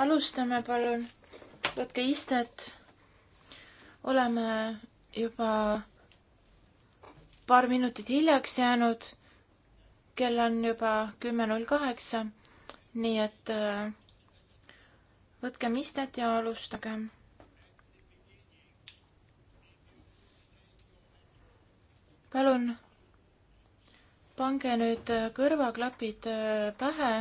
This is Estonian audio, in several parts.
alustame palun, võtke istet. oleme juba paar minutit hiljaks jäänud. kell on juba kümme null kaheksa. nii et äh, võtkem istet ja alustagem. palun pange nüüd kõrvaklapid äh, pähe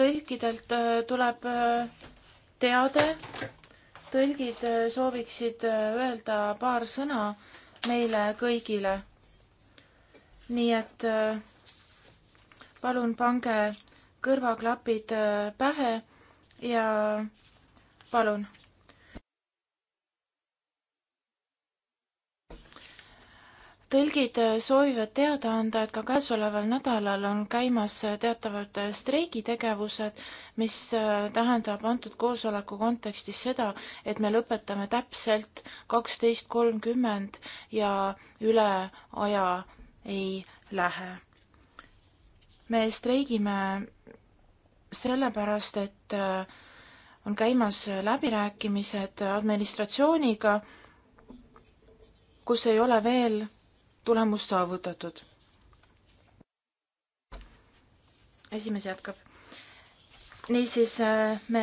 tõlkidelt äh, tuleb äh, teade. tõlgid äh, sooviksid öelda paar sõna meile kõigile. nii et palun pange kõrvaklapid pähe ja palun tõlgid äh, soovivad teada anda, et ka käesoleval nädalal on käimas äh, teatavad äh, streigitegevused, mis tähendab antud koosoleku kontekstis seda, et me lõpetame täpselt kaksteist kolmkümmend ja üle aja ei lähe. me streigime sellepärast, et on käimas läbirääkimised administratsiooniga, kus ei ole veel tulemus saavutatud. esimees jätkab. niisiis, äh, me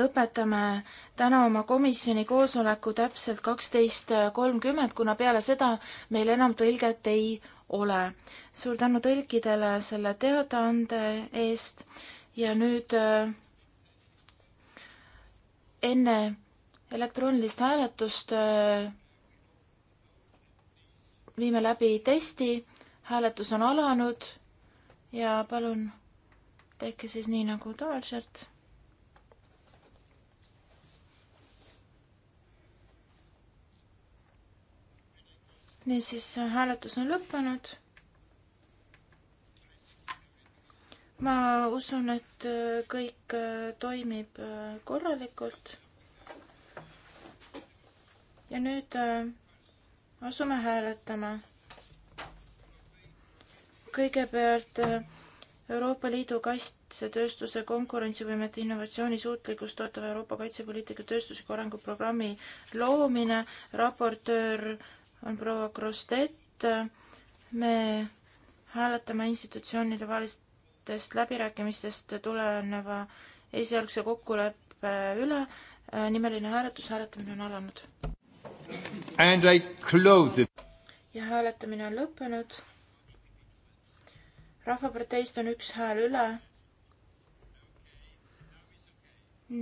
lõpetame täna oma komisjoni koosoleku täpselt kaksteist kolmkümmend, kuna peale seda meil enam tõlget ei ole. suur tänu tõlkidele selle teadaande eest ja nüüd äh, enne elektroonilist hääletust äh, viime läbi testi, hääletus on alanud ja palun tehke siis nii nagu tavaliselt. niisiis, hääletus on lõppenud. ma usun, et kõik toimib korralikult. ja nüüd äh, asume hääletama. kõigepealt äh, Euroopa Liidu kaitsetööstuse konkurentsivõimet innovatsiooni suutlikkust toetava Euroopa kaitsepoliitika tööstusliku arenguprogrammi loomine. raportöör on proua Krostet. me hääletame institutsioonide vahelistest läbirääkimistest tuleneva esialgse kokkuleppe üle. Äh, nimeline hääletus, hääletamine on alanud. And I closed it. ja hääletamine on lõppenud. rahvaparteist on üks hääl üle.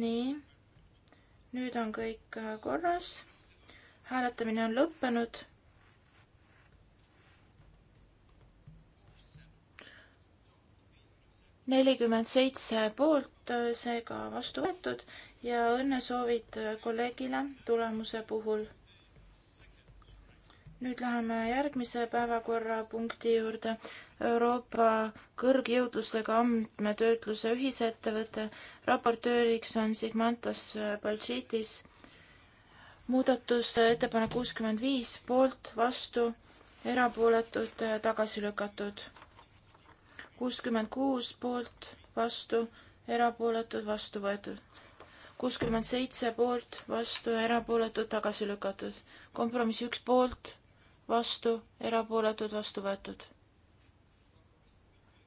nii, nüüd on kõik äh, korras. hääletamine on lõppenud. nelikümmend seitse poolt, äh, seega vastu võetud ja õnnesoovid äh, kolleegile tulemuse puhul nüüd läheme järgmise päevakorrapunkti juurde. Euroopa kõrgjõudlusega andmetöötluse ühisettevõte. raportööriks on Sigmantas Baltšiitis. muudatusettepanek kuuskümmend viis, poolt, vastu, erapooletud, tagasi lükatud. kuuskümmend kuus, poolt, vastu, erapooletud, vastu võetud kuuskümmend seitse poolt, vastu ja erapooletud, tagasi lükatud. kompromiss üks poolt, vastu, erapooletud, vastu võetud.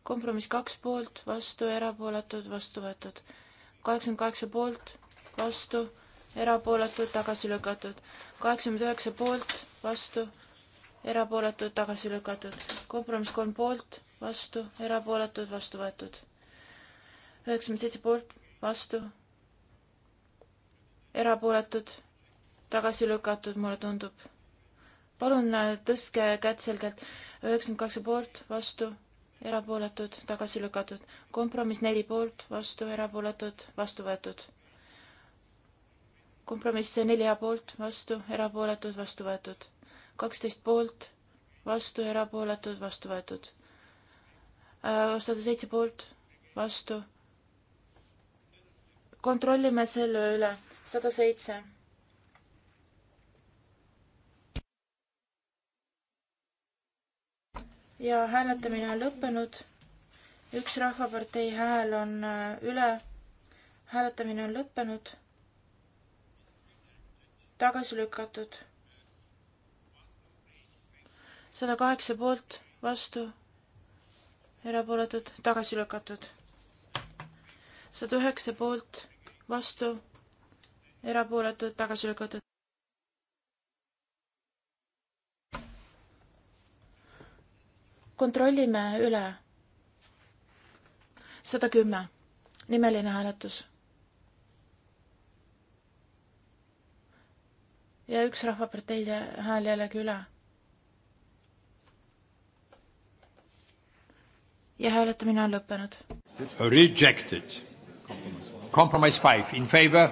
kompromiss kaks poolt, vastu, erapooletud, vastu võetud. kaheksakümmend kaheksa poolt, vastu, erapooletud, tagasi lükatud. kaheksakümmend üheksa poolt, vastu, erapooletud, tagasi lükatud. kompromiss kolm poolt, vastu, erapooletud, vastu võetud. üheksakümmend seitse poolt, vastu, erapooletud, tagasi lükatud, mulle tundub palun äh, tõstke kätt selgelt. üheksakümmend kaheksa poolt, vastu, erapooletud, tagasi lükatud. kompromiss neli poolt, vastu, erapooletud, vastu võetud. kompromiss nelja poolt, vastu, erapooletud, vastu võetud. kaksteist poolt, vastu, erapooletud, vastu võetud. Äh, sada seitse poolt, vastu. kontrollime selle üle. sada seitse ja hääletamine on lõppenud. üks Rahvapartei hääl on äh, üle. hääletamine on lõppenud. tagasi lükatud. sada kaheksa poolt, vastu, erapooletud, tagasi lükatud. sada üheksa poolt, vastu, erapooletud, tagasi lükatud. kontrollime üle. sada kümme, nimeline hääletus. ja üks Rahvapartei hääl jällegi üle. ja hääletamine on lõppenud. Rejected. Compromise five in favor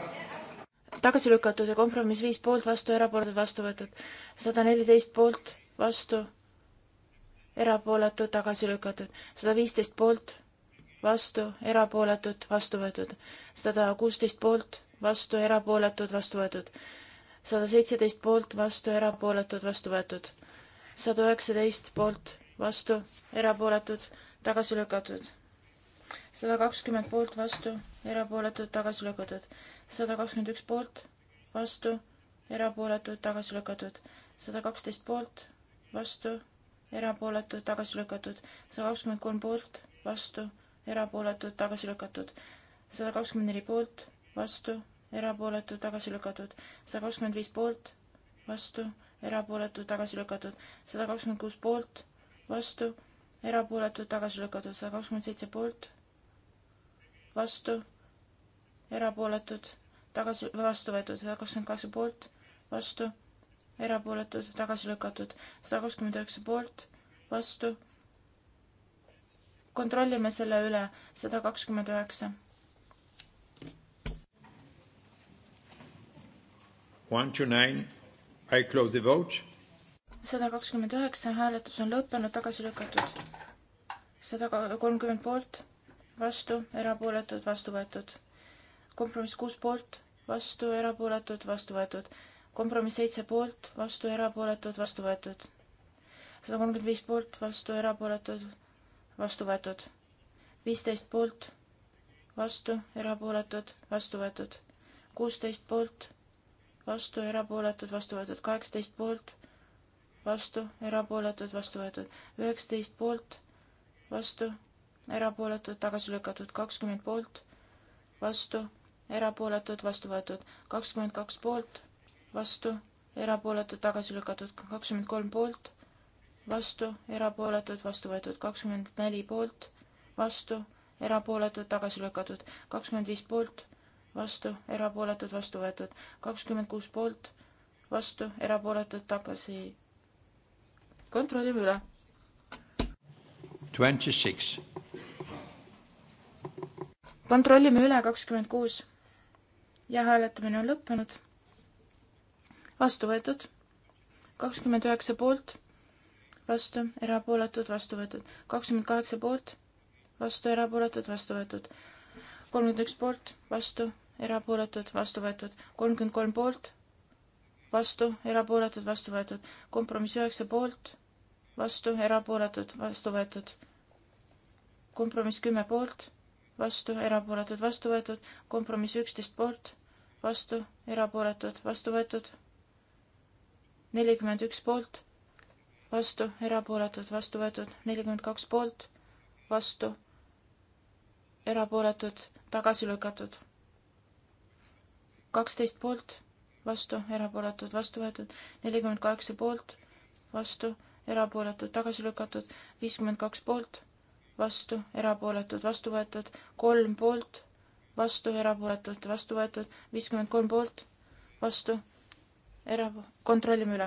tagasi lükatud ja kompromiss viis poolt vastu, erapooletud vastu võetud. sada neliteist poolt vastu, erapooletud, tagasi lükatud, sada viisteist poolt, vastu, erapooletud, vastu võetud, sada kuusteist poolt, vastu, erapooletud, vastu võetud, sada seitseteist poolt, vastu, erapooletud, vastu võetud, sada üheksateist poolt, vastu, erapooletud, tagasi lükatud, sada kakskümmend poolt, vastu, erapooletud, tagasi lükatud, sada kakskümmend üks poolt, vastu, erapooletud, tagasi lükatud, sada kaksteist poolt, vastu, erapooletud, tagasi lükatud, sada kakskümmend kolm poolt, vastu, erapooletud, tagasi lükatud, sada kakskümmend neli poolt, vastu, erapooletud, tagasi lükatud, sada kakskümmend viis poolt, vastu, erapooletud, tagasi lükatud, sada kakskümmend kuus poolt, vastu, erapooletud, tagasi lükatud, sada kakskümmend seitse poolt, vastu, erapooletud, tagasi, vastu võetud, sada kakskümmend kaheksa poolt, vastu erapooletud, tagasi lükatud, sada kakskümmend üheksa poolt, vastu. kontrollime selle üle, sada kakskümmend üheksa. One to nine, I close the vote. sada kakskümmend üheksa, hääletus on lõppenud, tagasi lükatud. sada kolmkümmend poolt, vastu, erapooletud, vastu võetud. kompromiss kuus poolt, vastu, erapooletud, vastu võetud kompromiss seitse poolt, vastu, erapooletud, vastu võetud. sada kolmkümmend viis poolt, vastu, erapooletud, vastu võetud. viisteist poolt, vastu, erapooletud, vastu võetud. kuusteist poolt, vastu, erapooletud, vastu võetud. kaheksateist poolt, vastu, erapooletud, vastu võetud. üheksateist poolt, vastu, erapooletud, tagasi lükatud. kakskümmend poolt, vastu, erapooletud, vastu võetud. kakskümmend kaks poolt vastu, erapooletud, tagasi lükatud kakskümmend kolm poolt, vastu, erapooletud, vastu võetud kakskümmend neli poolt, vastu, erapooletud, tagasi lükatud kakskümmend viis poolt, vastu, erapooletud, vastu võetud kakskümmend kuus poolt, vastu, erapooletud, tagasi. kontrollime üle. Twenty six kontrollime üle kakskümmend kuus ja hääletamine on lõppenud vastu võetud, kakskümmend üheksa poolt, vastu, erapooletud, vastu võetud, kakskümmend kaheksa poolt, vastu, erapooletud, vastu võetud, kolmkümmend üks poolt, vastu, erapooletud, vastu võetud, kolmkümmend kolm poolt, vastu, erapooletud, vastu võetud, kompromiss üheksa poolt, vastu, erapooletud, vastu võetud, kompromiss kümme poolt, vastu, erapooletud, vastu võetud, kompromiss üksteist poolt, vastu, erapooletud, vastu võetud nelikümmend üks poolt, vastu, erapooletud, vastu võetud, nelikümmend kaks poolt, vastu, erapooletud, tagasi lükatud. kaksteist poolt, vastu, erapooletud, vastu võetud, nelikümmend kaheksa poolt, vastu, erapooletud, tagasi lükatud, viiskümmend kaks poolt, vastu, erapooletud, vastu võetud, kolm poolt, vastu, erapooletud, vastu võetud, viiskümmend kolm poolt, vastu era-, kontrollime üle.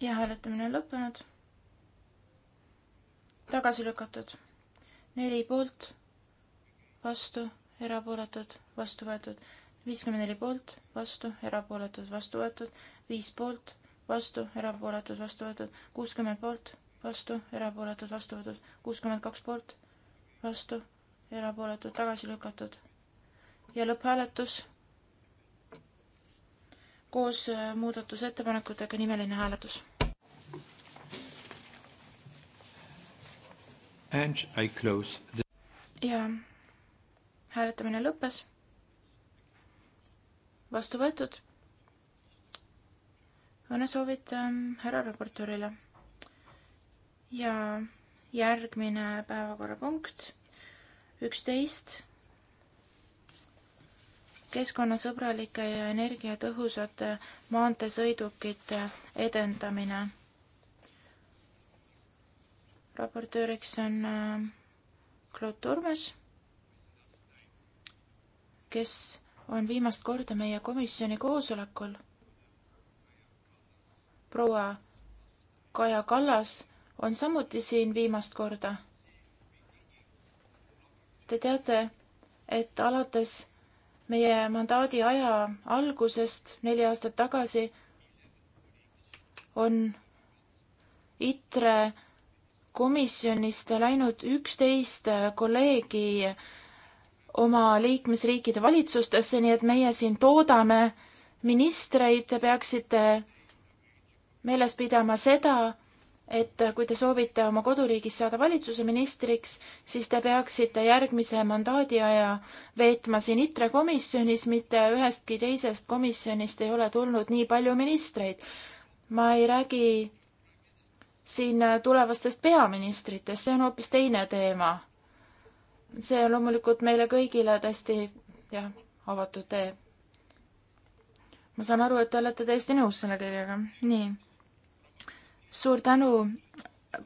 ja hääletamine on lõppenud. tagasi lükatud. neli poolt, vastu, erapooletud, vastu võetud. viiskümmend neli poolt, vastu, erapooletud, vastu võetud. viis poolt, vastu, erapooletud, vastu võetud. kuuskümmend poolt, vastu, erapooletud, vastu võetud. kuuskümmend kaks poolt, vastu erapooletud, tagasi lükatud. ja lõpphääletus koos äh, muudatusettepanekutega nimeline hääletus. And I close the ja hääletamine lõppes. vastu võetud. õnnesoovid ähm, härra raportöörile. ja järgmine päevakorrapunkt üksteist keskkonnasõbralike ja energiatõhusate maanteesõidukite edendamine. raportööriks on äh, Claude Turmes, kes on viimast korda meie komisjoni koosolekul. proua Kaja Kallas on samuti siin viimast korda Te teate, et alates meie mandaadi aja algusest neli aastat tagasi on ITRE komisjonist läinud üksteist kolleegi oma liikmesriikide valitsustesse, nii et meie siin toodame ministreid, te peaksite meeles pidama seda, et kui te soovite oma koduriigis saada valitsuse ministriks, siis te peaksite järgmise mandaadiaja veetma siin ITRE komisjonis, mitte ühestki teisest komisjonist ei ole tulnud nii palju ministreid. ma ei räägi siin tulevastest peaministritest, see on hoopis teine teema. see on loomulikult meile kõigile täiesti jah, avatud tee. ma saan aru, et te olete täiesti nõus selle kõigega, nii suur tänu,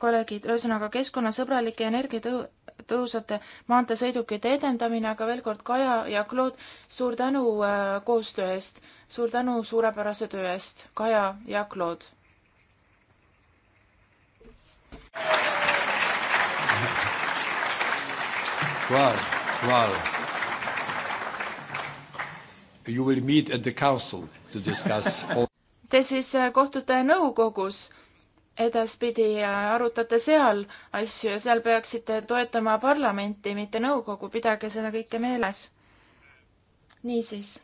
kolleegid, ühesõnaga keskkonnasõbralike energiatõhusate maanteesõidukite edendamine, aga veel kord Kaja ja Claude, suur tänu äh, koostöö eest, suur tänu suurepärase töö eest, Kaja ja Claude. Well, well. You will meet at the council to discuss all... Te siis äh, kohtute nõukogus edaspidi arutate seal asju ja seal peaksite toetama parlamenti, mitte nõukogu, pidage seda kõike meeles. niisiis.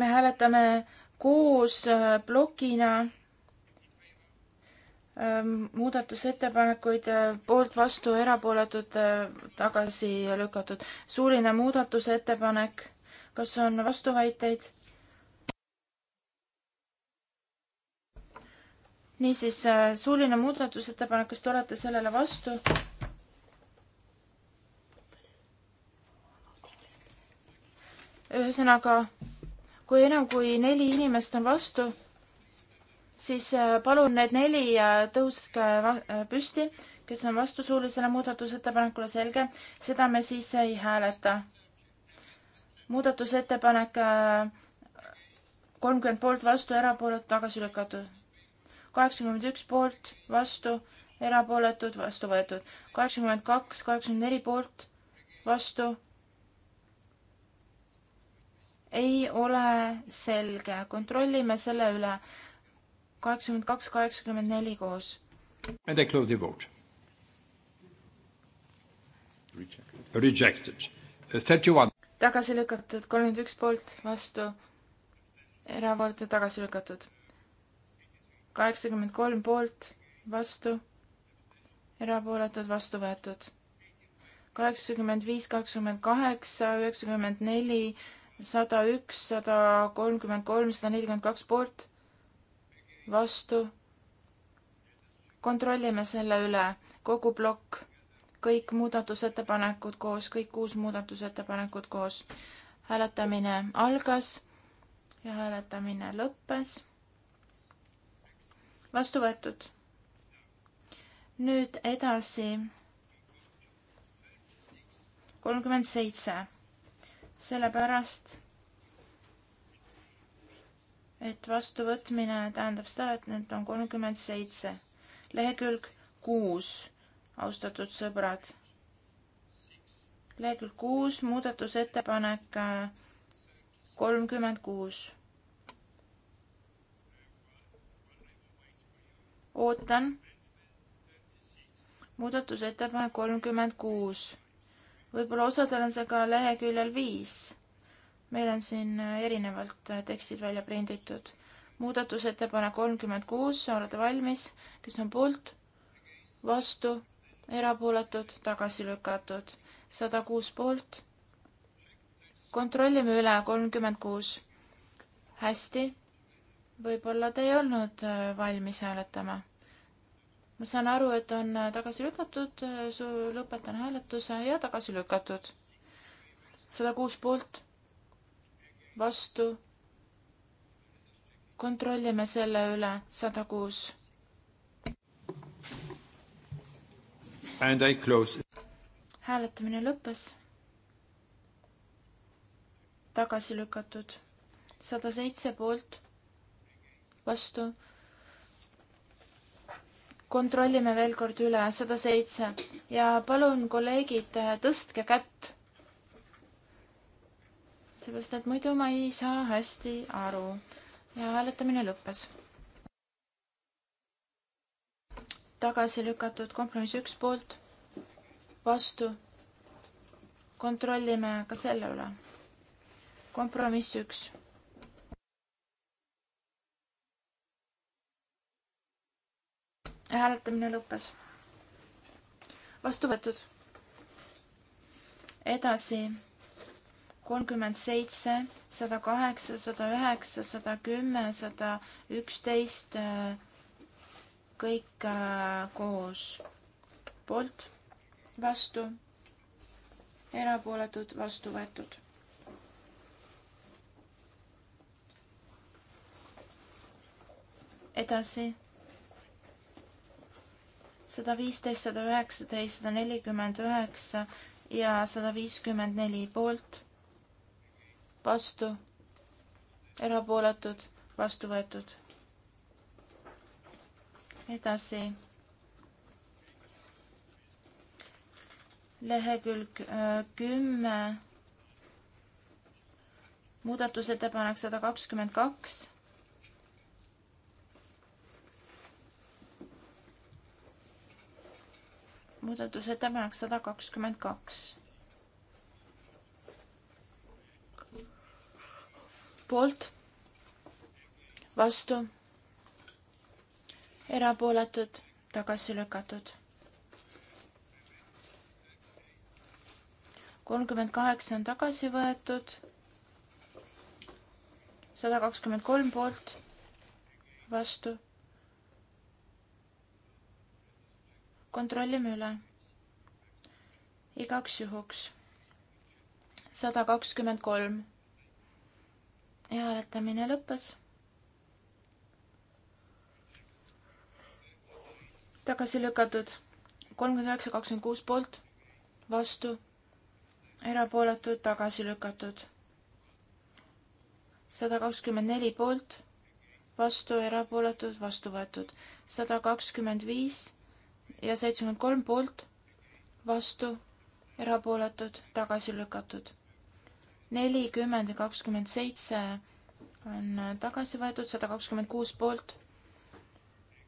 me hääletame koos plokina äh, ähm, muudatusettepanekuid äh, poolt, vastu, erapooletud, äh, tagasi lükatud. suuline muudatusettepanek, kas on vastuväiteid? niisiis, äh, suuline muudatusettepanek, kas te olete sellele vastu? ühesõnaga, kui enam kui neli inimest on vastu, siis äh, palun need neli äh, tõuske püsti, kes on vastu suulisele muudatusettepanekule, selge, seda me siis ei hääleta. muudatusettepanek kolmkümmend poolt vastu, erapooletu tagasi lükatud kaheksakümmend üks poolt, vastu, erapooletud, vastu võetud. kaheksakümmend kaks, kaheksakümmend neli poolt, vastu. ei ole selge, kontrollime selle üle. kaheksakümmend kaks, kaheksakümmend neli koos. And I close the vote. Rejected. Uh, Thirty one. tagasi lükatud, kolmkümmend üks poolt, vastu, erapooletu tagasi lükatud kaheksakümmend kolm poolt, vastu, erapooletud, vastu võetud. kaheksakümmend viis, kakskümmend kaheksa, üheksakümmend neli, sada üks, sada kolmkümmend kolm, sada nelikümmend kaks poolt, vastu. kontrollime selle üle, kogu plokk, kõik muudatusettepanekud koos, kõik kuus muudatusettepanekut koos hääletamine algas ja hääletamine lõppes vastu võetud. nüüd edasi. kolmkümmend seitse, sellepärast et vastuvõtmine tähendab seda, et need on kolmkümmend seitse, lehekülg kuus, austatud sõbrad. lehekülg kuus, muudatusettepanek kolmkümmend kuus. ootan muudatusettepanek kolmkümmend kuus. võib-olla osadel on see ka leheküljel viis. meil on siin erinevalt tekstid välja prinditud. muudatusettepanek kolmkümmend kuus, olete valmis, kes on poolt, vastu, erapooletud, tagasi lükatud, sada kuus poolt. kontrollime üle, kolmkümmend kuus. hästi, võib-olla te ei olnud valmis hääletama ma saan aru, et on äh, tagasi lükatud, äh, lõpetan hääletuse ja tagasi lükatud. sada kuus poolt, vastu. kontrollime selle üle, sada kuus. And I close. hääletamine lõppes. tagasi lükatud, sada seitse poolt, vastu kontrollime veel kord üle, sada seitse ja palun, kolleegid, tõstke kätt. seepärast, et muidu ma ei saa hästi aru ja hääletamine lõppes. tagasi lükatud kompromiss üks poolt, vastu. kontrollime ka selle üle. kompromiss üks hääletamine lõppes. vastu võetud. edasi kolmkümmend seitse, sada kaheksa, sada üheksa, sada kümme, sada üksteist, kõik äh, koos. poolt, vastu, erapooletud, vastu võetud. edasi sada viisteist, sada üheksateist, sada nelikümmend üheksa ja sada viiskümmend neli poolt, vastu, erapooletud, vastu võetud. edasi. lehekülg äh, kümme, muudatusettepanek sada kakskümmend kaks muudatusettepanek sada kakskümmend kaks. poolt, vastu, erapooletud, tagasi lükatud. kolmkümmend kaheksa on tagasi võetud. sada kakskümmend kolm poolt, vastu kontrollime üle. igaks juhuks. sada kakskümmend kolm. ja hääletamine lõppes. tagasi lükatud kolmkümmend üheksa, kakskümmend kuus poolt, vastu, erapooletud, tagasi lükatud. sada kakskümmend neli poolt vastu, erapooletud, vastu võetud. sada kakskümmend viis ja seitsekümmend kolm poolt, vastu, erapooletud, tagasi lükatud. nelikümmend ja kakskümmend seitse on tagasi võetud, sada kakskümmend kuus poolt,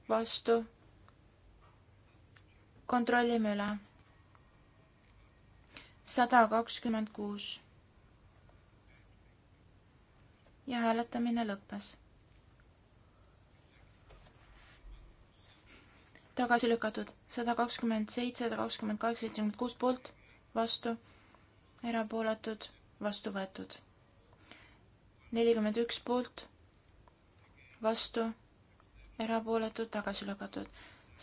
vastu. kontrollime üle. sada kakskümmend kuus. ja hääletamine lõppes tagasi lükatud sada kakskümmend seitse, sada kakskümmend kaheksa, seitsekümmend kuus poolt, vastu, erapooletud, vastu võetud. nelikümmend üks poolt, vastu, erapooletud, tagasi lükatud.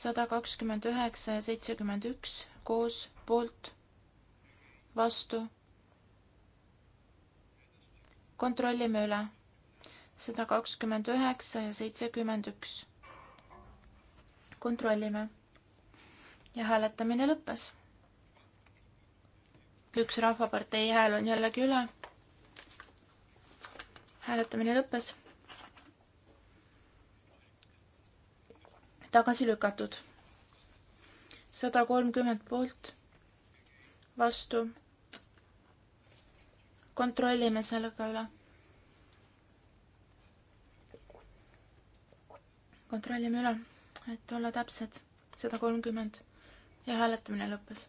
sada kakskümmend üheksa ja seitsekümmend üks koos, poolt, vastu. kontrollime üle. sada kakskümmend üheksa ja seitsekümmend üks kontrollime. ja hääletamine lõppes. üks Rahvapartei hääl on jällegi üle. hääletamine lõppes. tagasi lükatud. sada kolmkümmend poolt, vastu. kontrollime sellega üle kontrollime üle et olla täpsed, sada kolmkümmend ja hääletamine lõppes.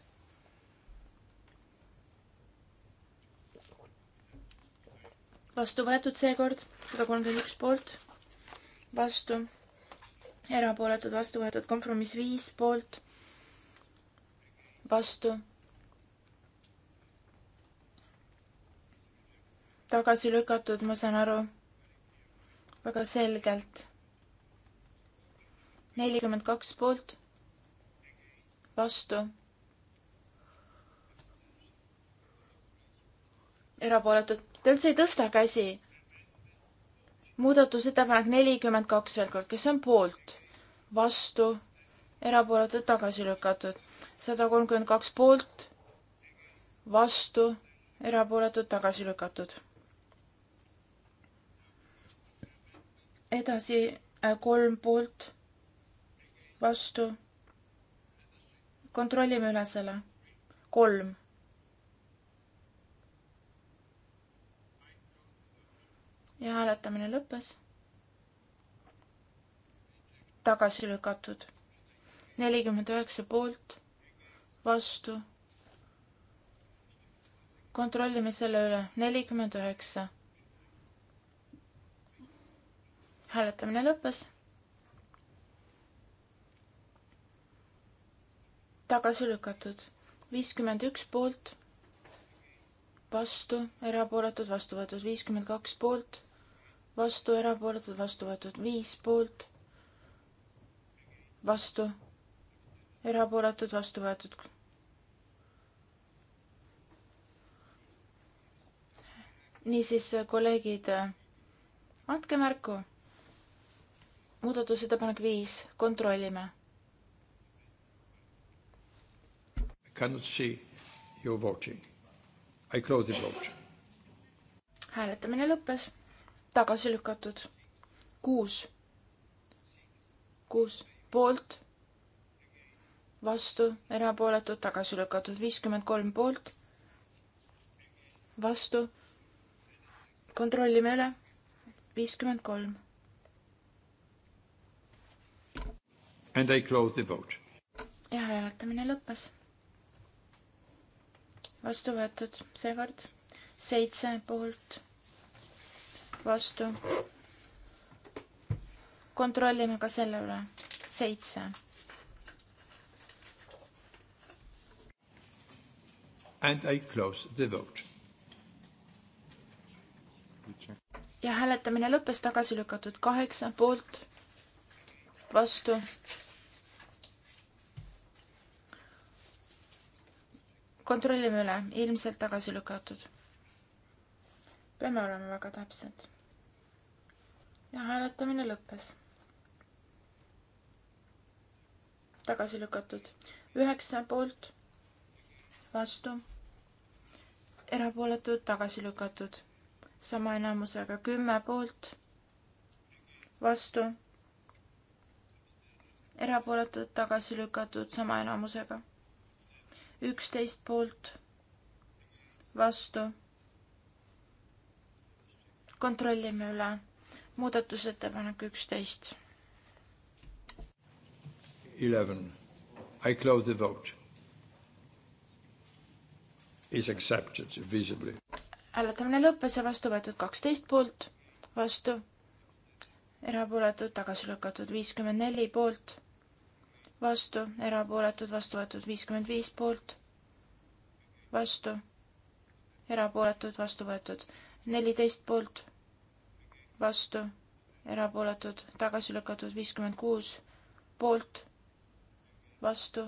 vastu võetud seekord sada kolmkümmend üks poolt, vastu, erapooletud, vastu võetud, kompromiss viis poolt, vastu, tagasi lükatud, ma saan aru, väga selgelt nelikümmend kaks poolt, vastu. erapooletud, te üldse ei tõsta käsi. muudatusettepanek nelikümmend kaks veel kord, kes on poolt, vastu, erapooletud, tagasi lükatud, sada kolmkümmend kaks poolt, vastu, erapooletud, tagasi lükatud edasi äh, kolm poolt vastu. kontrollime üle selle. kolm. ja hääletamine lõppes. tagasi lükatud. nelikümmend üheksa poolt, vastu. kontrollime selle üle. nelikümmend üheksa. hääletamine lõppes tagasi lükatud. viiskümmend üks poolt, vastu, erapooletud, vastu võetud. viiskümmend kaks poolt, vastu, erapooletud, vastu võetud. viis poolt, vastu, erapooletud, vastu võetud. niisiis, kolleegid, andke märku muudatusettepanek viis, kontrollime cannot see your voting. I close the vote. hääletamine lõppes. tagasi lükatud. kuus. kuus poolt, vastu, erapooletud, tagasi lükatud. viiskümmend kolm poolt, vastu. kontrollime üle. viiskümmend kolm. And I close the vote. ja hääletamine lõppes vastu võetud, seekord seitse poolt, vastu. kontrollime ka selle üle, seitse. And I close the vote. ja hääletamine lõppes tagasi lükatud kaheksa poolt, vastu kontrollime üle, ilmselt tagasi lükatud. peame olema väga täpsed. ja hääletamine lõppes. tagasi lükatud, üheksa poolt, vastu, erapooletud, tagasi lükatud, sama enamusega kümme poolt, vastu erapooletud tagasi lükatud sama enamusega üksteist poolt, vastu. kontrollime üle, muudatusettepanek üksteist. Eleven, I close the vote. Is accepted visibly. hääletamine lõppes ja vastu võetud kaksteist poolt, vastu erapooletud, tagasi lükatud viiskümmend neli poolt vastu, erapooletud, vastu võetud viiskümmend viis poolt, vastu, erapooletud, vastu võetud neliteist poolt, vastu, erapooletud, tagasi lükatud viiskümmend kuus poolt, vastu,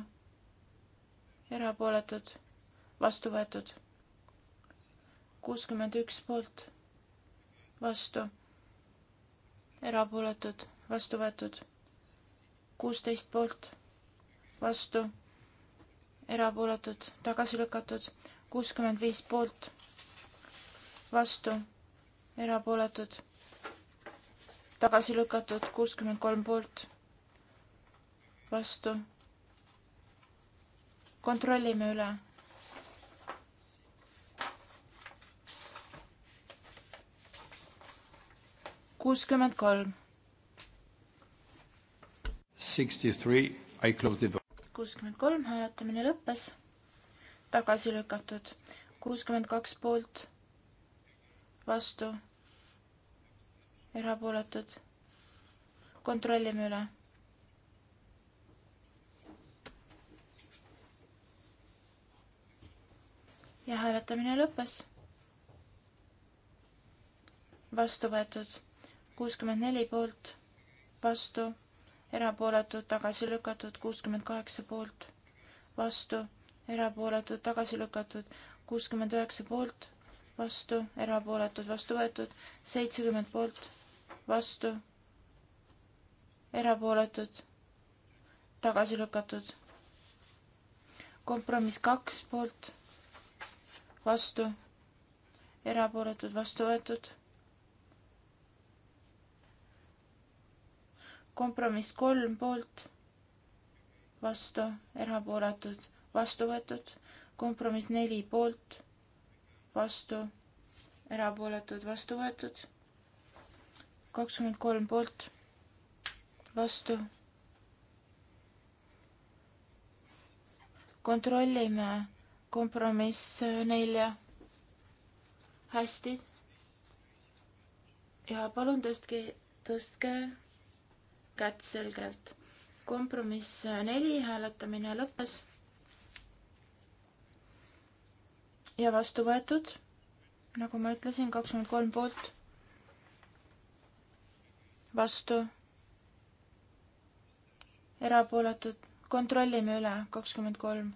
erapooletud, vastu võetud kuuskümmend üks poolt, vastu, erapooletud, vastu võetud kuusteist poolt vastu, erapooletud, tagasi lükatud, kuuskümmend viis poolt, vastu, erapooletud, tagasi lükatud, kuuskümmend kolm poolt, vastu. kontrollime üle kuuskümmend kolm. Sixty-three, I close the vote kuuskümmend kolm, hääletamine lõppes, tagasi lükatud, kuuskümmend kaks poolt, vastu, erapooletud. kontrollime üle. ja hääletamine lõppes. vastu võetud kuuskümmend neli poolt, vastu erapooletud, tagasi lükatud, kuuskümmend kaheksa poolt, vastu, erapooletud, tagasi lükatud, kuuskümmend üheksa poolt, vastu, erapooletud, vastu võetud, seitsekümmend poolt, vastu, erapooletud, tagasi lükatud. kompromiss kaks poolt, vastu, erapooletud, vastu võetud kompromiss kolm poolt, vastu, erapooletud, vastu võetud, kompromiss neli poolt, vastu, erapooletud, vastu võetud, kakskümmend kolm poolt, vastu. kontrollime kompromiss nelja. hästi. ja palun tõstke, tõstke kätt selgelt. kompromiss neli, hääletamine lõppes. ja vastu võetud, nagu ma ütlesin, kakskümmend kolm poolt. vastu. erapooletud, kontrollime üle, kakskümmend kolm.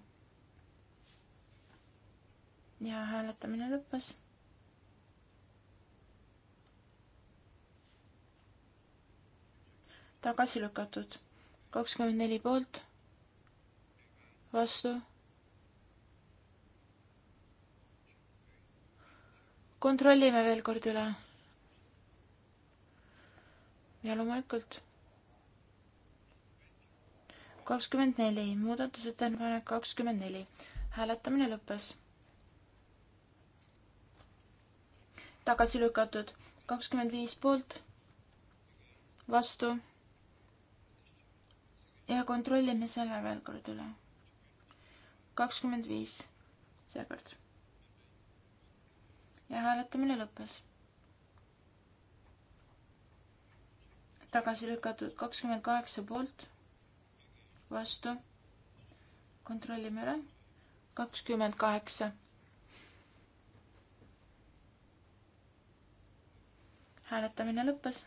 ja hääletamine lõppes tagasi lükatud. kakskümmend neli poolt, vastu. kontrollime veel kord üle. ja loomulikult. kakskümmend neli, muudatusettepanek kakskümmend neli, hääletamine lõppes. tagasi lükatud kakskümmend viis poolt, vastu ja kontrollime selle veel kord üle. kakskümmend viis seekord. ja hääletamine lõppes. tagasi lükatud kakskümmend kaheksa poolt, vastu. kontrollime üle. kakskümmend kaheksa. hääletamine lõppes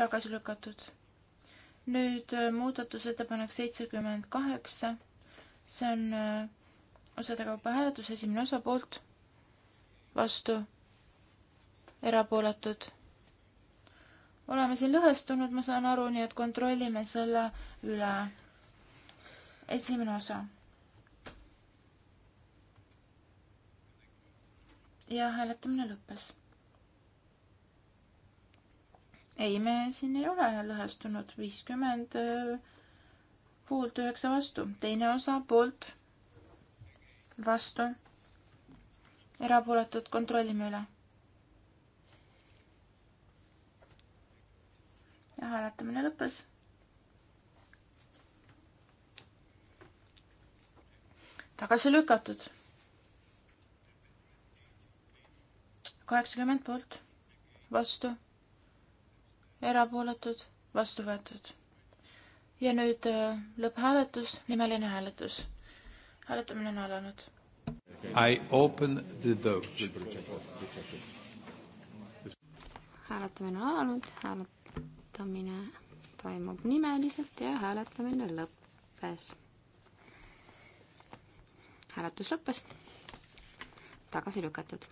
tagasi lükatud. nüüd äh, muudatusettepanek seitsekümmend kaheksa, see on äh, osade kaupa hääletus, esimene osa poolt, vastu, erapooletud. oleme siin lõhestunud, ma saan aru, nii et kontrollime selle üle. esimene osa. ja hääletamine lõppes ei, me siin ei ole lõhestunud, viiskümmend äh, poolt, üheksa vastu, teine osa poolt, vastu, erapooletud, kontrollime üle. ja hääletamine lõppes tagasi lükatud. kaheksakümmend poolt, vastu erapooletud, vastu võetud. ja nüüd äh, lõpphääletus, nimeline hääletus. hääletamine on alanud. I open the vote. hääletamine on alanud, hääletamine toimub nimeliselt ja hääletamine lõppes. hääletus lõppes. tagasi lükatud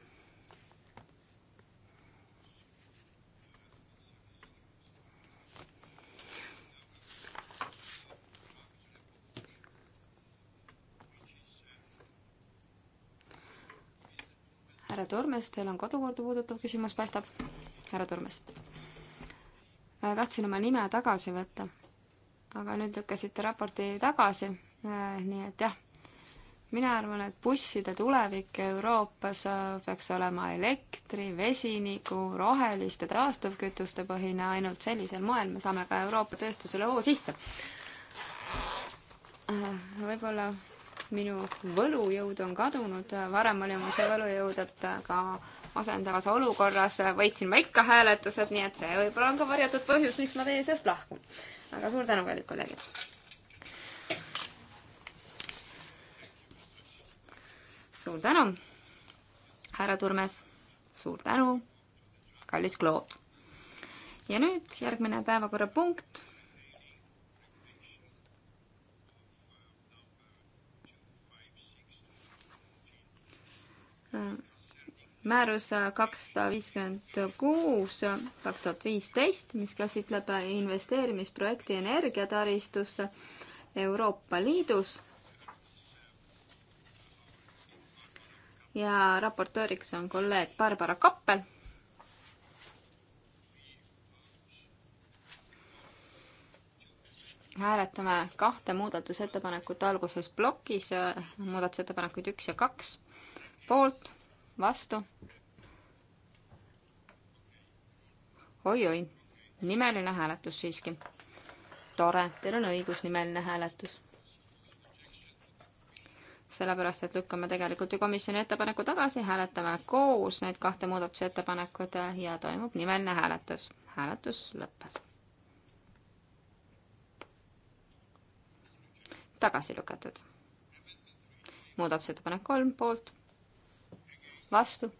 härra Turmes, teil on kodukorda puudutav küsimus, paistab? härra Turmes. tahtsin oma nime tagasi võtta, aga nüüd lükkasite raporti tagasi, äh, nii et jah, mina arvan, et busside tulevik Euroopas äh, peaks olema elektri, vesiniku, roheliste taastuvkütuste põhine, ainult sellisel moel me saame ka Euroopa tööstusele hoo sisse äh, võib-olla minu võlujõud on kadunud, varem oli mul see võlujõud, et ka asendavas olukorras võitsin ma ikka hääletused, nii et see võib-olla on ka varjatud põhjus, miks ma teie seast lahkun. aga suur tänu, kallid kolleegid! suur tänu, härra Turmes, suur tänu, kallis Claude! ja nüüd järgmine päevakorrapunkt määrus kakssada viiskümmend kuus, kaks tuhat viisteist, mis käsitleb investeerimisprojekti energiataristusse Euroopa Liidus. ja raportööriks on kolleeg Barbara Kappel. hääletame kahte muudatusettepanekut alguses plokis, muudatusettepanekuid üks ja kaks poolt, vastu oi,. oi-oi, nimeline hääletus siiski. tore, teil on õigus, nimeline hääletus sellepärast et lükkame tegelikult ju komisjoni ettepaneku tagasi, hääletame koos neid kahte muudatusettepanekut ja toimub nimeline hääletus. hääletus lõppes. tagasi lükatud. muudatusettepanek kolm poolt, vastu,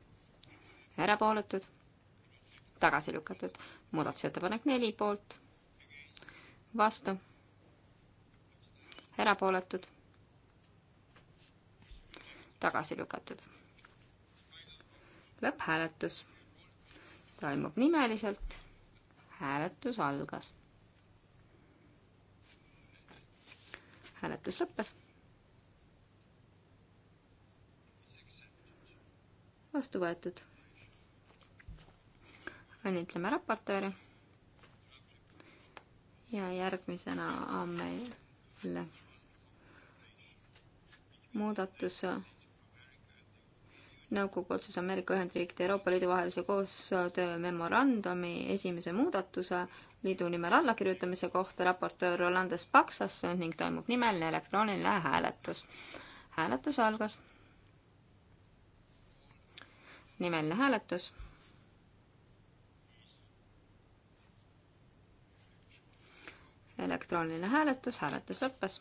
erapooletud, tagasi lükatud. muudatusettepanek neli poolt, vastu, erapooletud, tagasi lükatud. lõpphääletus toimub nimeliselt. hääletus algas. hääletus lõppes vastu võetud. õnnitleme raportööri. ja järgmisena on meil muudatus nõukogu otsus Ameerika Ühendriikide Euroopa Liidu vahelise koostöö memorandumi esimese muudatuse liidu nimel allakirjutamise kohta raportöör Rolandes Paksasse ning toimub nimeline elektrooniline hääletus. hääletus algas nimeline hääletus. elektrooniline hääletus, hääletus lõppes.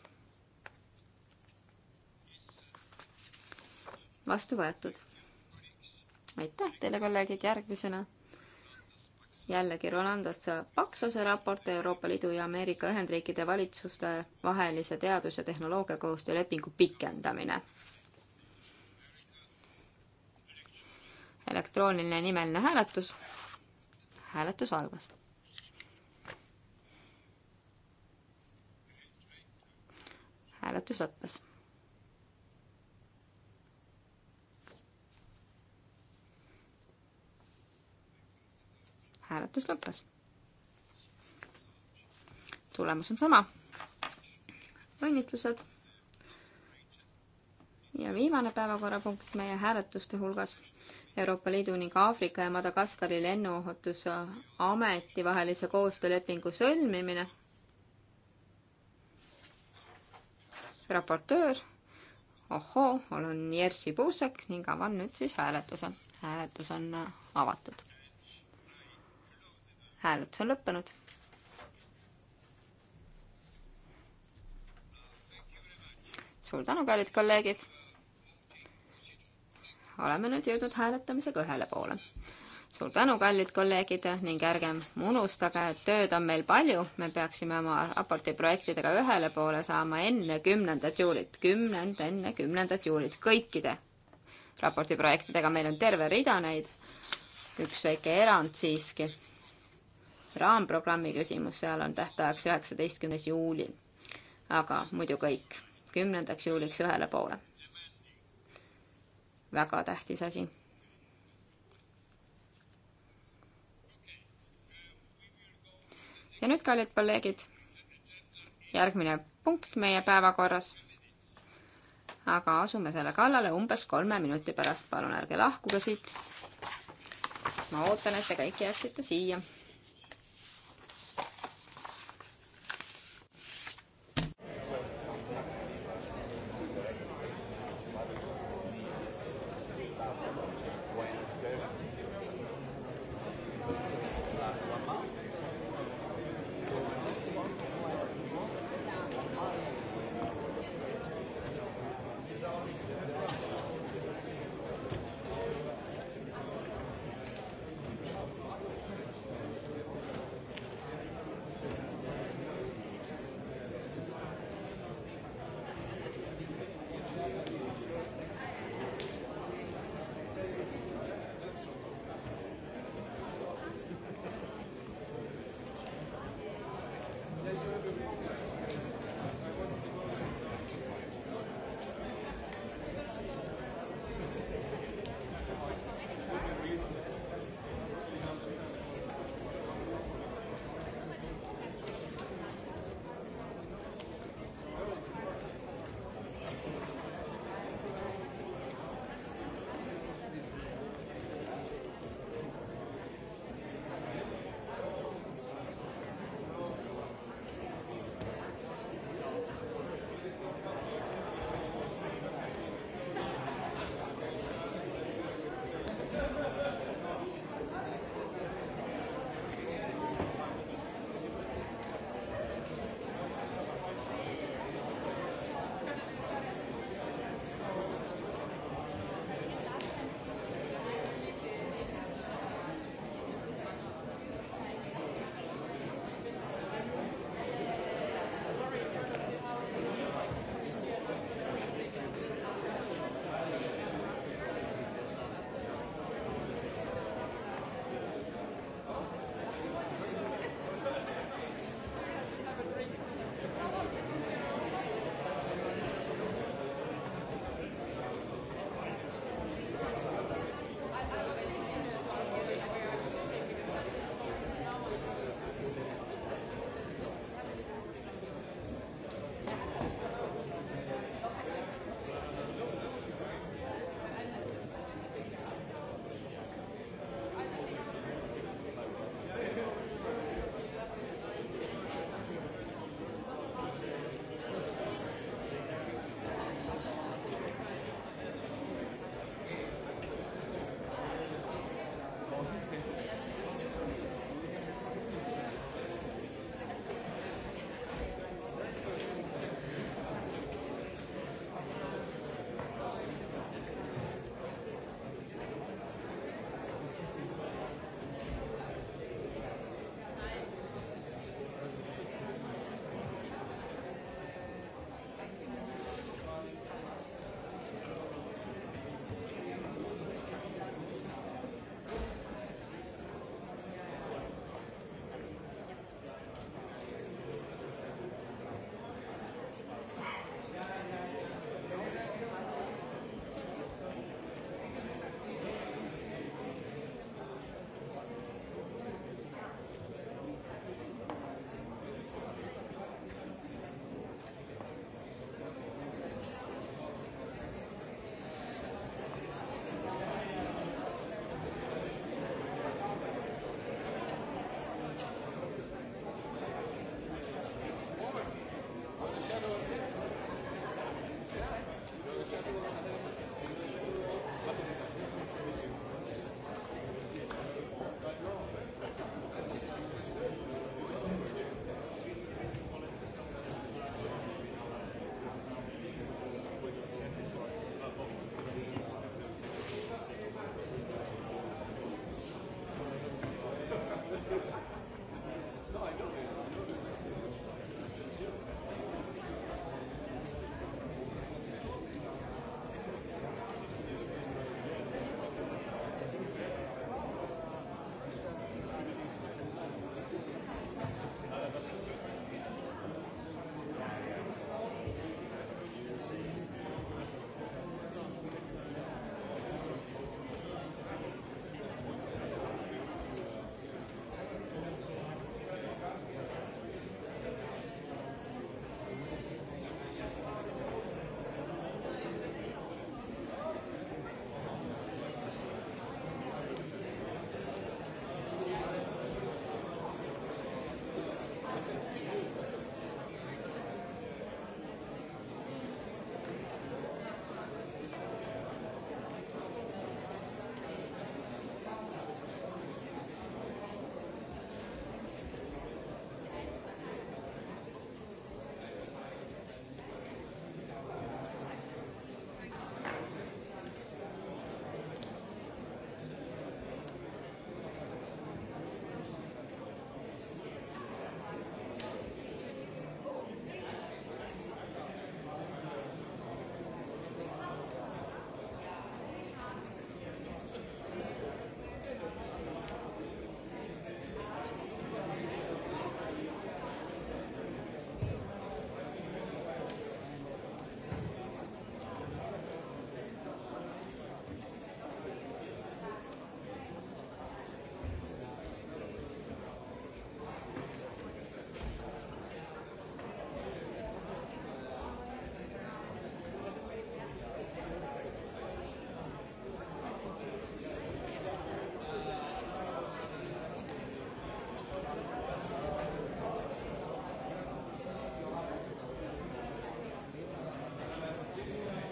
vastu võetud. aitäh teile, kolleegid, järgmisena jällegi Rolandas Paksose raport Euroopa Liidu ja Ameerika Ühendriikide valitsuste vahelise teadus- ja tehnoloogiakoostöö lepingu pikendamine elektrooniline nimeline hääletus. hääletus algas. hääletus lõppes. hääletus lõppes. tulemus on sama. õnnitlused. ja viimane päevakorrapunkt meie hääletuste hulgas Euroopa Liidu ning Aafrika ja Madagaskari lennuohutusameti vahelise koostöölepingu sõlmimine. raportöör, ohoo, olen Jerzy Puusek ning avan nüüd siis hääletuse. hääletus on äh, avatud. hääletus on lõppenud. suur tänu, kallid kolleegid oleme nüüd jõudnud hääletamisega ühele poole. suur tänu, kallid kolleegid ning ärgem unustage, et tööd on meil palju, me peaksime oma raporti projektidega ühele poole saama enne kümnendat juulit, kümnend enne kümnendat juulit, kõikide raporti projektidega, meil on terve rida neid, üks väike erand siiski raamprogrammi küsimus, seal on tähtajaks üheksateistkümnes juuli. aga muidu kõik kümnendaks juuliks ühele poole väga tähtis asi. ja nüüd, kallid kolleegid, järgmine punkt meie päevakorras. aga asume selle kallale umbes kolme minuti pärast, palun ärge lahkuge siit. ma ootan, et te kõik jääksite siia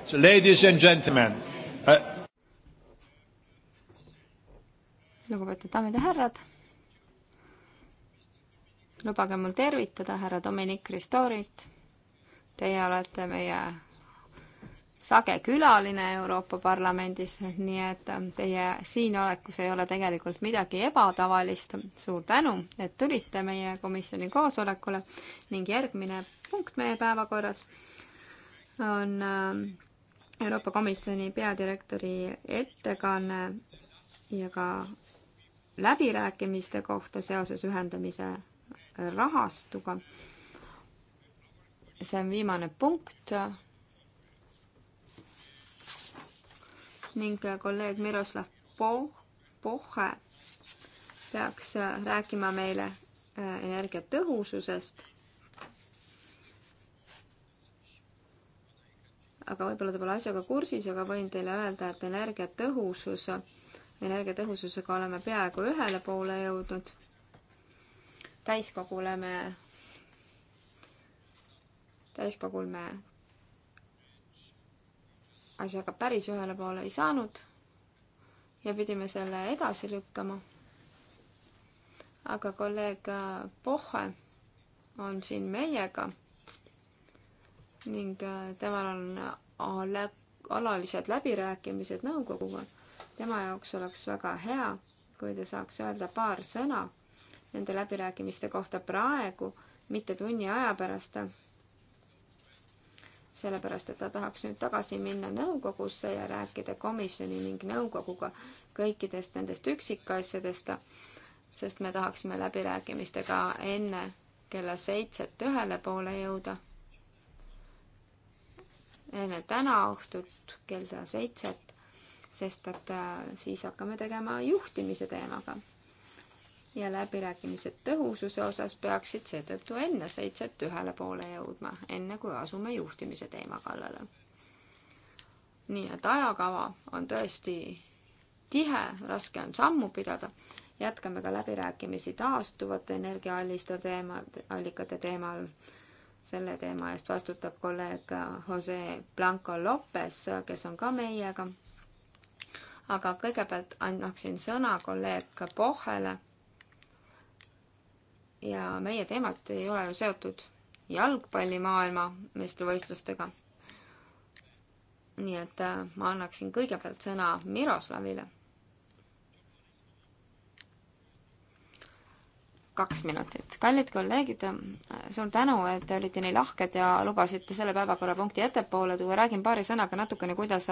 So, ladies and gentlemen uh.... lugupeetud daamid ja härrad. lubage mul tervitada härra Dominic Ristorit. Teie olete meie sage külaline Euroopa Parlamendis, nii et ähm, teie siinolekus ei ole tegelikult midagi ebatavalist. suur tänu, et tulite meie komisjoni koosolekule ning järgmine punkt meie päevakorras on äh, Euroopa Komisjoni peadirektori ettekanne ja ka läbirääkimiste kohta seoses ühendamise rahastuga. see on viimane punkt. ning kolleeg Miroslav Poh-, Pohe peaks rääkima meile äh, energiatõhususest aga võib-olla te pole asjaga kursis, aga võin teile öelda, et energiatõhusus, energiatõhususega oleme peaaegu ühele poole jõudnud. täiskogule me, täiskogul me asjaga päris ühele poole ei saanud ja pidime selle edasi lükkama. aga kolleeg Pohhe on siin meiega ning äh, temal on äh, alalised läbirääkimised nõukoguga. tema jaoks oleks väga hea, kui ta saaks öelda paar sõna nende läbirääkimiste kohta praegu, mitte tunni aja pärast. sellepärast, et ta tahaks nüüd tagasi minna nõukogusse ja rääkida komisjoni ning nõukoguga kõikidest nendest üksikasjadest, sest me tahaksime läbirääkimistega enne kella seitset ühele poole jõuda enne täna õhtut kell seitset, sest et äh, siis hakkame tegema juhtimise teemaga. ja läbirääkimised tõhususe osas peaksid seetõttu enne seitset ühele poole jõudma, enne kui asume juhtimise teema kallale. nii et ajakava on tõesti tihe, raske on sammu pidada jätkame ka läbirääkimisi taastuvate energiaalliste teemad, allikate teemal selle teema eest vastutab kolleeg Jose Blanco Lopes, kes on ka meiega. aga kõigepealt annaksin sõna kolleeg Pohhele. ja meie teemad ei ole ju seotud jalgpallimaailma meistrivõistlustega. nii et ma annaksin kõigepealt sõna Miroslavile kaks minutit. kallid kolleegid, suur tänu, et te olite nii lahked ja lubasite selle päevakorrapunkti ettepoole tuua. räägin paari sõnaga natukene, kuidas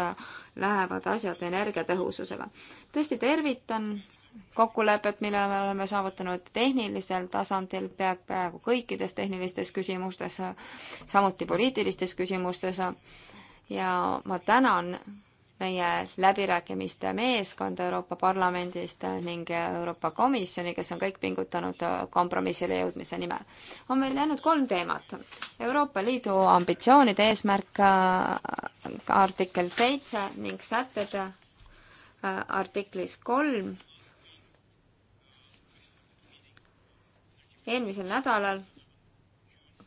lähevad asjad energiatõhususega. tõesti tervitan kokkulepet, mille me oleme saavutanud tehnilisel tasandil pea, peaaegu kõikides tehnilistes küsimustes, samuti poliitilistes küsimustes. ja ma tänan meie läbirääkimiste meeskond Euroopa Parlamendist ning Euroopa Komisjoni, kes on kõik pingutanud kompromissile jõudmise nimel. on meil jäänud kolm teemat. Euroopa Liidu ambitsioonide eesmärk äh, artikkel seitse ning sätted äh, artiklis kolm. eelmisel nädalal,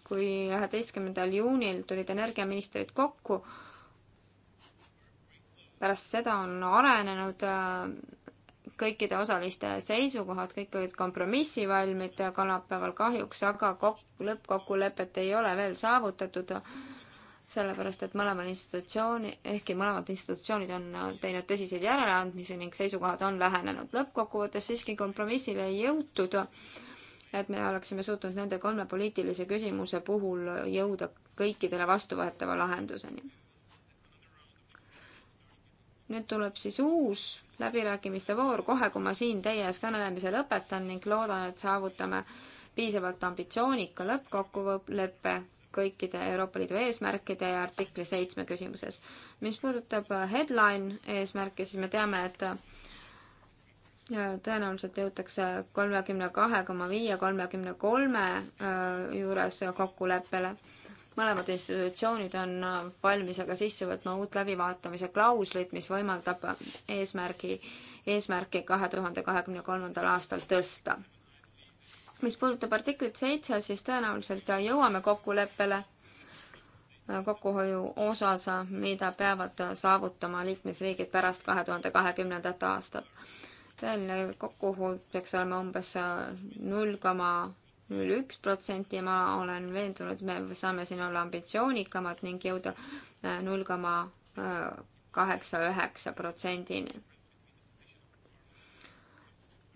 kui üheteistkümnendal juunil tulid energiaministrid kokku, pärast seda on arenenud äh, kõikide osaliste seisukohad, kõik olid kompromissivalmid kolmapäeval kahjuks, aga kok-, lõppkokkulepet ei ole veel saavutatud, sellepärast et mõlemal institutsiooni, ehkki mõlemad institutsioonid on teinud tõsiseid järeleandmisi ning seisukohad on lähenenud. lõppkokkuvõttes siiski kompromissile ei jõutud, et me oleksime suutnud nende kolme poliitilise küsimuse puhul jõuda kõikidele vastuvõetava lahenduseni nüüd tuleb siis uus läbirääkimiste voor, kohe kui ma siin teie ees kõnelemise lõpetan ning loodan, et saavutame piisavalt ambitsioonika lõppkokkuleppe kõikide Euroopa Liidu eesmärkide ja artikli seitsme küsimuses. mis puudutab headline eesmärke, siis me teame, et tõenäoliselt jõutakse kolmekümne kahe koma viie, kolmekümne kolme äh, juures kokkuleppele mõlemad institutsioonid on valmis aga sisse võtma uut läbivaatamise klauslit, mis võimaldab eesmärgi, eesmärki kahe tuhande kahekümne kolmandal aastal tõsta. mis puudutab artiklit seitse, siis tõenäoliselt jõuame kokkuleppele äh, kokkuhoiu osas, mida peavad saavutama liikmesriigid pärast kahe tuhande kahekümnendat aastat. tõeline kokkuhoid peaks olema umbes äh, null koma null üks protsenti, ma olen veendunud, me saame siin olla ambitsioonikamad ning jõuda äh, null koma äh, kaheksa üheksa protsendini.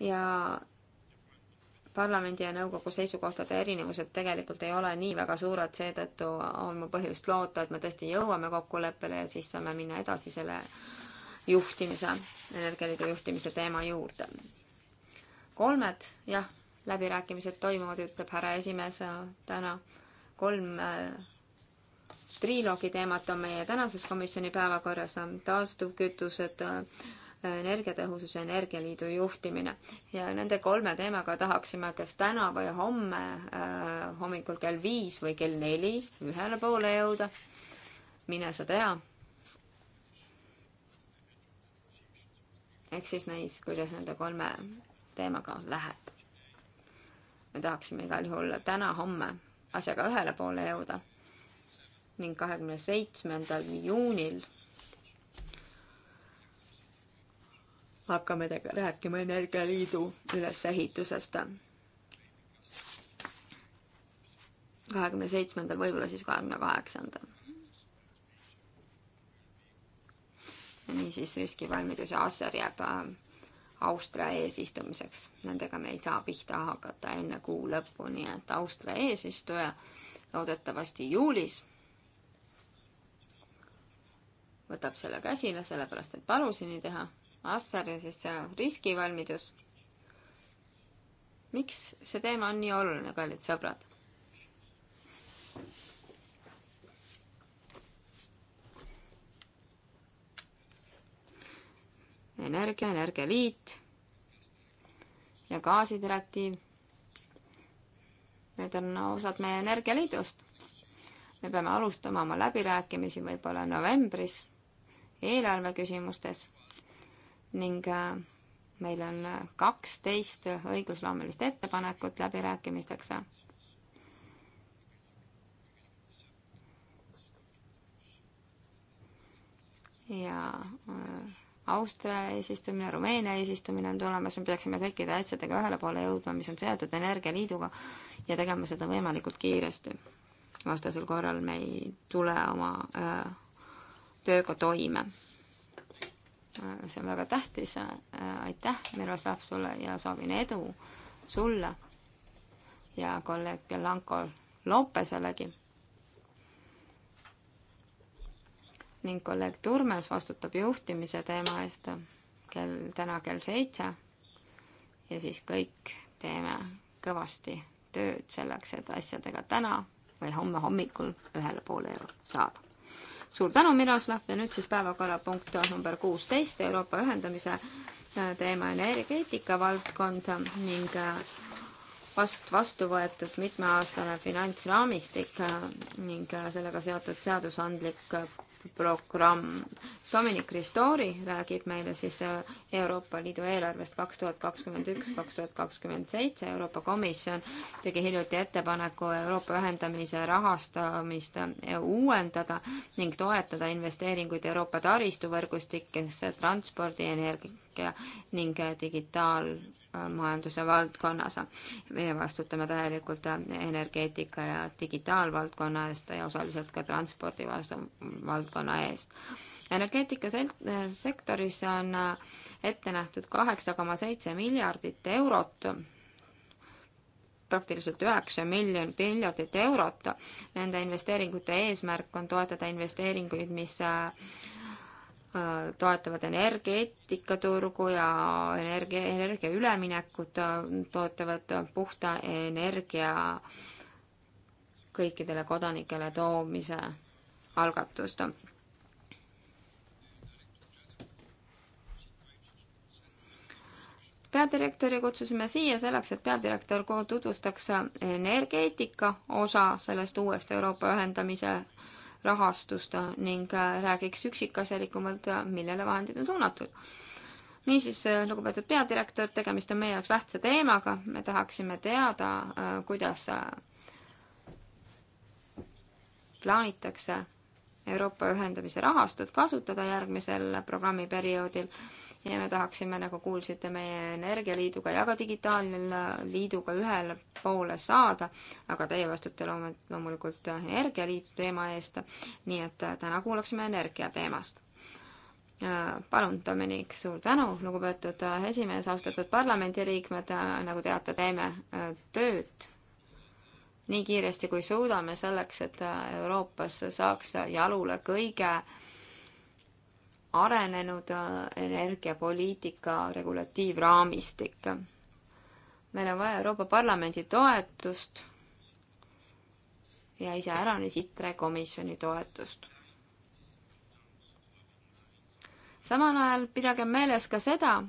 ja parlamendi ja nõukogu seisukohtade erinevused tegelikult ei ole nii väga suured, seetõttu on mul põhjust loota, et me tõesti jõuame kokkuleppele ja siis saame minna edasi selle juhtimise, Energialiidu juhtimise teema juurde. kolmed, jah läbirääkimised toimuvad, ütleb härra esimees täna. kolm äh, triloogi teemat on meie tänases komisjoni päevakorras, taastuvkütused, äh, energiatõhusus ja energialiidu juhtimine. ja nende kolme teemaga tahaksime kas täna või homme äh, hommikul kell viis või kell neli ühele poole jõuda. mine sa tea. ehk siis näis, kuidas nende kolme teemaga läheb me tahaksime igal juhul täna-homme asjaga ühele poole jõuda ning kahekümne seitsmendal juunil hakkame tega rääkima Energialiidu ülesehitusest. kahekümne seitsmendal, võib-olla siis kahekümne kaheksandal. niisiis riskivalmidus ja asser jääb äh, Austria eesistumiseks. Nendega me ei saa pihta hakata enne kuu lõppu, nii et Austria eesistuja loodetavasti juulis võtab selle käsile, sellepärast et palusin nii teha. Assari siis see riskivalmidus. miks see teema on nii oluline, kallid sõbrad? energia, energialiit ja gaasidirektiiv. Need on osad meie energialiidust. me peame alustama oma läbirääkimisi võib-olla novembris eelarve küsimustes ning äh, meil on äh, kaksteist õigusloomelist ettepanekut läbirääkimisteks. ja äh, Austria eesistumine, Rumeenia eesistumine on tulemas, me peaksime kõikide asjadega ühele poole jõudma, mis on seotud Energialiiduga ja tegema seda võimalikult kiiresti. vastasel korral me ei tule oma äh, tööga toime. Äh, see on väga tähtis äh,. aitäh, Miroslav, sulle ja soovin edu sulle ja kolleeg Bielanco Lopeselegi ning kolleeg Turmes vastutab juhtimise teema eest kell, täna kell seitse. ja siis kõik teeme kõvasti tööd selleks, et asjadega täna või homme hommikul ühele poole saada. suur tänu, Miroslav, ja nüüd siis päevakorrapunkt number kuusteist, Euroopa ühendamise äh, teema energeetika valdkond ning äh, vast vastu võetud mitmeaastane finantsraamistik äh, ning sellega seotud seadusandlik programm. Dominic Ristori räägib meile siis äh, Euroopa Liidu eelarvest kaks tuhat kakskümmend üks, kaks tuhat kakskümmend seitse. Euroopa Komisjon tegi hiljuti ettepaneku Euroopa ühendamise rahastamist äh, uuendada ning toetada investeeringuid Euroopa taristuvõrgustikesse, transpordi, energia ning äh, digitaal- majanduse valdkonnas. meie vastutame täielikult energeetika ja digitaalvaldkonna eest ja osaliselt ka transpordi valdkonna eest. energeetikasektoris on ette nähtud kaheksa koma seitse miljardit eurot praktiliselt üheksa miljon, miljardit eurot. Nende investeeringute eesmärk on toetada investeeringuid, mis Äh, toetavad energeetikaturgu ja energia, energia üleminekut, äh, toetavad puhta energia kõikidele kodanikele toomise algatust. peadirektori kutsusime siia selleks, et peadirektor tutvustaks energeetika osa sellest uuest Euroopa ühendamise rahastust ning äh, räägiks üksikasjalikumalt, millele vahendid on suunatud niisiis, äh, lugupeetud peadirektor, tegemist on meie jaoks tähtsa teemaga, me tahaksime teada, äh, kuidas plaanitakse Euroopa ühendamise rahastut kasutada järgmisel programmiperioodil ja me tahaksime, nagu kuulsite, meie Energialiiduga ja ka Digitaalne Liiduga ühele poole saada, aga teie vastutate loom-, loomulikult Energialiidu teema eest, nii et täna kuulaksime energia teemast. Palun, Dominik, suur tänu, lugupeetud esimees, austatud parlamendiliikmed, nagu teate, teeme tööd nii kiiresti, kui suudame selleks, et Euroopas saaks jalule kõige äh, arenenud äh, energiapoliitika regulatiivraamistik. meil on vaja Euroopa Parlamendi toetust ja iseäranis ITRE komisjoni toetust. samal ajal pidage meeles ka seda,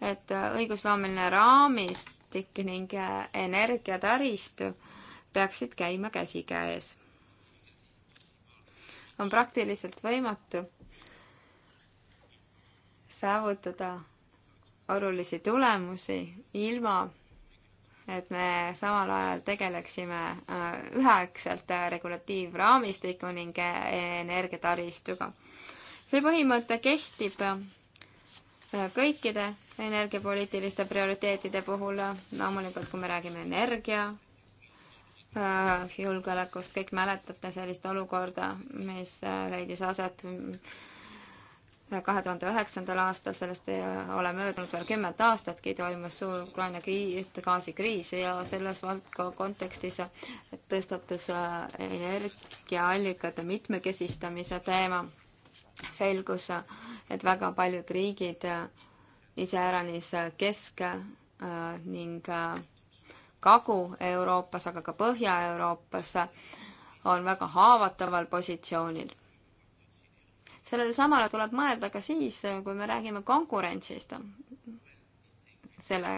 et õigusloomeline raamistik ning energiataristu peaksid käima käsikäes. on praktiliselt võimatu saavutada olulisi tulemusi ilma, et me samal ajal tegeleksime äh, üheaegselt äh, regulatiivraamistiku ning äh, energiataristuga. see põhimõte kehtib kõikide energiapoliitiliste prioriteetide puhul, loomulikult kui me räägime energia julgeolekust, kõik mäletate sellist olukorda, mis leidis aset kahe tuhande üheksandal aastal, sellest ei ole möödunud veel kümmet aastatki, toimus suur Ukraina gaasikriis ja selles valdkonna kontekstis tõstatus energiaallikate mitmekesistamise teema. selgus, et väga paljud riigid, iseäranis Kesk- ning Kagu-Euroopas, aga ka Põhja-Euroopas, on väga haavataval positsioonil sellele samale tuleb mõelda ka siis, kui me räägime konkurentsist selle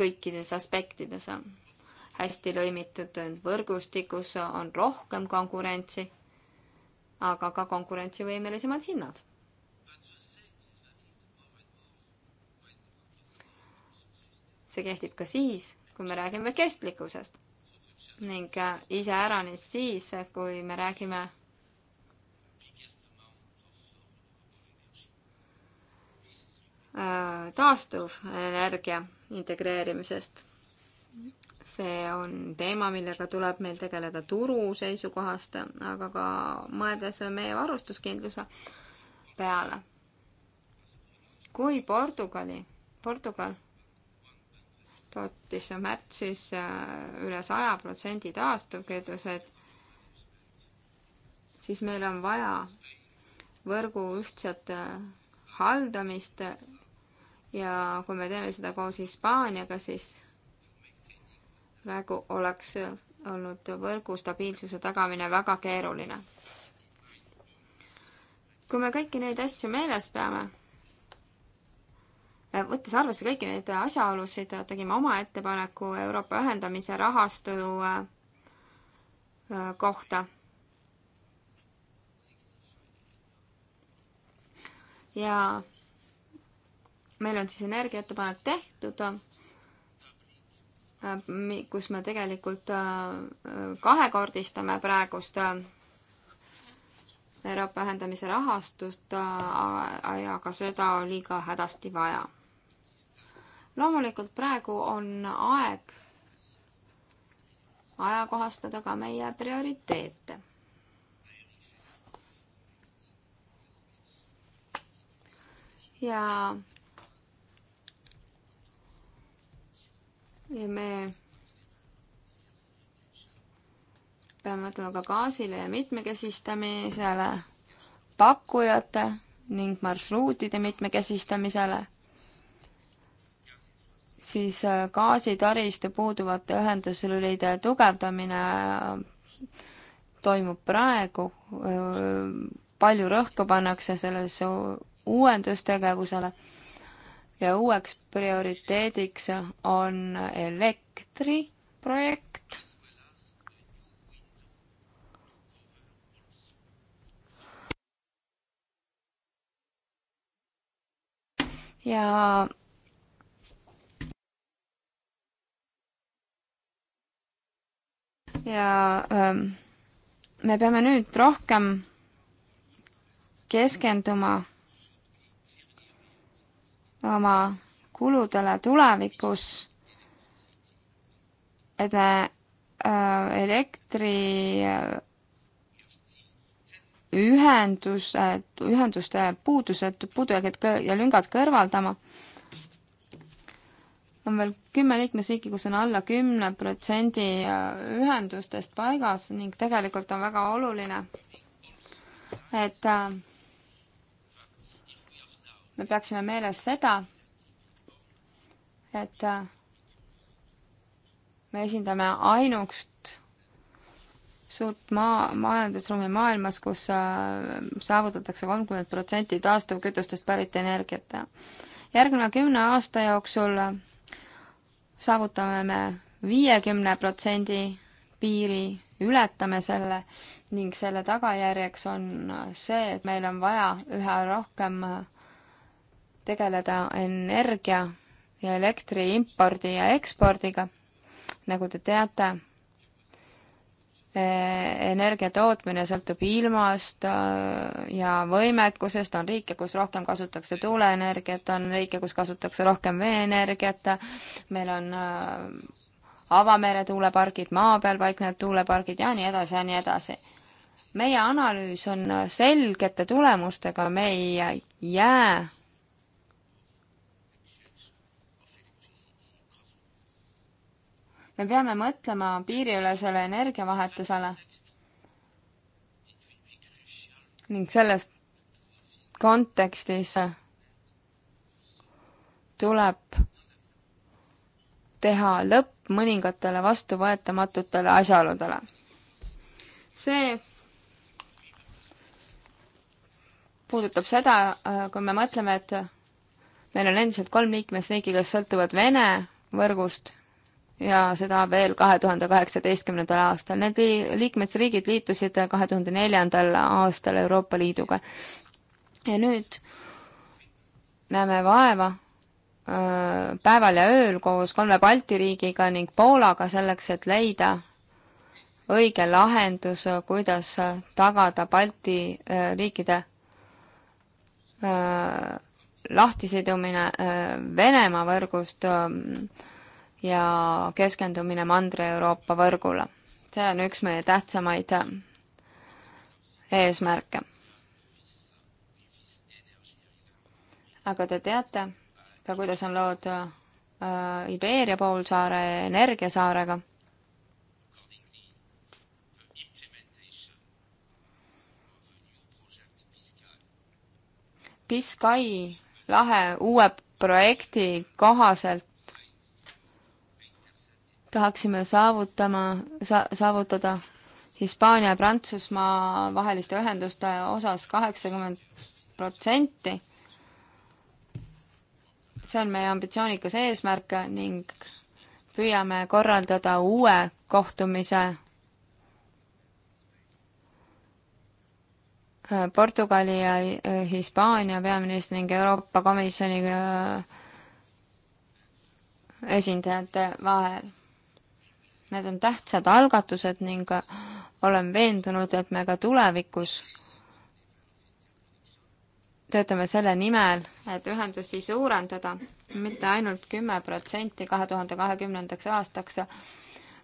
kõikides aspektides. hästi lõimitud võrgustikus on rohkem konkurentsi, aga ka konkurentsivõimelisemad hinnad. see kehtib ka siis, kui me räägime kestlikkusest ning iseäranis siis, kui me räägime Äh, taastuvenergia integreerimisest. see on teema, millega tuleb meil tegeleda turu seisukohast, aga ka mõeldes meie varustuskindluse peale. kui Portugali, Portugal tootis märtsis äh, üle saja protsendi taastuvkütused, siis meil on vaja võrgu ühtset äh, haldamist ja kui me teeme seda koos Hispaaniaga, siis praegu oleks olnud võrgu stabiilsuse tagamine väga keeruline. kui me kõiki neid asju meeles peame, eh, võttes arvesse kõiki neid asjaolusid, tegime oma ettepaneku Euroopa ühendamise rahastu eh, kohta. ja meil on siis energiaettepanek tehtud, äh, kus me tegelikult äh, kahekordistame praegust äh, Euroopa ühendamise rahastust ja ka seda on liiga hädasti vaja. loomulikult praegu on aeg ajakohastada ka meie prioriteete ja me peame mõtlema ka gaasile ja mitmekesistamisele, pakkujate ning marsruutide mitmekesistamisele, siis äh, gaasitaristu puuduvate ühenduslülide tugevdamine äh, toimub praegu, äh, palju rõhku pannakse selles uuendustegevusele ja uueks prioriteediks on elektriprojekt. ja ja ähm, me peame nüüd rohkem keskenduma oma kuludele tulevikus, et me äh, elektriühendused, äh, ühenduste puudused, puudujäägid ja lüngad kõrvaldama. on veel kümme liikmesriiki, kus on alla kümne protsendi äh, ühendustest paigas ning tegelikult on väga oluline, et äh, me peaksime meeles seda, et äh, me esindame ainukest suurt maa, majandusruumi maailmas, kus äh, saavutatakse kolmkümmend protsenti taastuvkütustest pärit energiat. järgneva kümne aasta jooksul äh, saavutame me viiekümne protsendi piiri, ületame selle ning selle tagajärjeks on see, et meil on vaja üha rohkem äh, tegeleda energia ja elektri impordi ja ekspordiga. nagu te teate, eh, energia tootmine sõltub ilmast eh, ja võimekusest, on riike, kus rohkem kasutatakse tuuleenergiat, on riike, kus kasutatakse rohkem veeenergiat, meil on eh, avamere tuulepargid, maa peal paiknevad tuulepargid ja nii edasi ja nii edasi. meie analüüs on selgete tulemustega, me ei jää me peame mõtlema piiriülesele energiavahetusele ning selles kontekstis tuleb teha lõpp mõningatele vastuvõetamatutele asjaoludele. see puudutab seda, kui me mõtleme, et meil on endiselt kolm liikmesriiki, kes sõltuvad Vene võrgust ja seda veel kahe tuhande kaheksateistkümnendal aastal. Need liikmesriigid liitusid kahe tuhande neljandal aastal Euroopa Liiduga. ja nüüd näeme vaeva päeval ja ööl koos kolme Balti riigiga ning Poolaga selleks, et leida õige lahendus, kuidas tagada Balti riikide lahtisidumine Venemaa võrgust ja keskendumine Mandri-Euroopa võrgule. see on üks meie tähtsamaid äh, eesmärke. aga te teate ka, kuidas on lood äh, Iberia poolsaare energiasaarega Biscay lahe uue projekti kohaselt tahaksime saavutama sa,, saavutada Hispaania ja Prantsusmaa vaheliste ühenduste osas kaheksakümmend protsenti. see on meie ambitsioonikas eesmärk ning püüame korraldada uue kohtumise äh, Portugali ja äh, Hispaania peaministri ning Euroopa Komisjoni äh, esindajate vahel Need on tähtsad algatused ning äh, olen veendunud, et me ka tulevikus töötame selle nimel, et ühendusi suurendada mitte ainult kümme protsenti kahe tuhande kahekümnendaks aastaks,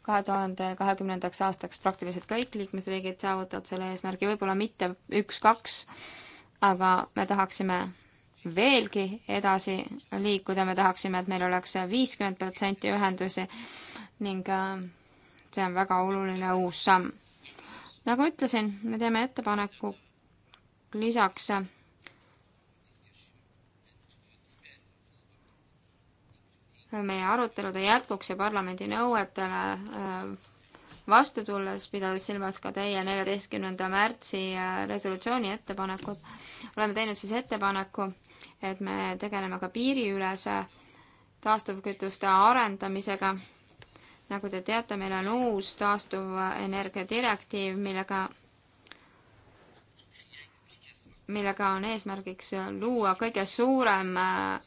kahe tuhande kahekümnendaks aastaks praktiliselt kõik liikmesriigid saavutavad selle eesmärgi, võib-olla mitte üks-kaks, aga me tahaksime veelgi edasi liikuda, me tahaksime, et meil oleks viiskümmend protsenti ühendusi ning äh, see on väga oluline uus samm. nagu ütlesin, me teeme ettepaneku lisaks äh, meie arutelude jätkuks ja parlamendi nõuetele äh, vastu tulles, pidades silmas ka teie neljateistkümnenda märtsi resolutsiooni ettepanekut, oleme teinud siis ettepaneku et me tegeleme ka piiriülese taastuvkütuste arendamisega. nagu te teate, meil on uus taastuvenergia direktiiv, millega, millega on eesmärgiks luua kõige suurem äh,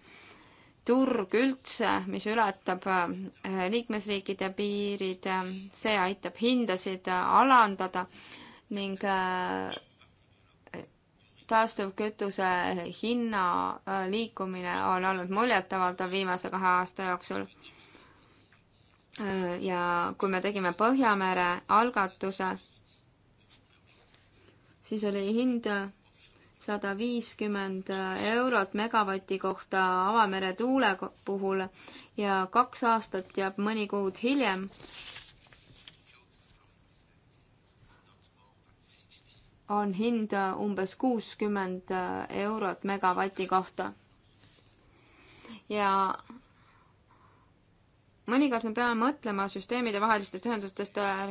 turg üldse, mis ületab äh, liikmesriikide piirid, see aitab hindasid äh, alandada ning taastuvkütuse hinna äh, liikumine on olnud muljetavaldav viimase kahe aasta jooksul. Äh, ja kui me tegime Põhjamere algatuse, siis oli hind sada viiskümmend eurot megavati kohta avamere tuule puhul ja kaks aastat ja mõni kuud hiljem on hind äh, umbes kuuskümmend äh, eurot megavati kohta. ja mõnikord me peame mõtlema süsteemide vahelistest ühendustest äh,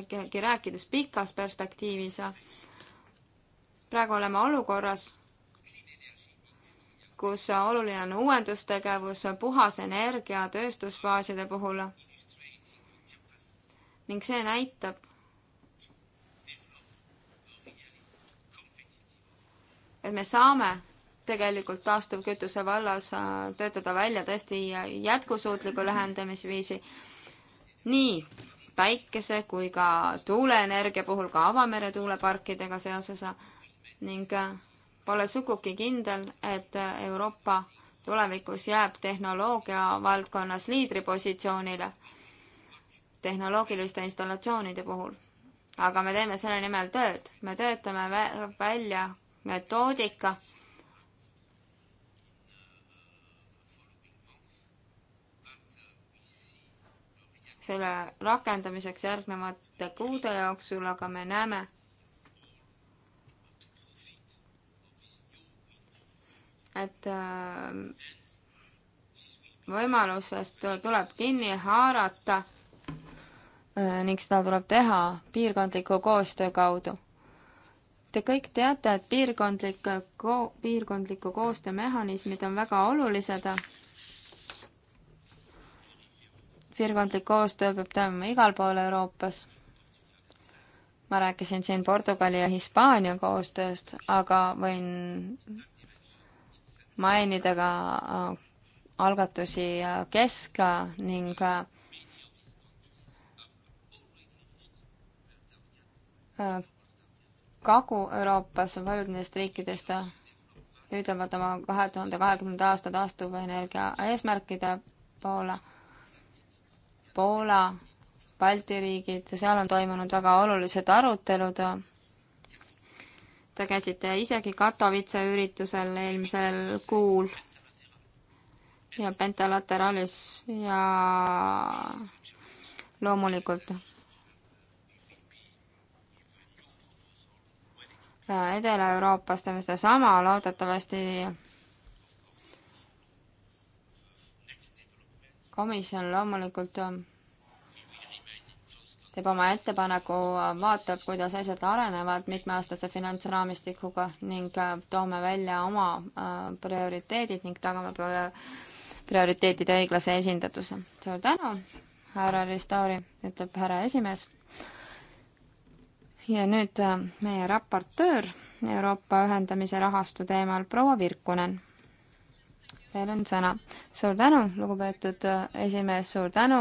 rääkides pikas perspektiivis. praegu oleme olukorras, kus oluline on uuendustegevus, puhas energia tööstusbaaside puhul. ning see näitab, et me saame tegelikult taastuvkütuse vallas äh, töötada välja tõesti jätkusuutliku lähendamisviisi nii päikese kui ka tuuleenergia puhul, ka avamere tuuleparkidega seoses äh, ning äh, pole sugugi kindel, et Euroopa tulevikus jääb tehnoloogia valdkonnas liidripositsioonile tehnoloogiliste installatsioonide puhul. aga me teeme selle nimel tööd, me töötame välja metoodika selle rakendamiseks järgnevate kuude jooksul, aga me näeme, et äh, võimalusest tuleb kinni haarata äh, ning seda tuleb teha piirkondliku koostöö kaudu Te kõik teate, et piirkondlik ko-, piirkondliku koostöö mehhanismid on väga olulised. piirkondlik koostöö peab toimuma igal pool Euroopas. ma rääkisin siin Portugali ja Hispaania koostööst, aga võin mainida ka äh, algatusi äh, Kesk- ning äh, Kagu-Euroopas paljud nendest riikidest hüüdlevad oma kahe tuhande kahekümnenda aasta taastuvenergia eesmärkide poole. Poola, Balti riigid, seal on toimunud väga olulised arutelud. Te käisite isegi Katowice üritusel eelmisel kuul ja Pentateralis ja loomulikult Edela-Euroopas teeme sedasama, loodetavasti komisjon loomulikult teeb oma ettepaneku, vaatab, kuidas asjad arenevad mitmeaastase finantsraamistikuga ning äh, toome välja oma äh, prioriteedid ning tagame prioriteetide õiglase esindatuse. suur tänu, härra Ristori, ütleb härra esimees ja nüüd äh, meie raportöör Euroopa ühendamise rahastu teemal, proua Virkunen. Teil on sõna. suur tänu, lugupeetud äh, esimees, suur tänu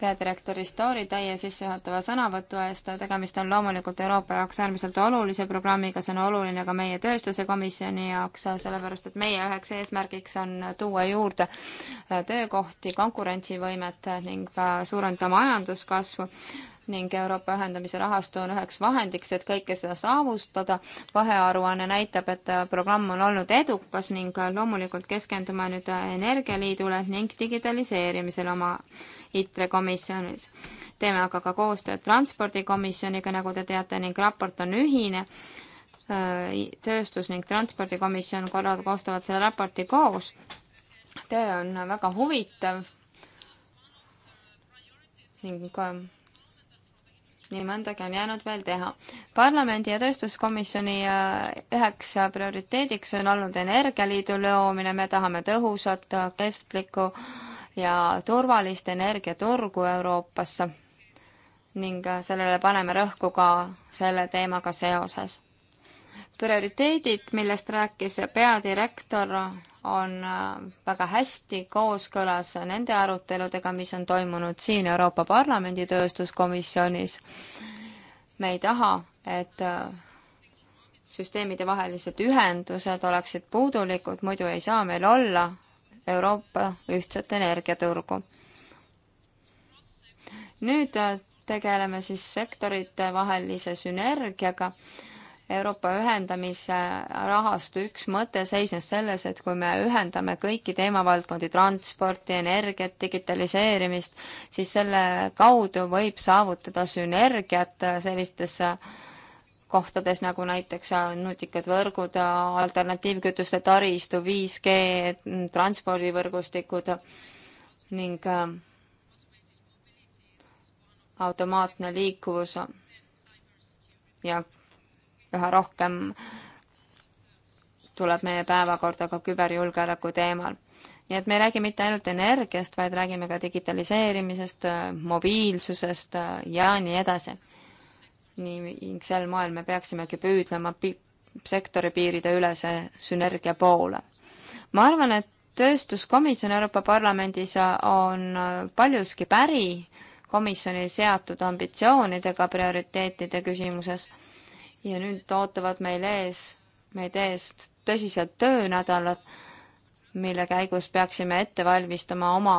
peadirektori Story täie sissejuhatava sõnavõtu eest. tegemist on loomulikult Euroopa jaoks äärmiselt olulise programmiga, see on oluline ka meie tööstuse komisjoni jaoks, äh, sellepärast et meie üheks eesmärgiks on tuua juurde töökohti, konkurentsivõimet ning suurendada majanduskasvu ning Euroopa ühendamise rahastu on üheks vahendiks, et kõike seda saavutada. vahearuanne näitab, et programm on olnud edukas ning loomulikult keskendume nüüd Energialiidule ning digitaliseerimisele oma ITRE komisjonis. teeme aga ka koostööd Transpordikomisjoniga, nagu te teate, ning raport on ühine äh, tööstus- ning transpordikomisjon korra-, koostavad selle raporti koos. töö on väga huvitav ning ähm, nii mõndagi on jäänud veel teha. parlamendi ja tööstuskomisjoni äh, üheks äh, prioriteediks on olnud Energialiidu loomine, me tahame tõhusat, äh, kestlikku ja turvalist energiaturgu Euroopasse ning sellele paneme rõhku ka selle teemaga seoses prioriteedid, millest rääkis peadirektor, on äh, väga hästi kooskõlas nende aruteludega, mis on toimunud siin Euroopa Parlamendi tööstuskomisjonis. me ei taha, et äh, süsteemide vahelised ühendused oleksid puudulikud, muidu ei saa meil olla Euroopa ühtset energiaturgu. nüüd äh, tegeleme siis sektorite vahelise sünergiaga Euroopa ühendamise rahastu üks mõte seisnes selles, et kui me ühendame kõiki teemavaldkondi, transporti, energiat, digitaliseerimist, siis selle kaudu võib saavutada sünergiat sellistes kohtades nagu näiteks äh, nutikad võrgud, äh, alternatiivkütuste taristu, 5G, transpordivõrgustikud ning äh, automaatne liikuvus ja üha rohkem tuleb meie päevakorda ka küberjulgeoleku teemal. nii et me ei räägi mitte ainult energiast, vaid räägime ka digitaliseerimisest, mobiilsusest ja nii edasi. nii, sel moel me peaksimegi püüdlema pi-, sektori piiride ülese sünergia poole. ma arvan, et tööstuskomisjon Euroopa Parlamendis on paljuski päri komisjoni seatud ambitsioonidega prioriteetide küsimuses ja nüüd ootavad meil ees, meid ees tõsised töönädalad, mille käigus peaksime ette valmistama oma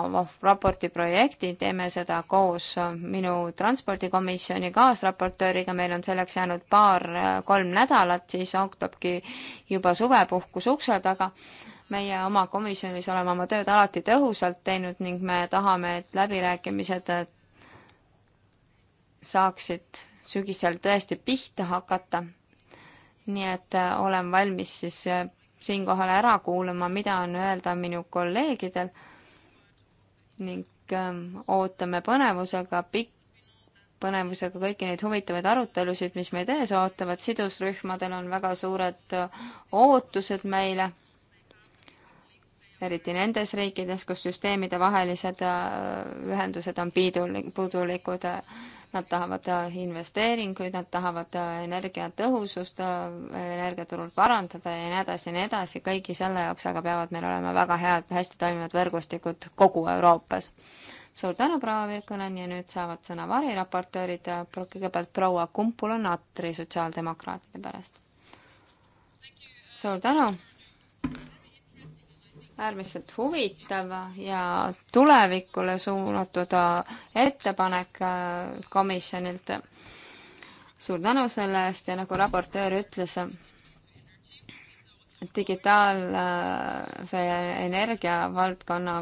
raporti projekti, teeme seda koos minu transpordikomisjoni kaasraportööriga, meil on selleks jäänud paar-kolm nädalat, siis hakkabki juba suvepuhkus ukse taga. meie oma komisjonis oleme oma tööd alati tõhusalt teinud ning me tahame, et läbirääkimised saaksid sügisel tõesti pihta hakata. nii et äh, olen valmis siis äh, siinkohal ära kuulama, mida on öelda minu kolleegidel ning ähm, ootame põnevusega pikk, põnevusega kõiki neid huvitavaid arutelusid, mis meid ees ootavad, sidusrühmadel on väga suured äh, ootused meile, eriti nendes riikides, kus süsteemide vahelised ühendused on piidul-, puudulikud nad tahavad äh, investeeringuid, nad tahavad äh, energiatõhusust äh, energiaturul parandada ja nii edasi ja nii edasi, kõigi selle jaoks aga peavad meil olema väga head, hästi toimivad võrgustikud kogu Euroopas. suur tänu, proua Virkonen ja nüüd saavad sõna variraportöörid, kõigepealt proua Kumpula-Natri sotsiaaldemokraatide pärast. suur tänu! äärmiselt huvitav ja tulevikule suunatud äh, ettepanek äh, komisjonilt. suur tänu selle eest ja nagu raportöör ütles, digitaalse äh, energiavaldkonna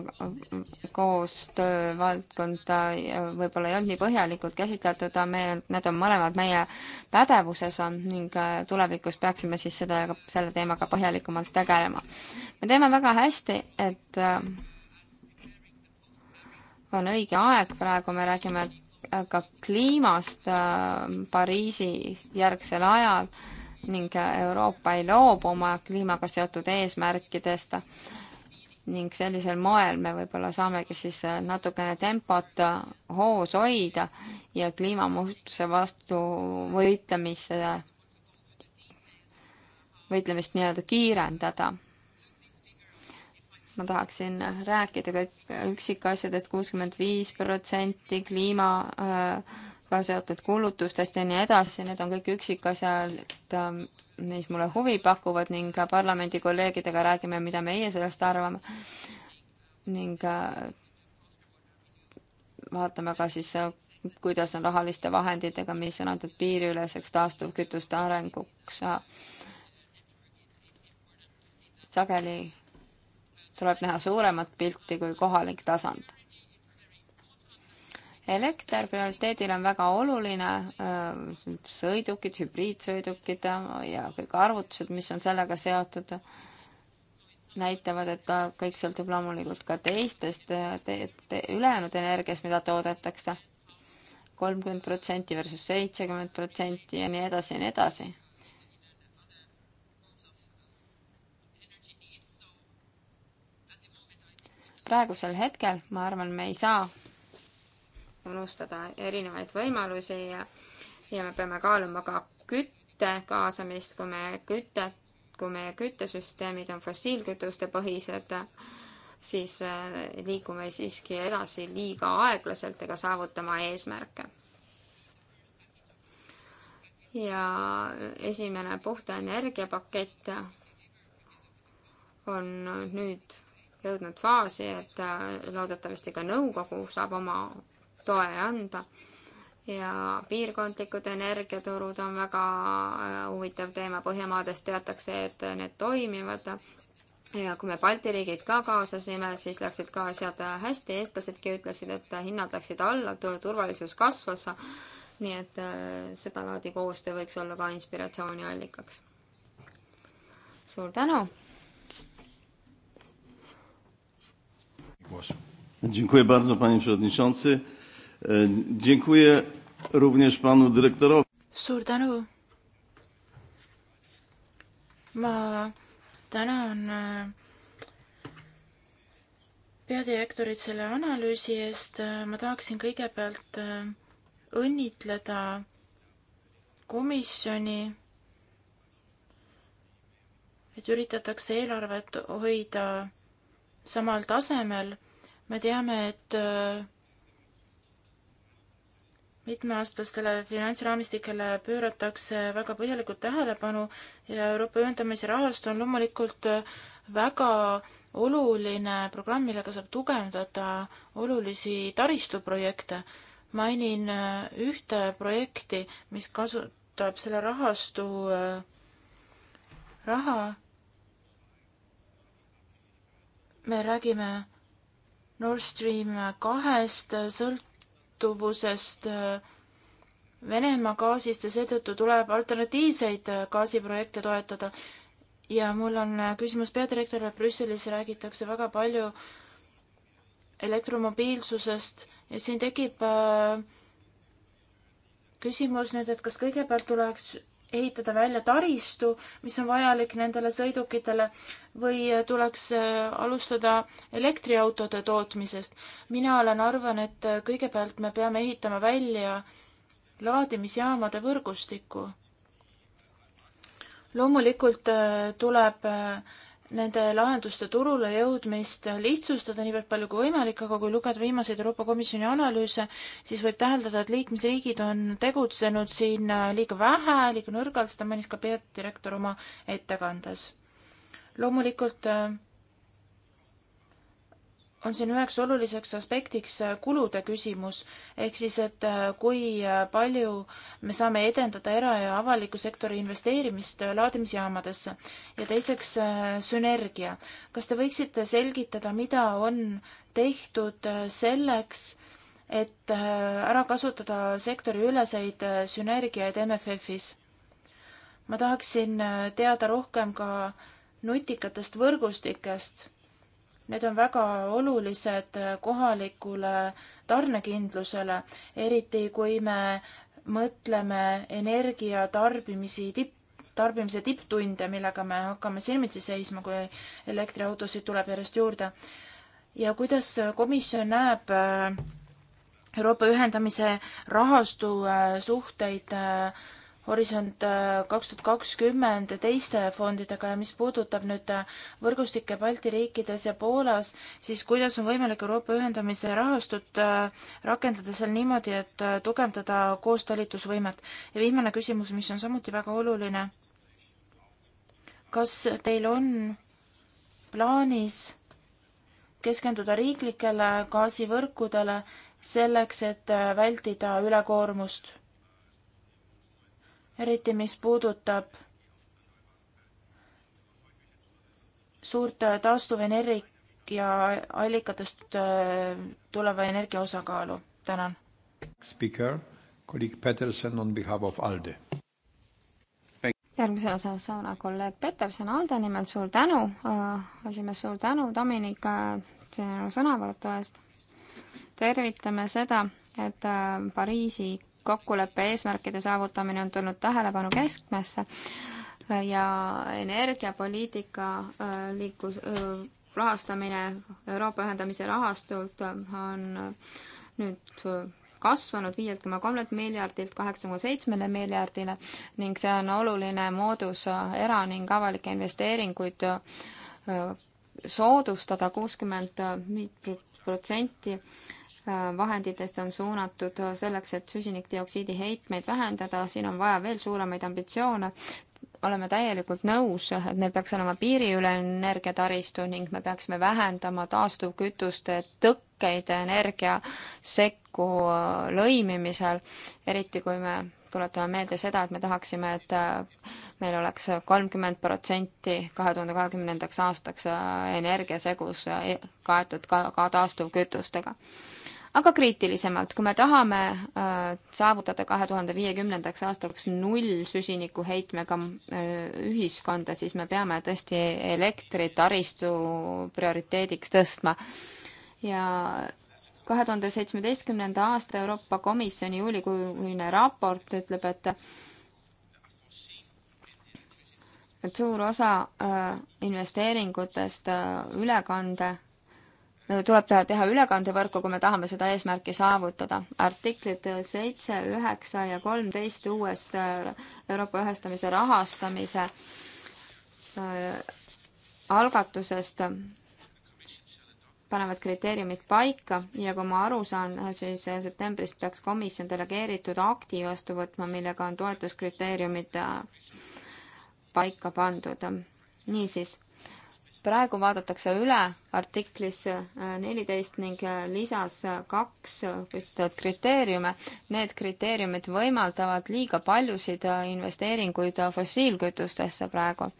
koostöövaldkonda võib-olla ei olnud nii põhjalikult käsitletud, aga me, need on mõlemad meie pädevuses on ning äh, tulevikus peaksime siis seda, selle teemaga põhjalikumalt tegelema. me teeme väga hästi, et äh, on õige aeg, praegu me räägime äh, ka kliimast Pariisi järgsel ajal ning Euroopa ei loobu oma kliimaga seotud eesmärkidest ning sellisel moel me võib-olla saamegi siis äh, natukene tempot äh, hoos hoida ja kliimamuutuse vastu võitlemise, äh, võitlemist nii-öelda kiirendada. ma tahaksin rääkida kõik üksikasjadest, kuuskümmend viis protsenti kliimaga seotud kulutustest ja nii edasi, need on kõik üksikasjad, mis mulle huvi pakuvad ning parlamendi kolleegidega räägime, mida meie sellest arvame. ning äh, vaatame ka siis, äh, kuidas on rahaliste vahenditega, mis on antud piiriüleseks taastuvkütuste arenguks. sageli tuleb näha suuremat pilti kui kohalik tasand elekter prioriteedil on väga oluline, äh, sõidukid, hübriidsõidukid äh, ja kõik arvutused, mis on sellega seotud, näitavad, et kõik sõltub loomulikult ka teistest äh, te, te, ülejäänud energiast, mida toodetakse. kolmkümmend protsenti versus seitsekümmend protsenti ja nii edasi ja nii edasi praegusel hetkel, ma arvan, me ei saa unustada erinevaid võimalusi ja, ja me peame kaaluma ka kütte kaasamist, kui me kütte, kui meie küttesüsteemid on fossiilkütuste põhised, siis äh, liigume siiski edasi liiga aeglaselt ega saavuta oma eesmärke. ja esimene puhta energiapakett on nüüd jõudnud faasi, et äh, loodetavasti ka nõukogu saab oma toe anda. ja piirkondlikud energiaturud on väga äh, huvitav teema, Põhjamaades teatakse, et need toimivad ja kui me Balti riigid ka kaasasime, siis läksid ka asjad hästi, eestlasedki ütlesid, et hinnad läksid alla, turvalisus kasvas, nii et äh, sedalaadi koostöö võiks olla ka inspiratsiooniallikaks. suur tänu! Dziękuję bardzo, panie przewodniczący. E, dziękuję również panu dyrektorowi. suur tänu. ma tänan e, peadirektorit selle analüüsi eest. E, ma tahaksin kõigepealt õnnitleda komisjoni, et üritatakse eelarvet hoida samal tasemel. me teame, et mitmeaastastele finantsraamistikele pööratakse väga põhjalikult tähelepanu ja Euroopa ühendamise rahastu on loomulikult äh, väga oluline programm, millega saab tugevdada olulisi taristuprojekte. mainin äh, ühte projekti, mis kasutab selle rahastu äh, raha. me räägime Nord Stream kahest sõlt-, sõltuvusest äh, Venemaa gaasist ja seetõttu tuleb alternatiivseid äh, gaasiprojekte toetada. ja mul on äh, küsimus peadirektorile, Brüsselis räägitakse väga palju elektromobiilsusest ja siin tekib küsimus nüüd, et kas kõigepealt tuleks ehitada välja taristu, mis on vajalik nendele sõidukitele või tuleks äh, alustada elektriautode tootmisest. mina olen arvan, et äh, kõigepealt me peame ehitama välja laadimisjaamade võrgustiku. loomulikult äh, tuleb äh, nende lahenduste turule jõudmist lihtsustada niivõrd palju kui võimalik, aga kui lugeda viimaseid Euroopa Komisjoni analüüse, siis võib täheldada, et liikmesriigid on tegutsenud siin äh, liiga vähe, liiga nõrgalt, seda mainis ka peadirektor oma ettekandes. loomulikult äh, on siin üheks oluliseks aspektiks äh, kulude küsimus, ehk siis, et äh, kui äh, palju me saame edendada era- ja avaliku sektori investeerimist laadimisjaamadesse ja teiseks sünergia. kas te võiksite selgitada, mida on tehtud selleks, et ära kasutada sektoriüleseid sünergiaid MFF-is? ma tahaksin teada rohkem ka nutikatest võrgustikest Need on väga olulised kohalikule tarnekindlusele, eriti kui me mõtleme energia tarbimisi tipp, tarbimise tipptunde, millega me hakkame silmitsi seisma, kui elektriautosid tuleb järjest juurde. ja kuidas komisjon näeb äh, Euroopa ühendamise rahastu äh, suhteid äh, Horisont äh, kaks tuhat kakskümmend teiste fondidega ja mis puudutab nüüd äh, võrgustikke Balti riikides ja Poolas, siis kuidas on võimalik Euroopa ühendamise rahastut äh, rakendada seal niimoodi, et tugevdada koostalitusvõimet? ja viimane küsimus, mis on samuti väga oluline. kas teil on plaanis keskenduda riiklikele gaasivõrkudele selleks, et vältida ülekoormust? eriti mis puudutab suurt äh, taastuvenergia allikatest äh, tuleva energia osakaalu. tänan. Speaker, kolleeg Peterson on behalf of ALDE. järgmisena saab sõna kolleeg Peterson ALDE nimel, suur tänu, äh, esimees, suur tänu, Dominik, sinu sõnavõtu eest. tervitame seda, et Pariisi kokkuleppe eesmärkide saavutamine on tulnud tähelepanu keskmesse ja energiapoliitika äh, liiklus, äh, rahastamine Euroopa ühendamise rahastult äh, on nüüd kasvanud viielt koma kolmelt miljardilt kaheksa koma seitsmele miljardile ning see on oluline moodus era- ning avalikke investeeringuid soodustada kuuskümmend protsenti vahenditest on suunatud selleks, et süsinikdioksiidi heitmeid vähendada, siin on vaja veel suuremaid ambitsioone, oleme täielikult nõus, et meil peaks olema piiriülene energiataristu ning me peaksime vähendama taastuvkütuste tõkkeid energia sekku lõimimisel, eriti kui me tuletame meelde seda, et me tahaksime, et meil oleks kolmkümmend protsenti kahe tuhande kahekümnendaks aastaks energiasegus kaetud ka, ka taastuvkütustega aga kriitilisemalt, kui me tahame äh, saavutada kahe tuhande viiekümnendaks aastaks null süsinikuheitmega äh, ühiskonda, siis me peame tõesti elektritaristu prioriteediks tõstma. ja kahe tuhande seitsmeteistkümnenda aasta Euroopa Komisjoni juulikuine raport ütleb, et et suur osa äh, investeeringutest ülekande tuleb teha ülekandevõrku, kui me tahame seda eesmärki saavutada. artiklid seitse, üheksa ja kolmteist uuest äh, Euroopa ühestamise rahastamise äh, algatusest panevad kriteeriumid paika ja kui ma aru saan, siis septembris peaks komisjon delegeeritud akti vastu võtma, millega on toetuskriteeriumid äh, paika pandud. niisiis praegu vaadatakse üle artiklis äh, neliteist ning äh, lisas äh, kaks kriteeriume. Need kriteeriumid võimaldavad liiga paljusid investeeringuid fossiilkütustesse praegu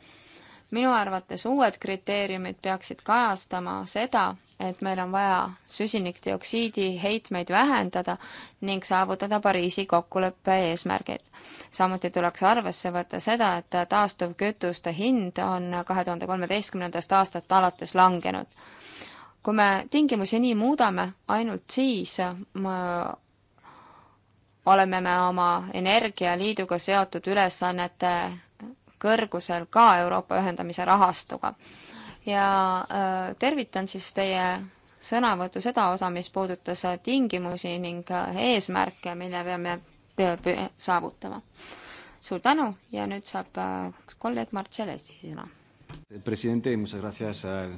minu arvates uued kriteeriumid peaksid kajastama seda, et meil on vaja süsinikdioksiidi heitmeid vähendada ning saavutada Pariisi kokkuleppe eesmärgid. samuti tuleks arvesse võtta seda, et taastuvkütuste hind on kahe tuhande kolmeteistkümnendast aastast alates langenud. kui me tingimusi nii muudame, ainult siis oleme me oma energialiiduga seotud ülesannete kõrgusel ka Euroopa ühendamise rahastuga. ja äh, tervitan siis teie sõnavõtu seda osa, mis puudutas äh, tingimusi ning äh, eesmärke, mille peame saavutama. suur tänu ja nüüd saab kolleeg Marcellesi sõna. presidente, muchas gracias al,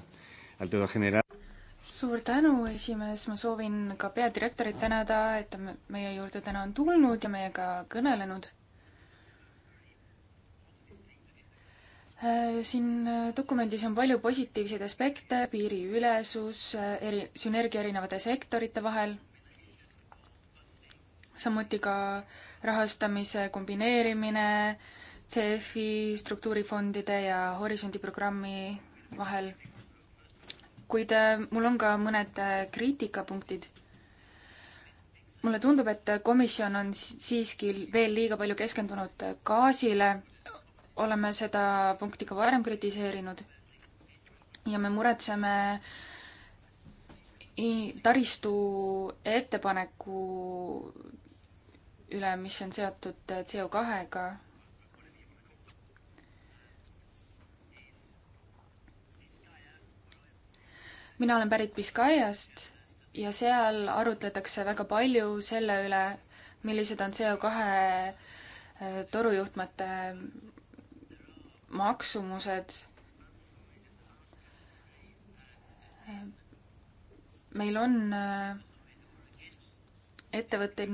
al todo general suur tänu, esimees, ma soovin ka peadirektorit tänada, et ta meie juurde täna on tulnud ja meiega kõnelenud Äh, siin äh, dokumendis on palju positiivseid aspekte, piiriülesus, äh, eri, sünergia erinevate sektorite vahel, samuti ka rahastamise kombineerimine CEF-i, struktuurifondide ja Horisondi programmi vahel. kuid mul on ka mõned kriitikapunktid mulle tundub, et komisjon on siiski veel liiga palju keskendunud gaasile oleme seda punkti ka varem kritiseerinud ja me muretseme taristu ettepaneku üle, mis on seotud CO2-ga. mina olen pärit Biskajast ja seal arutletakse väga palju selle üle, millised on CO2 torujuhtmete maksumused. meil on äh, ettevõtteid,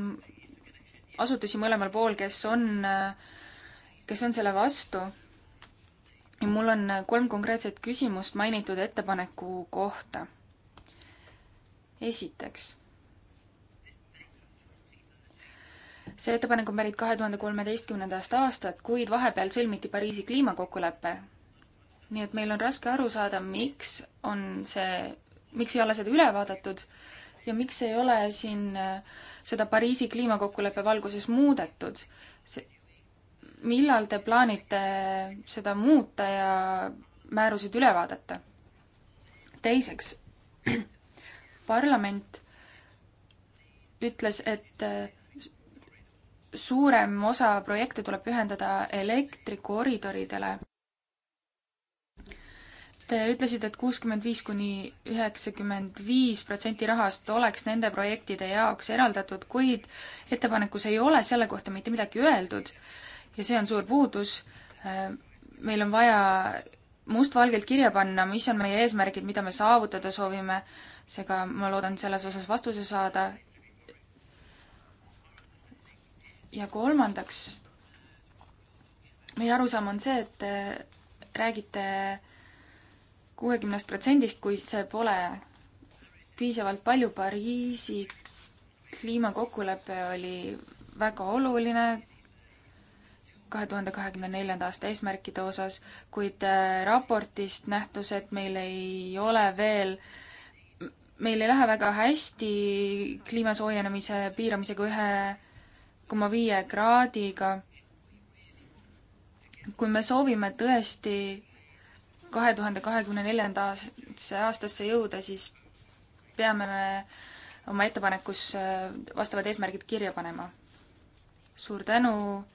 asutusi mõlemal pool, kes on, äh, kes on selle vastu. ja mul on äh, kolm konkreetset küsimust mainitud ettepaneku kohta. esiteks see ettepanek on pärit kahe tuhande kolmeteistkümnendast aastat, kuid vahepeal sõlmiti Pariisi kliimakokkulepe. nii et meil on raske aru saada, miks on see, miks ei ole seda üle vaadatud ja miks ei ole siin äh, seda Pariisi kliimakokkuleppe valguses muudetud. millal te plaanite seda muuta ja määrusid üle vaadata? teiseks, parlament ütles, et äh, suurem osa projekte tuleb ühendada elektrikoridoridele. Te ütlesite, et kuuskümmend viis kuni üheksakümmend viis protsenti rahast oleks nende projektide jaoks eraldatud, kuid ettepanekus ei ole selle kohta mitte midagi öeldud ja see on suur puudus. meil on vaja mustvalgelt kirja panna, mis on meie eesmärgid, mida me saavutada soovime, seega ma loodan selles osas vastuse saada ja kolmandaks, meie arusaam on see, et te räägite kuuekümnest protsendist, kuid see pole piisavalt palju. Pariisi kliimakokkulepe oli väga oluline kahe tuhande kahekümne neljanda aasta eesmärkide osas, kuid äh, raportist nähtus, et meil ei ole veel meil ei lähe väga hästi kliima soojenemise piiramisega ühe koma viie kraadiga. kui me soovime tõesti kahe tuhande kahekümne neljanda aastasse jõuda, siis peame me oma ettepanekus äh, vastavad eesmärgid kirja panema. suur tänu.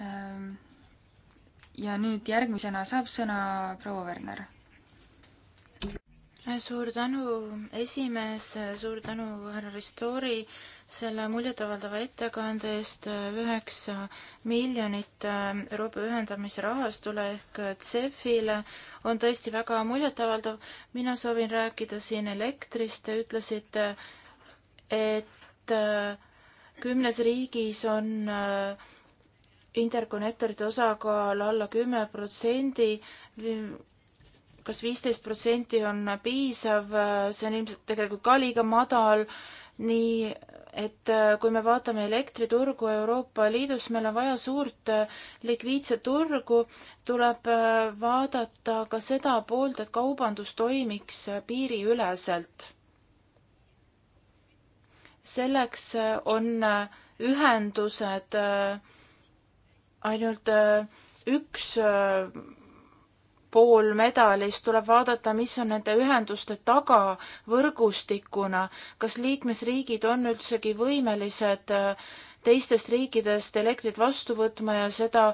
Ähm, ja nüüd järgmisena saab sõna proua Werner. suur tänu, esimees, suur tänu, härra Ristori selle muljetavaldava ettekande eest äh, üheksa miljonit äh, Euroopa ühendamise rahastule ehk CEF-ile on tõesti väga muljetavaldav. mina soovin rääkida siin elektrist, te ütlesite, et äh, kümnes riigis on interkonnektorite osakaal alla kümne protsendi kas viisteist protsenti on piisav, see on ilmselt tegelikult ka liiga madal, nii et äh, kui me vaatame elektriturgu Euroopa Liidus, meil on vaja suurt äh, likviidset turgu, tuleb äh, vaadata ka seda poolt, et kaubandus toimiks piiriüleselt. selleks on ühendused ainult üks pool medalist, tuleb vaadata, mis on nende ühenduste taga võrgustikuna, kas liikmesriigid on üldsegi võimelised äh, teistest riikidest elektrit vastu võtma ja seda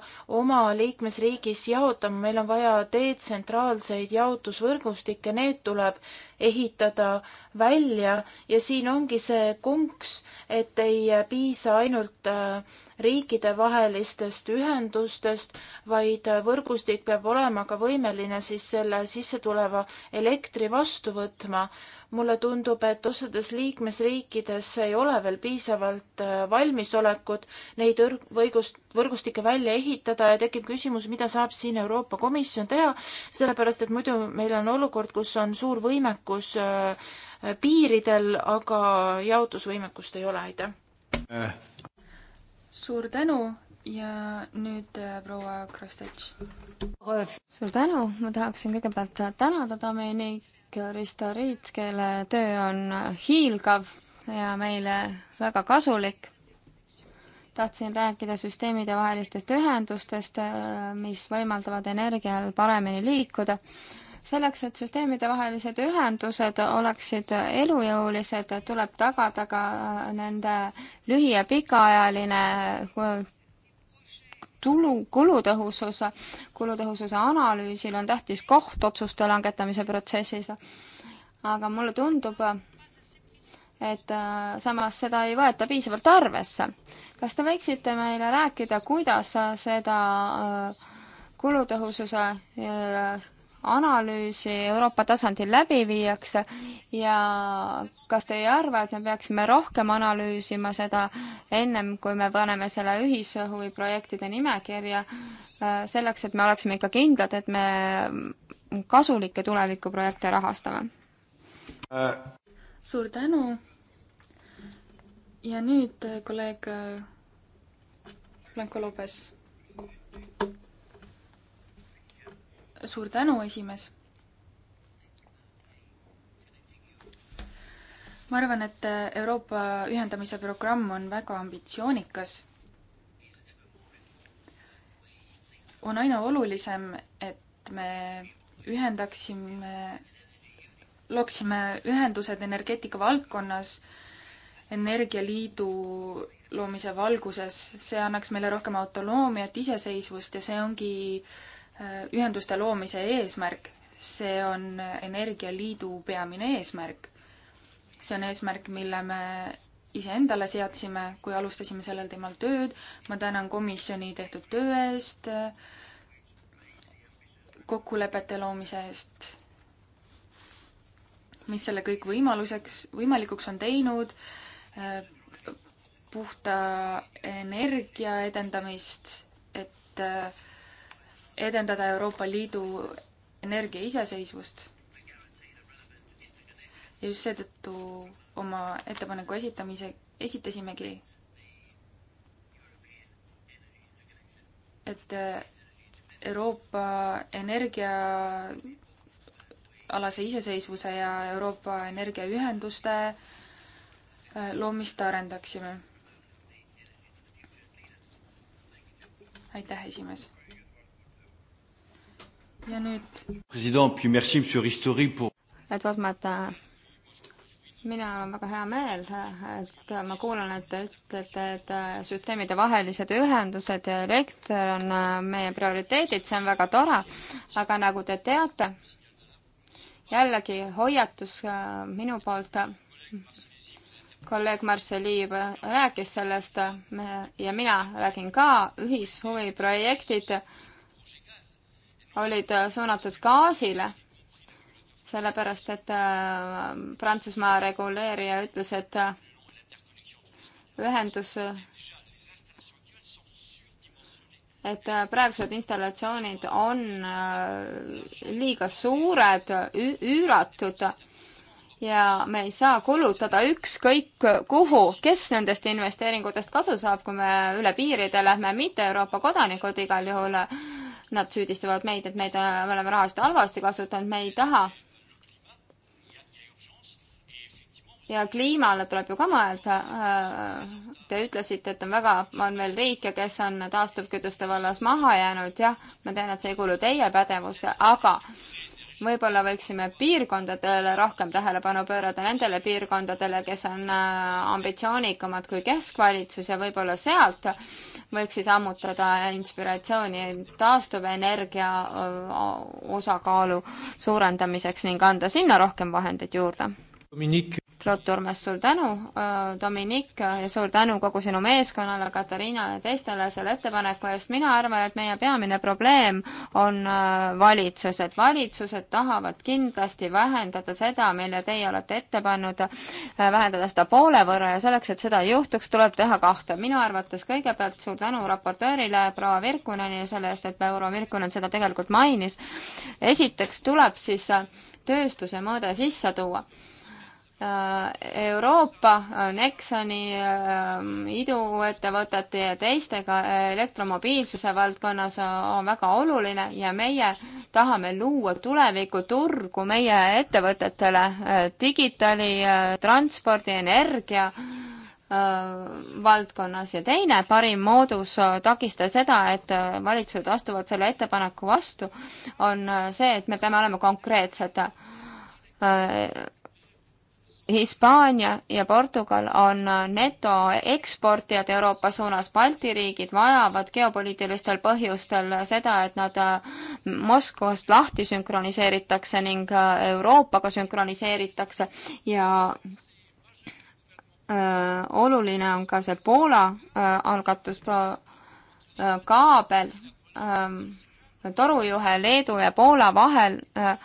oma liikmesriigis jaotama, meil on vaja detsentraalseid jaotusvõrgustikke, need tuleb ehitada välja ja siin ongi see konks, et ei piisa ainult äh, riikidevahelistest ühendustest, vaid äh, võrgustik peab olema ka võimeline siis selle sissetuleva elektri vastu võtma. mulle tundub, et osades liikmesriikides ei ole veel piisavalt äh, valmisolekut neid võrgust-, võrgustikke välja ehitada ja tekib küsimus, mida saab siin Euroopa Komisjon teha, sellepärast et muidu meil on olukord, kus on suur võimekus äh, piiridel, aga jaotusvõimekust ei ole, aitäh. suur tänu ja nüüd äh, proua Krastetš. suur tänu, ma tahaksin kõigepealt tänada Domini Risto Riit, kelle töö on hiilgav ja meile väga kasulik tahtsin rääkida süsteemide vahelistest ühendustest, äh, mis võimaldavad energial paremini liikuda. selleks, et süsteemide vahelised ühendused oleksid elujõulised, tuleb tagada ka äh, nende lühi- ja pikaajaline äh, tulu, kulutõhusus, kulutõhususe analüüsil on tähtis koht otsuste langetamise protsessis. aga mulle tundub, et äh, samas seda ei võeta piisavalt arvesse. kas te võiksite meile rääkida, kuidas seda äh, kulutõhususe äh, analüüsi Euroopa tasandil läbi viiakse ja kas te ei arva, et me peaksime rohkem analüüsima seda ennem, kui me paneme selle ühishuviprojektide nimekirja, selleks et me oleksime ikka kindlad, et me kasulikke tulevikuprojekte rahastame? suur tänu. ja nüüd eh, kolleeg eh, Blanco Lopez. suur tänu, esimees. ma arvan, et eh, Euroopa ühendamise programm on väga ambitsioonikas. on aina olulisem, et me ühendaksime looksime ühendused energeetika valdkonnas Energialiidu loomise valguses, see annaks meile rohkem autonoomiat, iseseisvust ja see ongi äh, ühenduste loomise eesmärk. see on Energialiidu peamine eesmärk. see on eesmärk, mille me iseendale seadsime, kui alustasime sellel teemal tööd. ma tänan komisjoni tehtud töö eest, äh, kokkulepete loomise eest mis selle kõik võimaluseks, võimalikuks on teinud, äh, puhta energia edendamist, et äh, edendada Euroopa Liidu energia iseseisvust. ja just seetõttu oma ettepaneku esitamise, esitasimegi, et äh, Euroopa energia alase iseseisvuse ja Euroopa energiaühenduste äh, loomist arendaksime. aitäh, esimees. ja nüüd. president, puis merci, monsieur Ristori pour. Edward Mata, mina olen väga hea meel, et ma kuulan, et te ütlete, et äh, süsteemide vahelised ühendused ja elekter on äh, meie prioriteedid, see on väga tore, aga nagu te teate, jällegi hoiatus äh, minu poolt. kolleeg Marceli rääkis sellest äh, ja mina räägin ka, ühishuviprojektid olid äh, suunatud gaasile, sellepärast et Prantsusmaa reguleerija ütles, et ühendus et äh, praegused installatsioonid on äh, liiga suured, üüratud ja me ei saa kulutada ükskõik kuhu, kes nendest investeeringutest kasu saab, kui me üle piiride lähme, mitte Euroopa kodanikud igal juhul. Nad süüdistavad meid, et meid, äh, me oleme rahast halvasti kasutanud, me ei taha ja kliimale tuleb ju ka mõelda. Äh, te ütlesite, et on väga, on veel riike, kes on taastuvkütuste vallas maha jäänud, jah, ma tean, et see ei kuulu teie pädevusse, aga võib-olla võiksime piirkondadele rohkem tähelepanu pöörada, nendele piirkondadele, kes on äh, ambitsioonikamad kui keskvalitsus ja võib-olla sealt võiks siis ammutada inspiratsiooni taastuvenergia äh, osakaalu suurendamiseks ning anda sinna rohkem vahendeid juurde Dominik. Claude Turmes, suur tänu, äh, Dominik, ja suur tänu kogu sinu meeskonnale, Katariinale ja teistele selle ettepaneku eest. mina arvan, et meie peamine probleem on äh, valitsused. valitsused tahavad kindlasti vähendada seda, mille teie olete ette pannud, äh, vähendada seda poole võrra ja selleks, et seda ei juhtuks, tuleb teha kahte. minu arvates kõigepealt suur tänu raportöörile, proua Virkunenile selle eest, et proua Virkunen seda tegelikult mainis. esiteks tuleb siis tööstuse mõõde sisse tuua Euroopa, Nexoni, ähm, iduettevõtete ja teistega elektromobiilsuse valdkonnas äh, on väga oluline ja meie tahame luua tulevikuturgu meie ettevõtetele äh, digitali, äh, transpordi, energia valdkonnas ja teine parim moodus takistada seda, et valitsused astuvad selle ettepaneku vastu, on see, et me peame olema konkreetsed Hispaania ja Portugal on netoeksportijad Euroopa suunas. Balti riigid vajavad geopoliitilistel põhjustel seda, et nad äh, Moskvast lahti sünkroniseeritakse ning äh, Euroopaga sünkroniseeritakse ja öö, äh, oluline on ka see Poola öö, algatus, kaabel, ähm, torujuhe Leedu ja Poola vahel öö,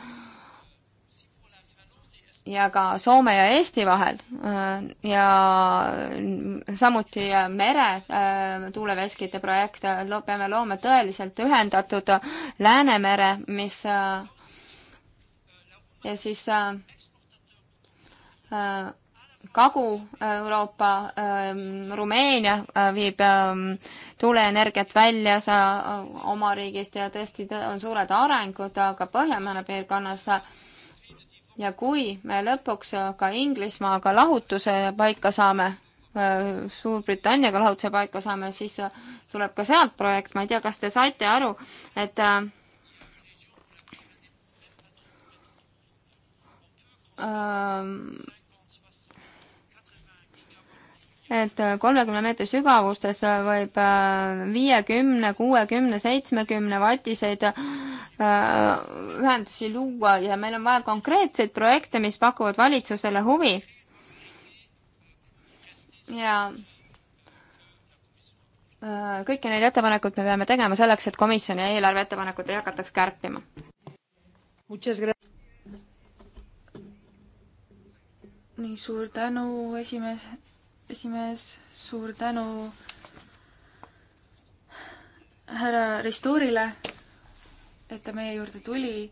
ja ka Soome ja Eesti vahel ja samuti meretuuleveskite äh, projekt, peame looma tõeliselt ühendatud Läänemere, mis äh, ja siis äh, Kagu-Euroopa, Rumeenia viib tuuleenergiat välja oma riigist ja tõesti on suured arengud, aga Põhjamaade piirkonnas ja kui me lõpuks ka Inglismaaga lahutuse paika saame, äh, Suurbritanniaga lahutuse paika saame, siis äh, tuleb ka sealt projekt, ma ei tea, kas te saite aru, et äh, ähm, et kolmekümne meetri sügavustes võib viiekümne, kuuekümne, seitsmekümne vatiseid Äh, ühendusi luua ja meil on vaja konkreetseid projekte, mis pakuvad valitsusele huvi. ja äh, kõiki neid ettepanekuid me peame tegema selleks, et komisjoni eelarve ettepanekut ei hakataks kärpima. nii, suur tänu, esimees, esimees, suur tänu härra Risturile et ta meie juurde tuli.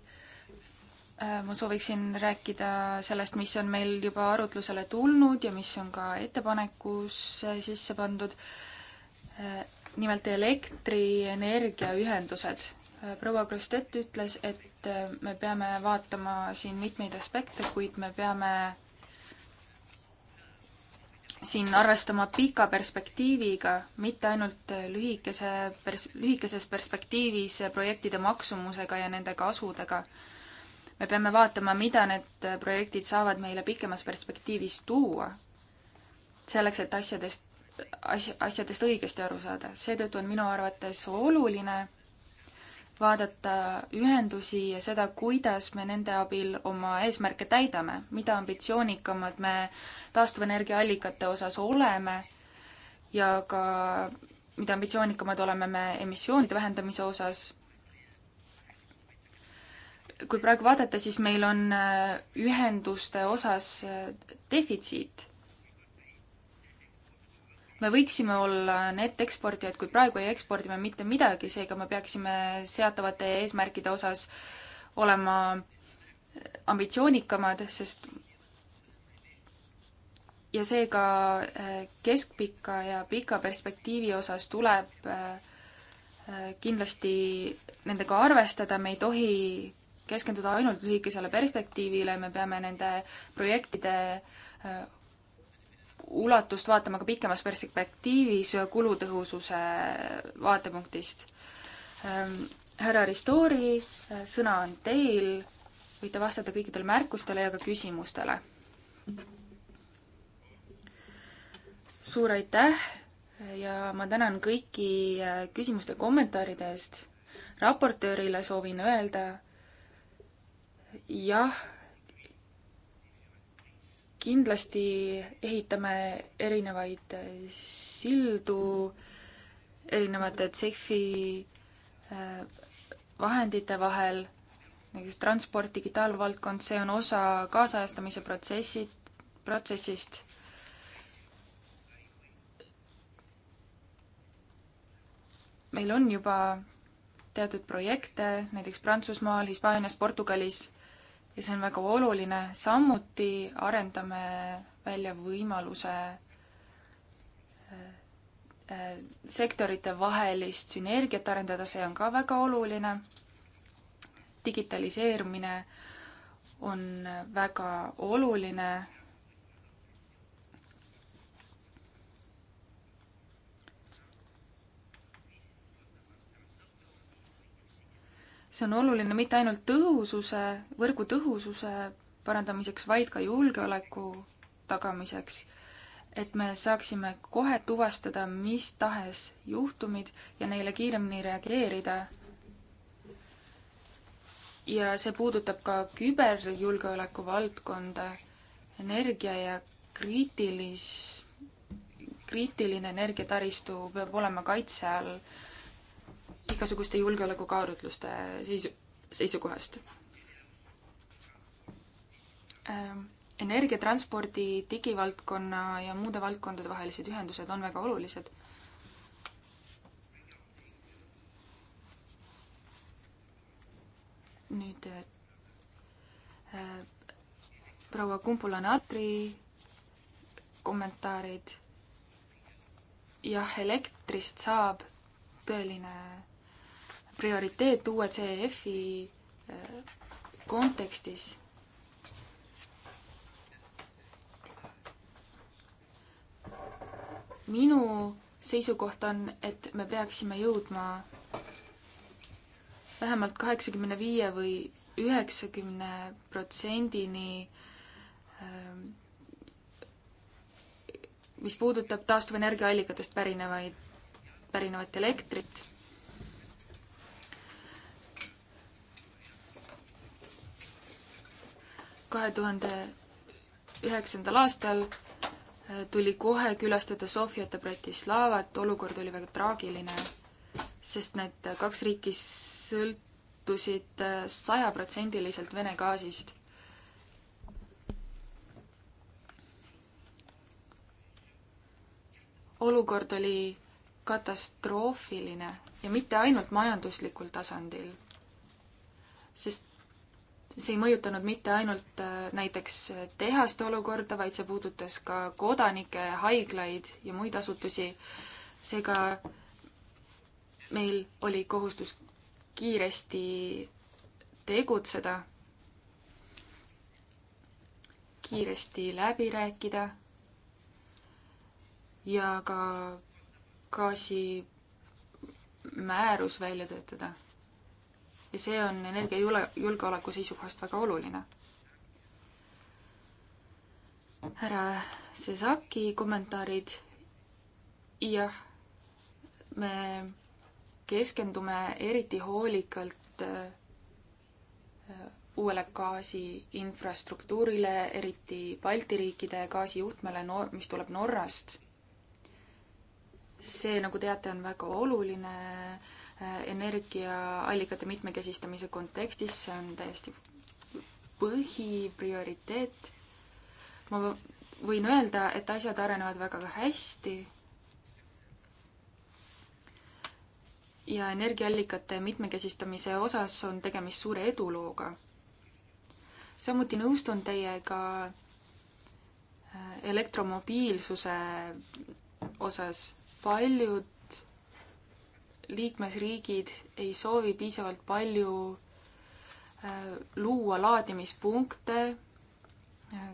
Äh, ma sooviksin rääkida sellest, mis on meil juba arutlusele tulnud ja mis on ka ettepanekus sisse pandud. Äh, nimelt elektrienergiaühendused. Äh, proua Krustet ütles, et me peame vaatama siin mitmeid aspekte, kuid me peame siin arvestama pika perspektiiviga, mitte ainult lühikese pers-, lühikeses perspektiivis projektide maksumusega ja nende kasudega. me peame vaatama, mida need projektid saavad meile pikemas perspektiivis tuua, selleks, et asjadest, asja, asjadest õigesti aru saada. seetõttu on minu arvates oluline vaadata ühendusi ja seda, kuidas me nende abil oma eesmärke täidame, mida ambitsioonikamad me taastuvenergiaallikate osas oleme ja ka mida ambitsioonikamad oleme me emissioonide vähendamise osas. kui praegu vaadata, siis meil on äh, ühenduste osas äh, defitsiit me võiksime olla need eksportijad, kui praegu ei ekspordi me mitte midagi, seega me peaksime seatavate eesmärkide osas olema ambitsioonikamad, sest ja seega eh, keskpika ja pika perspektiivi osas tuleb eh, eh, kindlasti nendega arvestada, me ei tohi keskenduda ainult lühikesele perspektiivile, me peame nende projektide ulatust vaatama ka pikemas perspektiivis kulutõhususe vaatepunktist. Ähm, härra Ristori, äh, sõna on teil, võite vastata kõikidele märkustele ja ka küsimustele. suur aitäh ja ma tänan kõiki äh, küsimuste ja kommentaaride eest. raportöörile soovin öelda jah kindlasti ehitame erinevaid sildu erinevate CEF-i äh, vahendite vahel, näiteks transport, digitaalvaldkond, see on osa kaasajastamise protsessid, protsessist. meil on juba teatud projekte näiteks Prantsusmaal, Hispaanias, Portugalis ja see on väga oluline, samuti arendame välja võimaluse äh, äh, sektorite vahelist sünergiat arendada, see on ka väga oluline. digitaliseerumine on väga oluline see on oluline mitte ainult tõhususe, võrgu tõhususe parandamiseks, vaid ka julgeoleku tagamiseks. et me saaksime kohe tuvastada mis tahes juhtumid ja neile kiiremini reageerida. ja see puudutab ka küberjulgeoleku valdkonda, energia ja kriitilis-, kriitiline energiataristu peab olema kaitse all igasuguste julgeolekukaalutluste seisu, seisukohast. Ähm, Energia, transpordi, digivaldkonna ja muude valdkondade vahelised ühendused on väga olulised. nüüd äh, äh, proua Kumbula-Natri kommentaarid. jah, elektrist saab tõeline prioriteet uue CEF-i äh, kontekstis. minu seisukoht on, et me peaksime jõudma vähemalt kaheksakümne viie või üheksakümne protsendini, ähm, mis puudutab taastuvenergiaallikatest pärinevaid, pärinevat elektrit kahe tuhande üheksandal aastal äh, tuli kohe külastada Sofiat ja Bratislavat, olukord oli väga traagiline, sest need kaks riiki sõltusid äh, sajaprotsendiliselt Vene gaasist. olukord oli katastroofiline ja mitte ainult majanduslikul tasandil, sest see ei mõjutanud mitte ainult äh, näiteks äh, tehaste olukorda, vaid see puudutas ka kodanikke, haiglaid ja muid asutusi. seega meil oli kohustus kiiresti tegutseda, kiiresti läbi rääkida ja ka gaasimäärus välja töötada ja see on energiajulgeoleku seisukohast väga oluline. härra Sesaki kommentaarid. jah, me keskendume eriti hoolikalt äh, uuele gaasi infrastruktuurile, eriti Balti riikide gaasijuhtmele, mis tuleb Norrast. see, nagu teate, on väga oluline äh, Äh, energiaallikate mitmekesistamise kontekstis, see on täiesti põhiprioriteet. ma võin öelda, et asjad arenevad väga hästi ja energiaallikate mitmekesistamise osas on tegemist suure edulooga. samuti nõustun teiega äh, elektromobiilsuse osas. paljud liikmesriigid ei soovi piisavalt palju äh, luua laadimispunkte äh,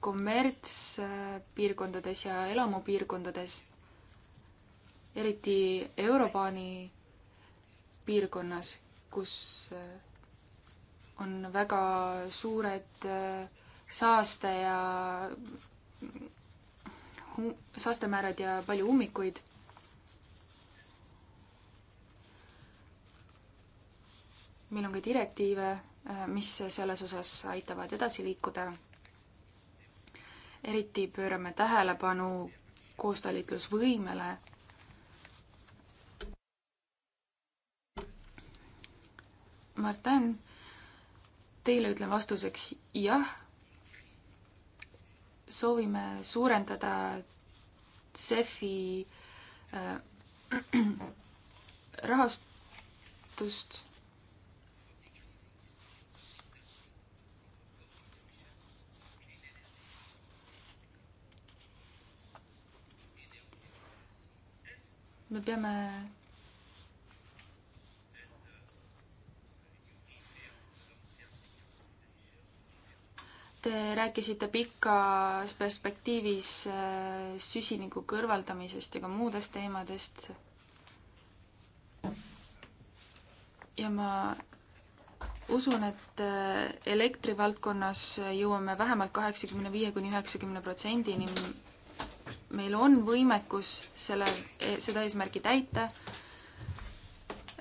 kommertspiirkondades äh, ja elamupiirkondades, eriti Eurobaani piirkonnas, kus on väga suured saaste ja saastemäärad ja palju ummikuid meil on ka direktiive, äh, mis selles osas aitavad edasi liikuda. eriti pöörame tähelepanu koostalitlusvõimele. Martin, teile ütlen vastuseks jah. soovime suurendada CEF-i äh, rahastust me peame Te rääkisite pikas perspektiivis äh, süsiniku kõrvaldamisest ja ka muudest teemadest. ja ma usun, et äh, elektrivaldkonnas jõuame vähemalt kaheksakümne viie kuni üheksakümne protsendini, meil on võimekus selle, e-, seda eesmärki täita.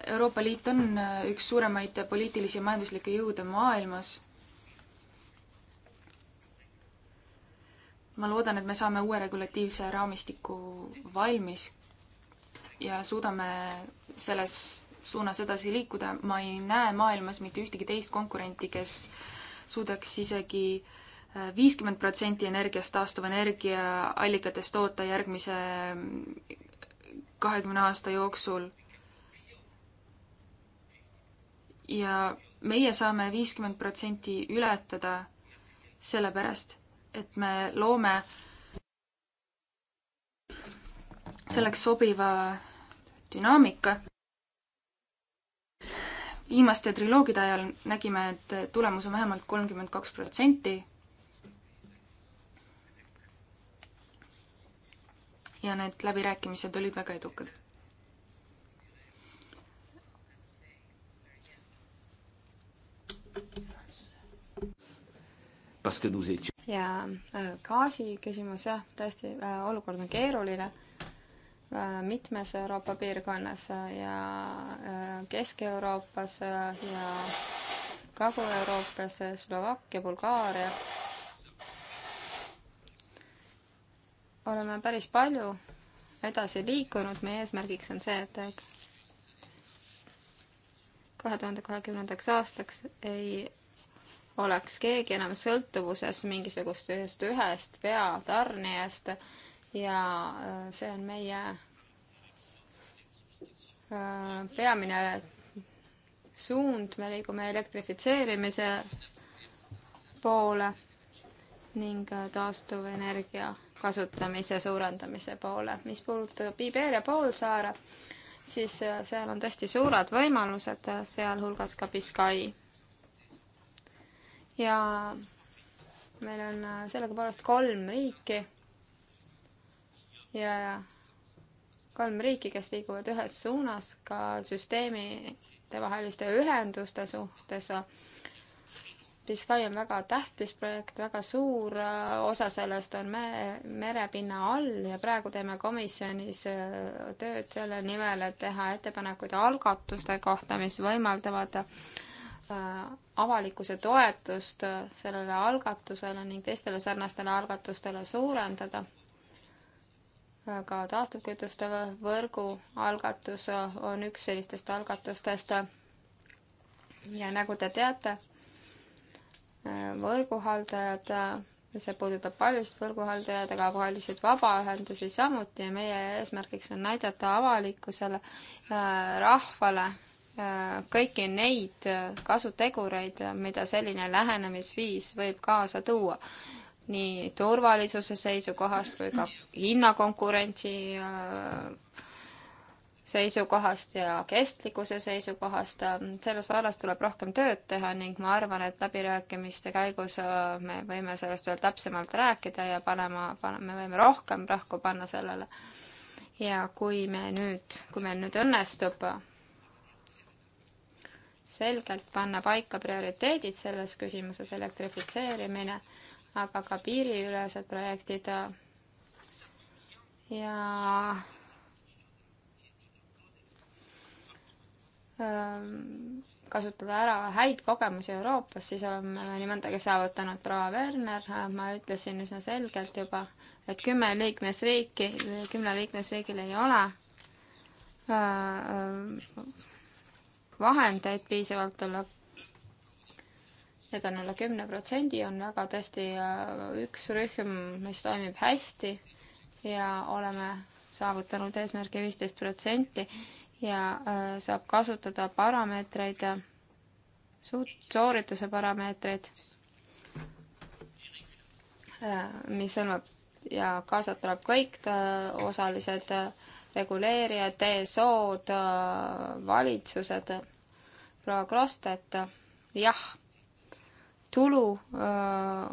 Euroopa Liit on äh, üks suuremaid poliitilisi ja majanduslikke jõude maailmas. ma loodan, et me saame uue regulatiivse raamistiku valmis ja suudame selles suunas edasi liikuda. ma ei näe maailmas mitte ühtegi teist konkurenti, kes suudaks isegi äh, viiskümmend protsenti energiast taastuvenergia allikatest toota järgmise mm, kahekümne aasta jooksul. ja meie saame viiskümmend protsenti ületada sellepärast, et me loome selleks sobiva dünaamika. viimaste triloogide ajal nägime, et tulemus on vähemalt kolmkümmend kaks protsenti ja need läbirääkimised olid väga edukad. ja äh, gaasi küsimus jah, tõesti, äh, olukord on keeruline äh, mitmes Euroopa piirkonnas ja Kesk-Euroopas ja Kagu-Euroopas, Slovakkia, Bulgaaria oleme päris palju edasi liikunud, meie eesmärgiks on see, et kahe tuhande kahekümnendaks aastaks ei oleks keegi enam sõltuvuses mingisugust ühest ühest peatarnijast ja äh, see on meie äh, peamine suund, me liigume elektrifitseerimise poole ning äh, taastuvenergia kasutamise suurendamise poole. mis puudutab Iberia poolsaare, siis äh, seal on tõesti suured võimalused, äh, sealhulgas ka Biscay. ja meil on äh, sellegipoolest kolm riiki ja kolm riiki, kes liiguvad ühes suunas ka süsteemide vaheliste ühenduste suhtes Biscay on väga tähtis projekt, väga suur äh, osa sellest on me-, merepinna all ja praegu teeme komisjonis äh, tööd selle nimel, et teha ettepanekuid algatuste kohta, mis võimaldavad äh, avalikkuse toetust sellele algatusele ning teistele sarnastele algatustele suurendada. ka taastuvkütuste võrgu algatus on üks sellistest algatustest. ja nagu te teate, võrguhaldajad, see puudutab paljusid võrguhaldajaid, aga paljusid vabaühendusi samuti ja meie eesmärgiks on näidata avalikkusele, äh, rahvale äh, kõiki neid äh, kasutegureid, mida selline lähenemisviis võib kaasa tuua. nii turvalisuse seisukohast kui ka hinnakonkurentsi äh, seisukohast ja kestlikkuse seisukohast. selles vallas tuleb rohkem tööd teha ning ma arvan, et läbirääkimiste käigus äh, me võime sellest veel täpsemalt rääkida ja panema, paneme, me võime rohkem rõhku panna sellele. ja kui me nüüd, kui meil nüüd õnnestub selgelt panna paika prioriteedid selles küsimuses, elektrifitseerimine, aga ka piiriülesed projektid äh, ja Ähm, kasutada ära häid kogemusi Euroopas, siis oleme nii mõndagi saavutanud. proua Werner, äh, ma ütlesin üsna selgelt juba, et kümme liikmesriiki, kümnel liikmesriigil ei ole äh, vahendeid piisavalt olla need on alla kümne protsendi, on väga tõesti äh, üks rühm, mis toimib hästi ja oleme saavutanud eesmärgi viisteist protsenti ja äh, saab kasutada parameetreid, suht-, soorituse parameetreid, äh, mis hõlmab ja kaasa tuleb kõik äh, osalised, reguleerijad, TSO-d, valitsused, proua Krostet, jah, tulu öö,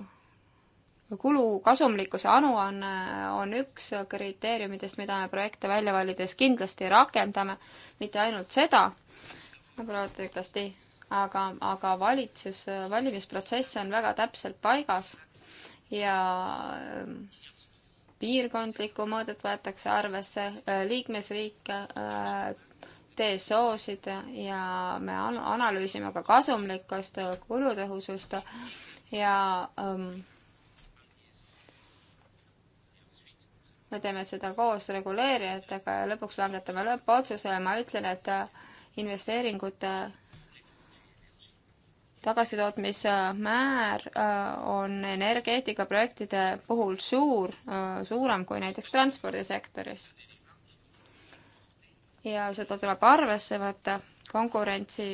kulu kasumlikkuse aruanne on, on üks kriteeriumidest, mida me projekte välja valides kindlasti rakendame, mitte ainult seda, kindlasti, nagu aga, aga valitsus, valimisprotsess on väga täpselt paigas ja ähm, piirkondlikku mõõdet võetakse arvesse, äh, liikmesriike, äh, TSO-sid ja me analüüsime ka kasumlikkust, kulutõhusust ja ähm, me teeme seda koos reguleerijatega ja lõpuks langetame lõppotsuse ja ma ütlen, et äh, investeeringute äh, tagasitootmise äh, määr on energeetikaprojektide puhul suur, suurem kui näiteks transpordisektoris. ja seda tuleb arvesse võtta konkurentsi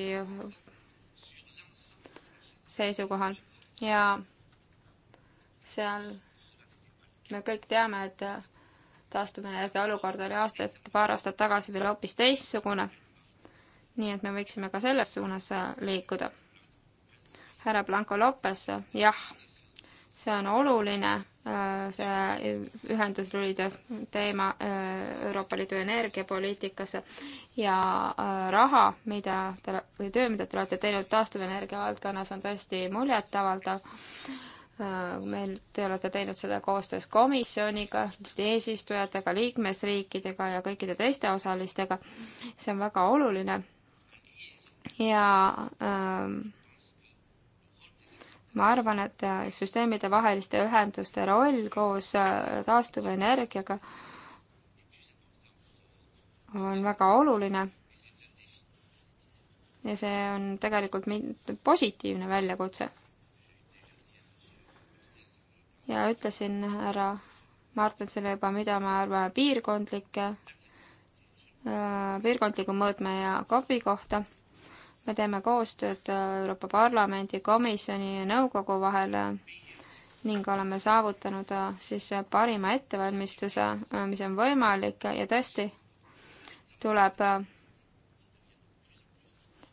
seisukohal ja seal me kõik teame, et taastuvenergia olukord oli aastaid, paar aastat tagasi veel hoopis teistsugune. nii et me võiksime ka selles suunas äh, liikuda. härra Blanco Lopes, jah, see on oluline, äh, see ühenduslülide teema äh, Euroopa Liidu energiapoliitikas ja raha, mida te, või töö, mida te olete teinud taastuvenergia valdkonnas, on tõesti muljetavaldav Äh, meil, te olete teinud seda koostöös komisjoniga, eesistujatega, liikmesriikidega ja kõikide teiste osalistega. see on väga oluline. ja ähm, ma arvan, et äh, süsteemide vaheliste ühenduste roll koos äh, taastuvenergiaga on väga oluline ja see on tegelikult positiivne väljakutse ja ütlesin härra Martensile juba, mida me arvame piirkondlike, äh, piirkondliku mõõtme ja KOV-i kohta. me teeme koostööd Euroopa Parlamendi, komisjoni ja nõukogu vahel äh, ning oleme saavutanud äh, siis parima ettevalmistuse, mis on võimalik ja tõesti tuleb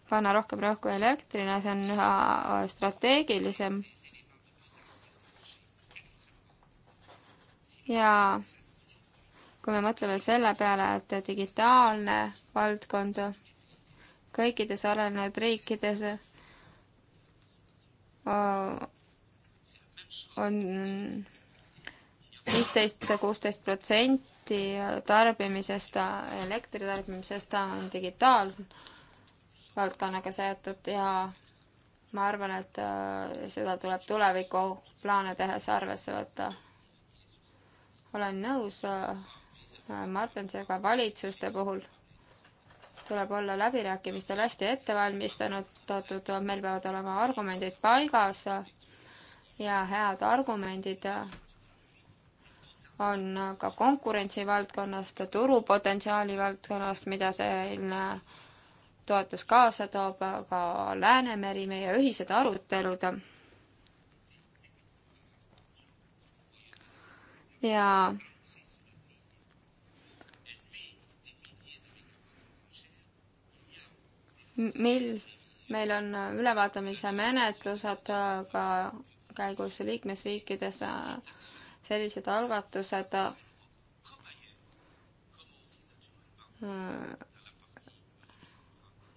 panna rohkem rõhku elektrile, see on üha strateegilisem ja kui me mõtleme selle peale, et digitaalne valdkond kõikides arenenud riikides on viisteist, kuusteist protsenti tarbimisest, elektri tarbimisest on digitaalvaldkonnaga seotud ja ma arvan, et äh, seda tuleb tulevikuplaane tehes arvesse võtta olen nõus äh, äh, Martensega valitsuste puhul tuleb olla läbirääkimistel hästi ettevalmistatud, äh, meil peavad olema argumendid paigas ja head argumendid on ka konkurentsi valdkonnast, turupotentsiaali valdkonnast, mida selline toetus kaasa toob, ka Läänemeri, meie ühised arutelud ja mil meil on ülevaatamise menetlused äh, ka käigus liikmesriikides äh, sellised algatused äh,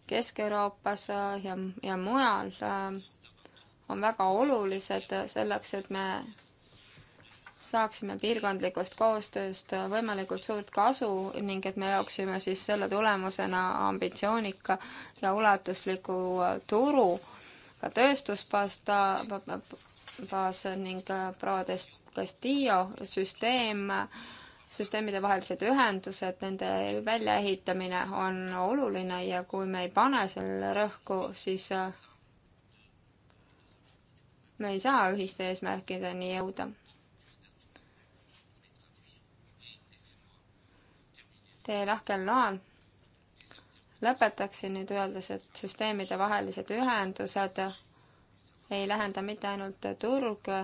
Kesk-Euroopas ja, ja mujal on väga olulised selleks, et me saaksime piirkondlikust koostööst võimalikult suurt kasu ning et me looksime siis selle tulemusena ambitsioonika ja ulatusliku turu ka tööstuspasta baas ning proua Castillo süsteem, süsteemide vahelised ühendused, nende väljaehitamine on oluline ja kui me ei pane sellele rõhku, siis me ei saa ühiste eesmärkideni jõuda teie lahkel loal lõpetaksin nüüd öeldes, et süsteemide vahelised ühendused ei lähenda mitte ainult turge,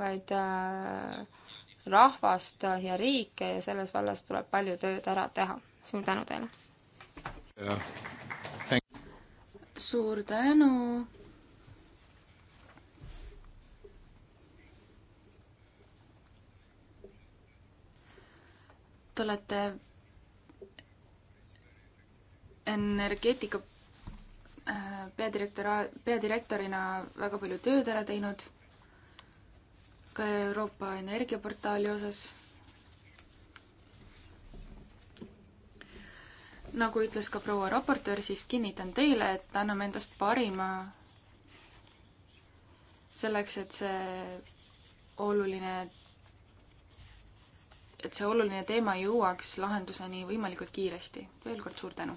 vaid äh, rahvast ja riike ja selles vallas tuleb palju tööd ära teha. suur tänu teile! suur tänu! Te olete energeetika äh, peadirektora, peadirektorina väga palju tööd ära teinud, ka Euroopa energiaportaali osas. nagu ütles ka proua raportöör, siis kinnitan teile, et anname endast parima selleks, et see oluline, et see oluline teema jõuaks lahenduseni võimalikult kiiresti. veel kord suur tänu!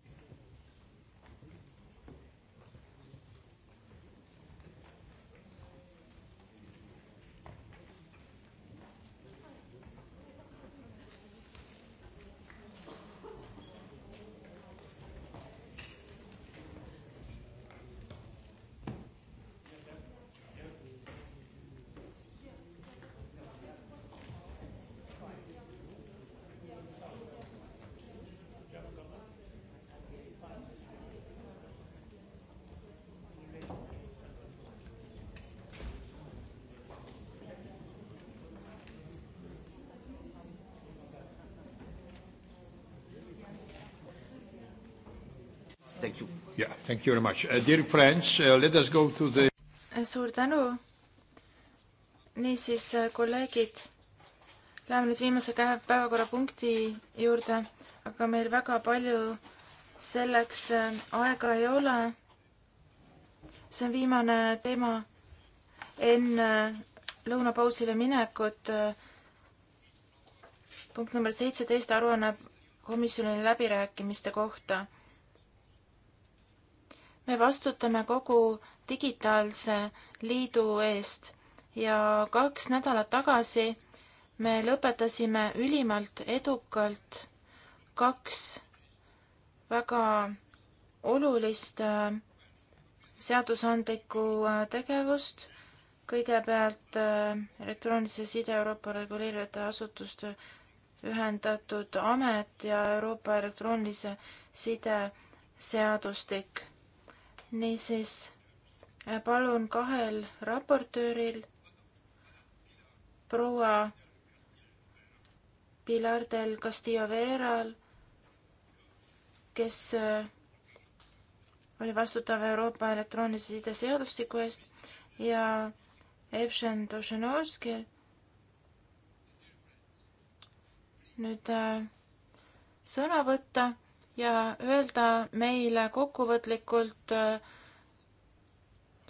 Thank you. Yeah, thank you very much. Uh, dear friends, uh, let us go to the... Uh, suur tänu. Niisiis, uh, kolleegid, läheme nüüd viimase päevakorrapunkti juurde, aga meil väga palju selleks uh, aega ei ole. See on viimane teema enne lõunapausile minekut. Punkt number 17 aruanne komisjonile läbirääkimiste kohta me vastutame kogu digitaalse liidu eest ja kaks nädalat tagasi me lõpetasime ülimalt edukalt kaks väga olulist äh, seadusandlikku äh, tegevust. kõigepealt äh, elektroonilise side Euroopa reguleerivate asutuste ühendatud amet ja Euroopa elektroonilise side seadustik niisiis äh, palun kahel raportööril, proua Pilar del Castillo Veeral, kes äh, oli vastutav Euroopa elektroonilise side seadustiku eest ja Evšen Tošenovski. nüüd äh, sõna võtta ja öelda meile kokkuvõtlikult äh,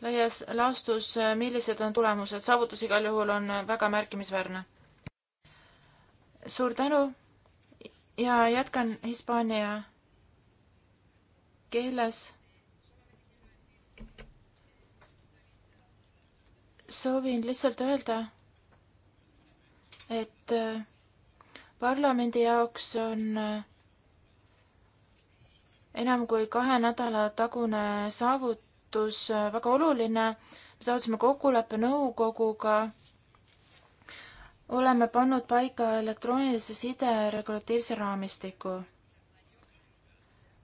laias laastus, äh, millised on tulemused. saavutus igal juhul on äh, väga märkimisväärne. suur tänu ja jätkan hispaania keeles. soovin lihtsalt öelda, et parlamendi jaoks on enam kui kahe nädala tagune saavutus äh, väga oluline. me saavutasime kokkuleppe nõukoguga. oleme pannud paika elektroonilise side regulatiivse raamistiku.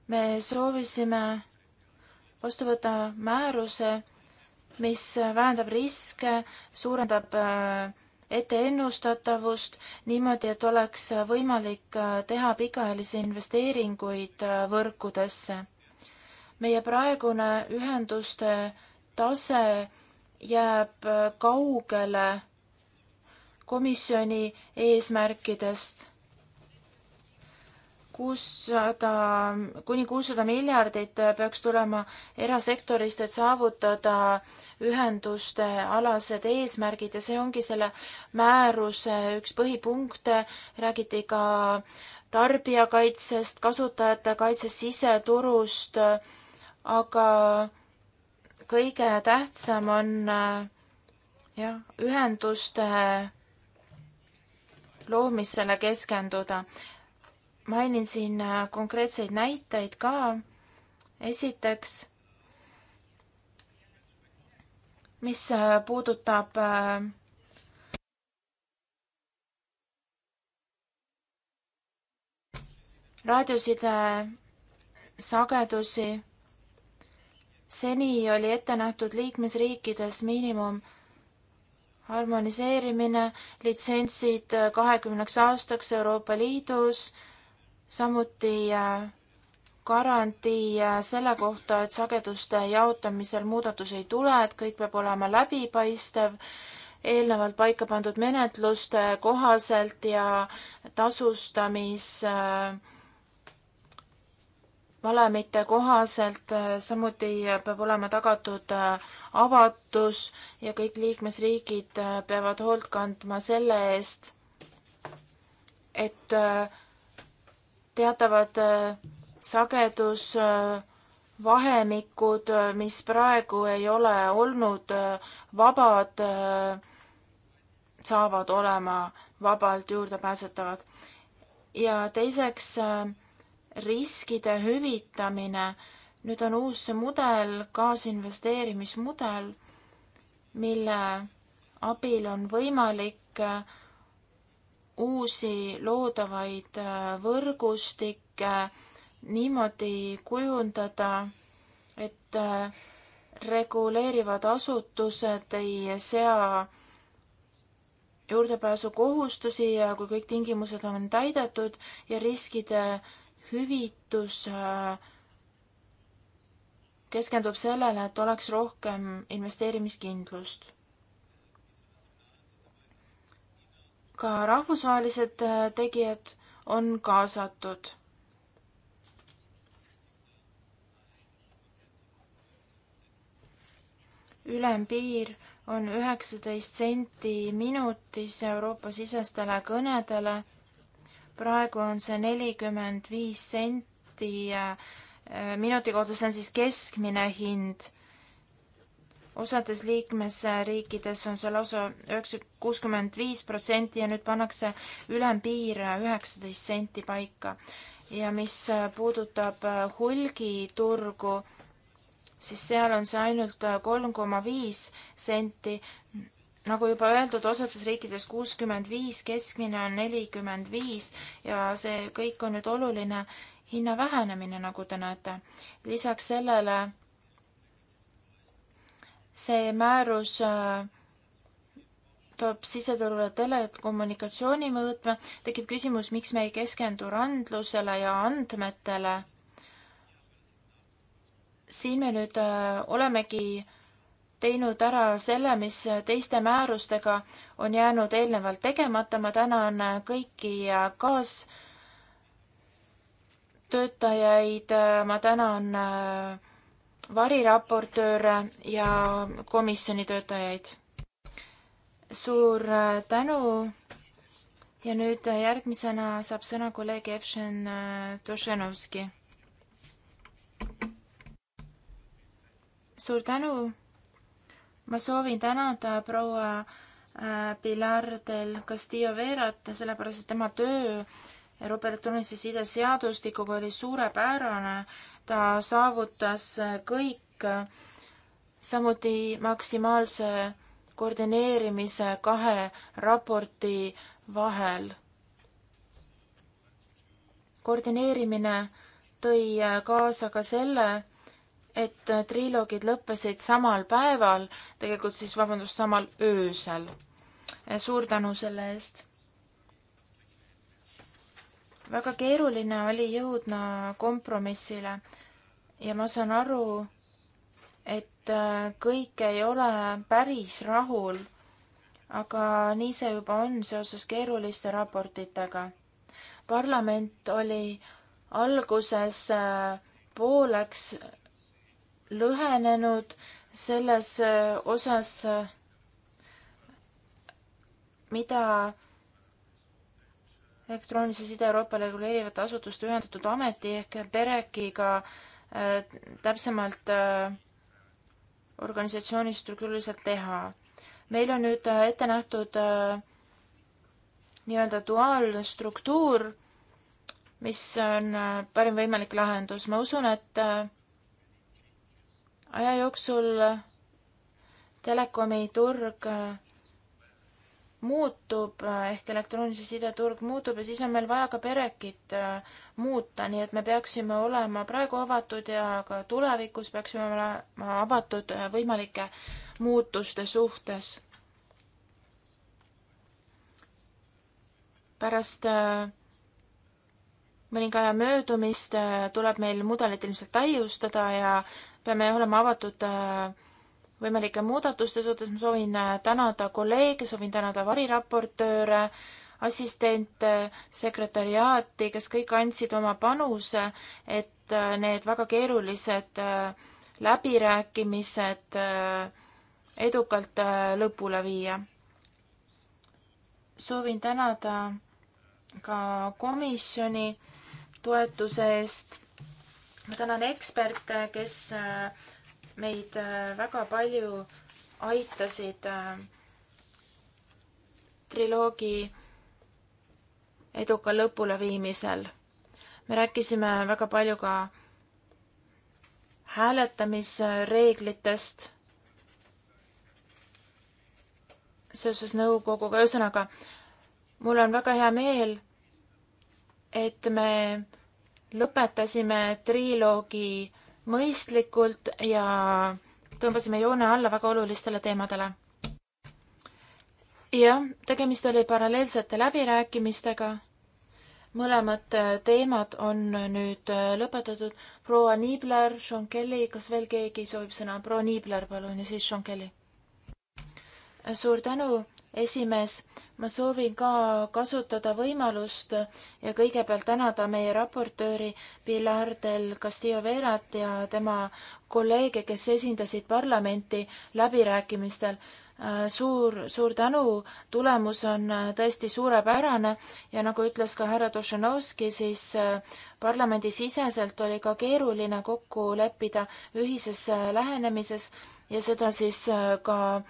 me soovisime vastu võtta määruse, mis vähendab riske, suurendab äh, ette ennustatavust niimoodi, et oleks võimalik äh, teha pikaajalisi investeeringuid äh, võrkudesse. meie praegune ühenduste tase jääb äh, kaugele komisjoni eesmärkidest kuussada, kuni kuussada miljardit peaks tulema erasektorist, et saavutada ühenduste alased eesmärgid ja see ongi selle määruse üks põhipunkte, räägiti ka tarbijakaitsest, kasutajate kaitsest, siseturust, aga kõige tähtsam on jah, ühenduste loomisele keskenduda mainin siin äh, konkreetseid näiteid ka. esiteks, mis äh, puudutab äh, raadioside sagedusi. seni oli ette nähtud liikmesriikides miinimum harmoniseerimine, litsentsid kahekümneks aastaks Euroopa Liidus samuti äh, garantii äh, selle kohta, et sageduste jaotamisel muudatus ei tule, et kõik peab olema läbipaistev, eelnevalt paika pandud menetluste kohaselt ja tasustamis äh, valemite kohaselt, samuti peab olema tagatud avatus ja kõik liikmesriigid peavad hoolt kandma selle eest, et äh, teatavad äh, sagedusvahemikud, äh, mis praegu ei ole olnud äh, vabad, saavad olema vabalt juurdepääsetavad. ja teiseks riskide hüvitamine. nüüd on uus mudel, kaasinvesteerimismudel, mille abil on võimalik uusi loodavaid äh, võrgustikke niimoodi kujundada, et äh, reguleerivad asutused ei sea juurdepääsukohustusi ja kui kõik tingimused on täidetud ja riskide hüvitus äh, keskendub sellele, et oleks rohkem investeerimiskindlust. ka rahvusvahelised äh, tegijad on kaasatud. ülempiir on üheksateist senti minutis Euroopa-sisestele kõnedele. praegu on see nelikümmend viis senti äh, äh, minuti kohta, see on siis keskmine hind osades liikmesriikides on see lausa üheksa, kuuskümmend viis protsenti ja nüüd pannakse ülempiir üheksateist senti paika. ja mis puudutab hulgiturgu, siis seal on see ainult kolm koma viis senti. nagu juba öeldud, osades riikides kuuskümmend viis, keskmine on nelikümmend viis ja see kõik on nüüd oluline hinna vähenemine, nagu te näete. lisaks sellele see määrus äh, toob siseturule telekommunikatsiooni mõõtme, tekib küsimus, miks me ei keskendu randlusele ja andmetele. siin me nüüd äh, olemegi teinud ära selle, mis teiste määrustega on jäänud eelnevalt tegemata. ma tänan kõiki kaastöötajaid, ma tänan äh, variraportööre ja komisjoni töötajaid. suur äh, tänu ja nüüd äh, järgmisena saab sõna kolleeg Evšen äh, Tošenovski. suur tänu. ma soovin tänada proua Pilar del Castillo Verat, sellepärast et tema töö Euroopa elektroonilise side seadustikuga oli suurepärane ta saavutas kõik, samuti maksimaalse koordineerimise kahe raporti vahel. koordineerimine tõi kaasa ka selle, et triloogid lõppesid samal päeval, tegelikult siis vabandust, samal öösel. suur tänu selle eest väga keeruline oli jõudna kompromissile ja ma saan aru, et äh, kõik ei ole päris rahul, aga nii see juba on seoses keeruliste raportitega. parlament oli alguses äh, pooleks lõhenenud selles äh, osas, mida elektroonilise side Euroopa reguleerivate asutuste ühendatud ameti ehk PEREC-iga äh, täpsemalt äh, organisatsiooni struktuuriliselt teha. meil on nüüd äh, ette nähtud äh, nii-öelda duaalstruktuur, mis on äh, parim võimalik lahendus. ma usun, et äh, aja jooksul telekomi turg äh, muutub äh, ehk elektroonilise side turg muutub ja siis on meil vaja ka perekit äh, muuta, nii et me peaksime olema praegu avatud ja ka tulevikus peaksime olema avatud äh, võimalike muutuste suhtes. pärast mõninga aja möödumist tuleb meil mudelit ilmselt täiustada ja peame olema avatud äh, võimalike muudatuste suhtes ma soovin äh, tänada kolleege, soovin tänada variraportööre, assistente, sekretariaati, kes kõik andsid oma panuse, et äh, need väga keerulised äh, läbirääkimised edukalt lõpule viia. soovin tänada ka komisjoni toetuse eest. ma tänan eksperte, kes meid äh, väga palju aitasid äh, triloogi eduka lõpuleviimisel. me rääkisime väga palju ka hääletamisreeglitest seoses nõukoguga, ühesõnaga mul on väga hea meel, et me lõpetasime triloogi mõistlikult ja tõmbasime joone alla väga olulistele teemadele. jah, tegemist oli paralleelsete läbirääkimistega. mõlemad äh, teemad on nüüd äh, lõpetatud. proua Niibler, Sean Kelly, kas veel keegi soovib sõna? proua Niibler, palun, ja siis Sean Kelly. suur tänu esimees, ma soovin ka kasutada võimalust ja kõigepealt tänada meie raportööri Pilar del Castillo Verat ja tema kolleege, kes esindasid parlamenti läbirääkimistel. Äh, suur, suur tänu, tulemus on äh, tõesti suurepärane ja nagu ütles ka härra Tošenovski, siis äh, parlamendisiseselt oli ka keeruline kokku leppida ühises lähenemises ja seda siis ka äh,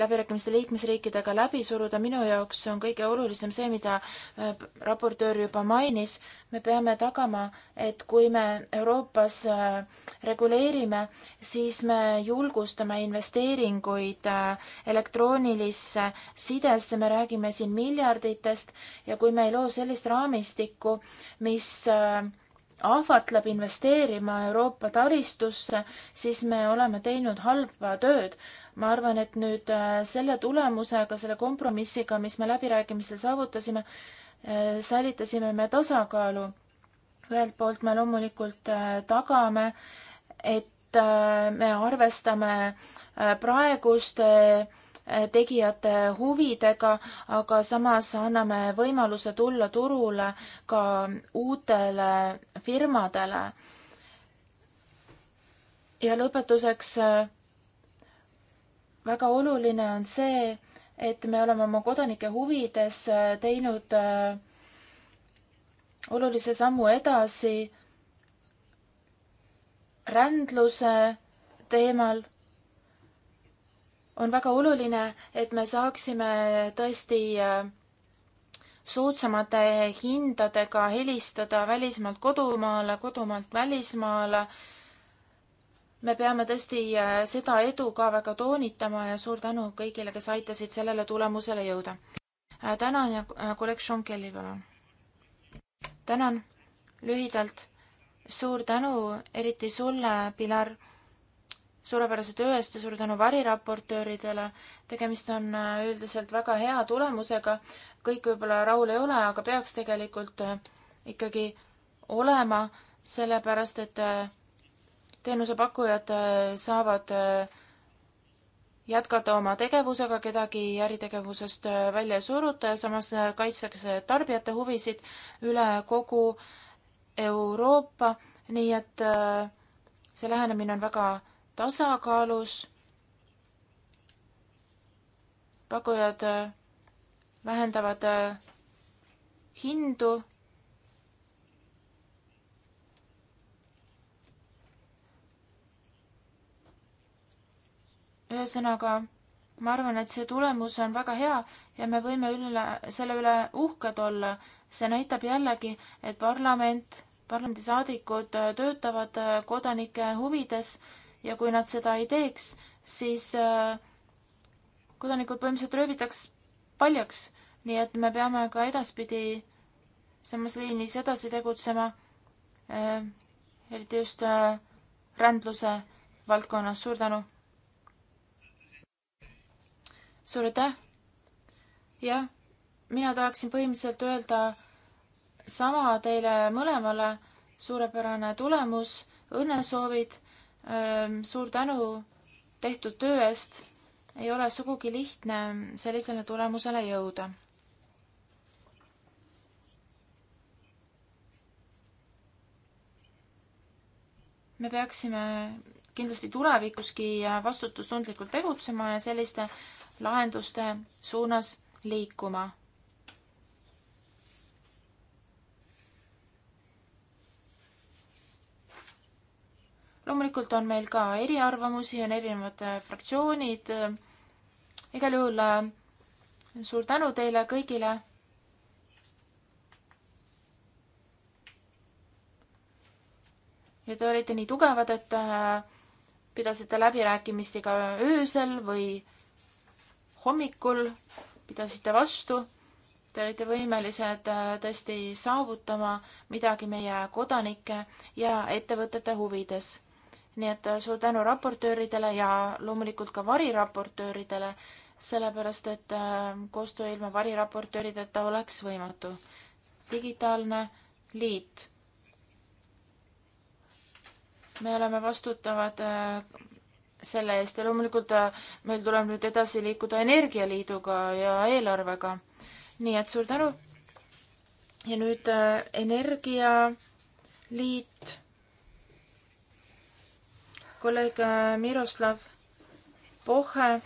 läbirääkimiste liikmesriikidega läbi suruda, minu jaoks on kõige olulisem see, mida äh, raportöör juba mainis, me peame tagama, et kui me Euroopas äh, reguleerime, siis me julgustame investeeringuid äh, elektroonilisse sidesse, me räägime siin miljarditest ja kui me ei loo sellist raamistikku, mis ahvatleb investeerima Euroopa taristusse, siis me oleme teinud halba tööd ma arvan, et nüüd äh, selle tulemusega, selle kompromissiga, mis me läbirääkimistel saavutasime, äh, säilitasime me tasakaalu. ühelt poolt me loomulikult äh, tagame, et me arvestame praeguste tegijate huvidega, aga samas anname võimaluse tulla turule ka uutele firmadele. ja lõpetuseks väga oluline on see, et me oleme oma kodanike huvides äh, teinud äh, olulise sammu edasi rändluse teemal. on väga oluline, et me saaksime tõesti äh, soodsamate hindadega helistada välismaalt kodumaale, kodumaalt välismaale me peame tõesti äh, seda edu ka väga toonitama ja suur tänu kõigile, kes aitasid sellele tulemusele jõuda. Äh, tänan ja äh, kolleeg Sean Kelly, palun. tänan lühidalt. suur tänu eriti sulle, Pilar, suurepärase töö eest ja suur tänu variraportööridele. tegemist on üldiselt väga hea tulemusega. kõik võib-olla rahul ei ole, aga peaks tegelikult ikkagi olema, sellepärast et teenusepakkujad äh, saavad äh, jätkata oma tegevusega, kedagi äritegevusest äh, välja ei suruta ja samas kaitstakse tarbijate huvisid üle kogu Euroopa, nii et see lähenemine on väga tasakaalus. pakkujad vähendavad hindu ühesõnaga, ma arvan, et see tulemus on väga hea ja me võime üle, selle üle uhked olla. see näitab jällegi, et parlament, parlamendisaadikud töötavad äh, kodanike huvides ja kui nad seda ei teeks, siis äh, kodanikud põhimõtteliselt röövitaks paljaks. nii et me peame ka edaspidi samas liinis edasi tegutsema, äh, eriti just rändluse valdkonnas. suur tänu! suur aitäh! jah, mina tahaksin põhimõtteliselt öelda sama teile mõlemale, suurepärane tulemus, õnnesoovid, ähm, suur tänu tehtud töö eest, ei ole sugugi lihtne sellisele tulemusele jõuda me peaksime kindlasti tulevikuski vastutustundlikult tegutsema ja selliste lahenduste suunas liikuma. loomulikult on meil ka eriarvamusi, on erinevad äh, fraktsioonid. igal juhul äh, suur tänu teile kõigile. ja te olite nii tugevad, et äh, pidasite läbirääkimist iga öösel või hommikul pidasite vastu. Te olite võimelised äh, tõesti saavutama midagi meie kodanike ja ettevõtete huvides. nii et äh, suur tänu raportööridele ja loomulikult ka variraportööridele, sellepärast et äh, koostöö ilma variraportöörideta oleks võimatu. digitaalne liit me oleme vastutavad selle eest ja loomulikult äh, meil tuleb nüüd edasi liikuda Energialiiduga ja eelarvega. nii et suur tänu. ja nüüd äh, Energialiit. kolleeg äh, Miroslav Pohe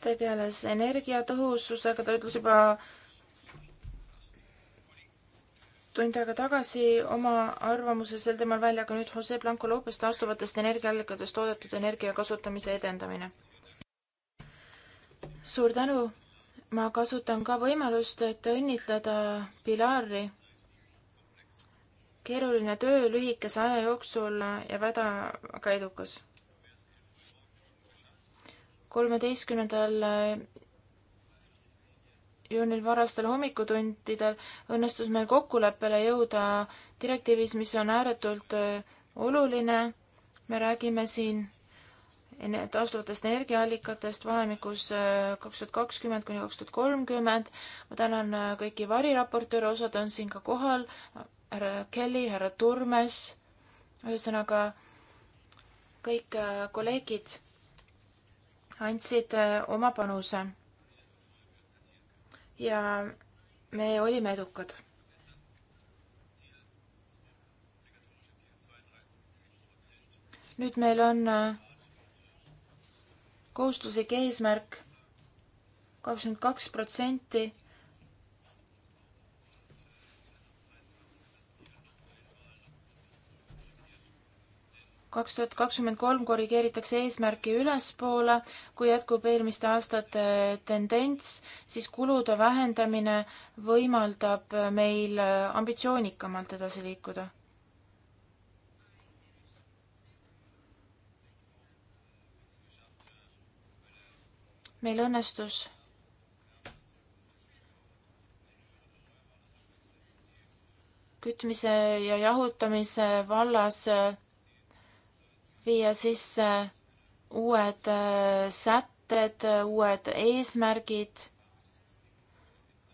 tegeles energiatõhususega, ta ütles juba tund aega tagasi oma arvamuse sel teemal välja ka nüüd Jose Blanco Lopez taastuvatest energiaallikatest toodetud energia kasutamise edendamine. suur tänu, ma kasutan ka võimalust, et õnnitleda Pilari. keeruline töö lühikese aja jooksul ja väga edukas. kolmeteistkümnendal ju neil varastel hommikutundidel õnnestus meil kokkuleppele jõuda direktiivis, mis on ääretult äh, oluline. me räägime siin taastuvatest energiaallikatest vahemikus äh, kaks tuhat kakskümmend kuni kaks tuhat kolmkümmend. ma tänan äh, kõiki variraportööre, osad on siin ka kohal, härra Kelly, härra Turmes, ühesõnaga kõik kolleegid andsid oma panuse ja me olime edukad. nüüd meil on äh, kohustuslik eesmärk kakskümmend kaks protsenti kaks tuhat kakskümmend kolm korrigeeritakse eesmärki ülespoole, kui jätkub eelmiste aastate tendents, siis kulude vähendamine võimaldab meil ambitsioonikamalt edasi liikuda. meil õnnestus kütmise ja jahutamise vallas äh, viia sisse äh, uued äh, sätted, äh, uued eesmärgid.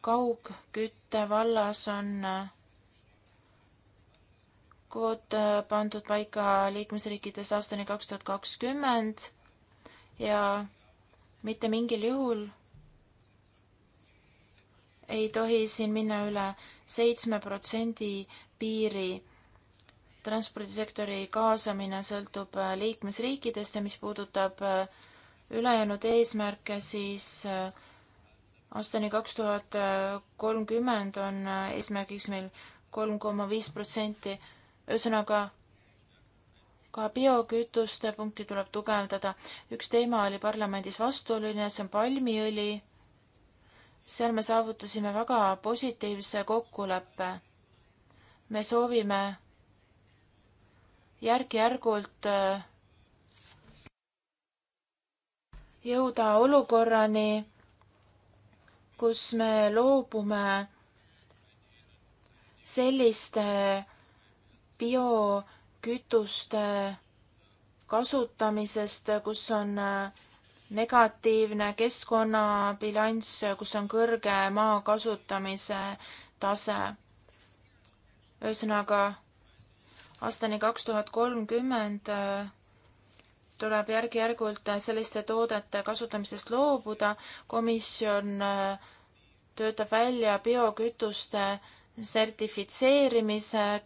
kaugkütte vallas on kvoot pandud paika liikmesriikides aastani kaks tuhat kakskümmend ja mitte mingil juhul ei tohi siin minna üle seitsme protsendi piiri transpordisektori kaasamine sõltub äh, liikmesriikidest ja mis puudutab äh, ülejäänud eesmärke, siis äh, aastani kaks tuhat kolmkümmend on eesmärgiks meil kolm koma viis protsenti. ühesõnaga, ka biokütuste punkti tuleb tugevdada. üks teema oli parlamendis vastuoluline, see on palmiõli. seal me saavutasime väga positiivse kokkuleppe. me soovime järk-järgult äh, jõuda olukorrani, kus me loobume selliste biokütuste kasutamisest, kus on äh, negatiivne keskkonnabilanss, kus on kõrge maa kasutamise tase. ühesõnaga aastani kaks tuhat kolmkümmend äh, tuleb järk-järgult äh, selliste toodete kasutamisest loobuda. komisjon äh, töötab välja biokütuste sertifitseerimise,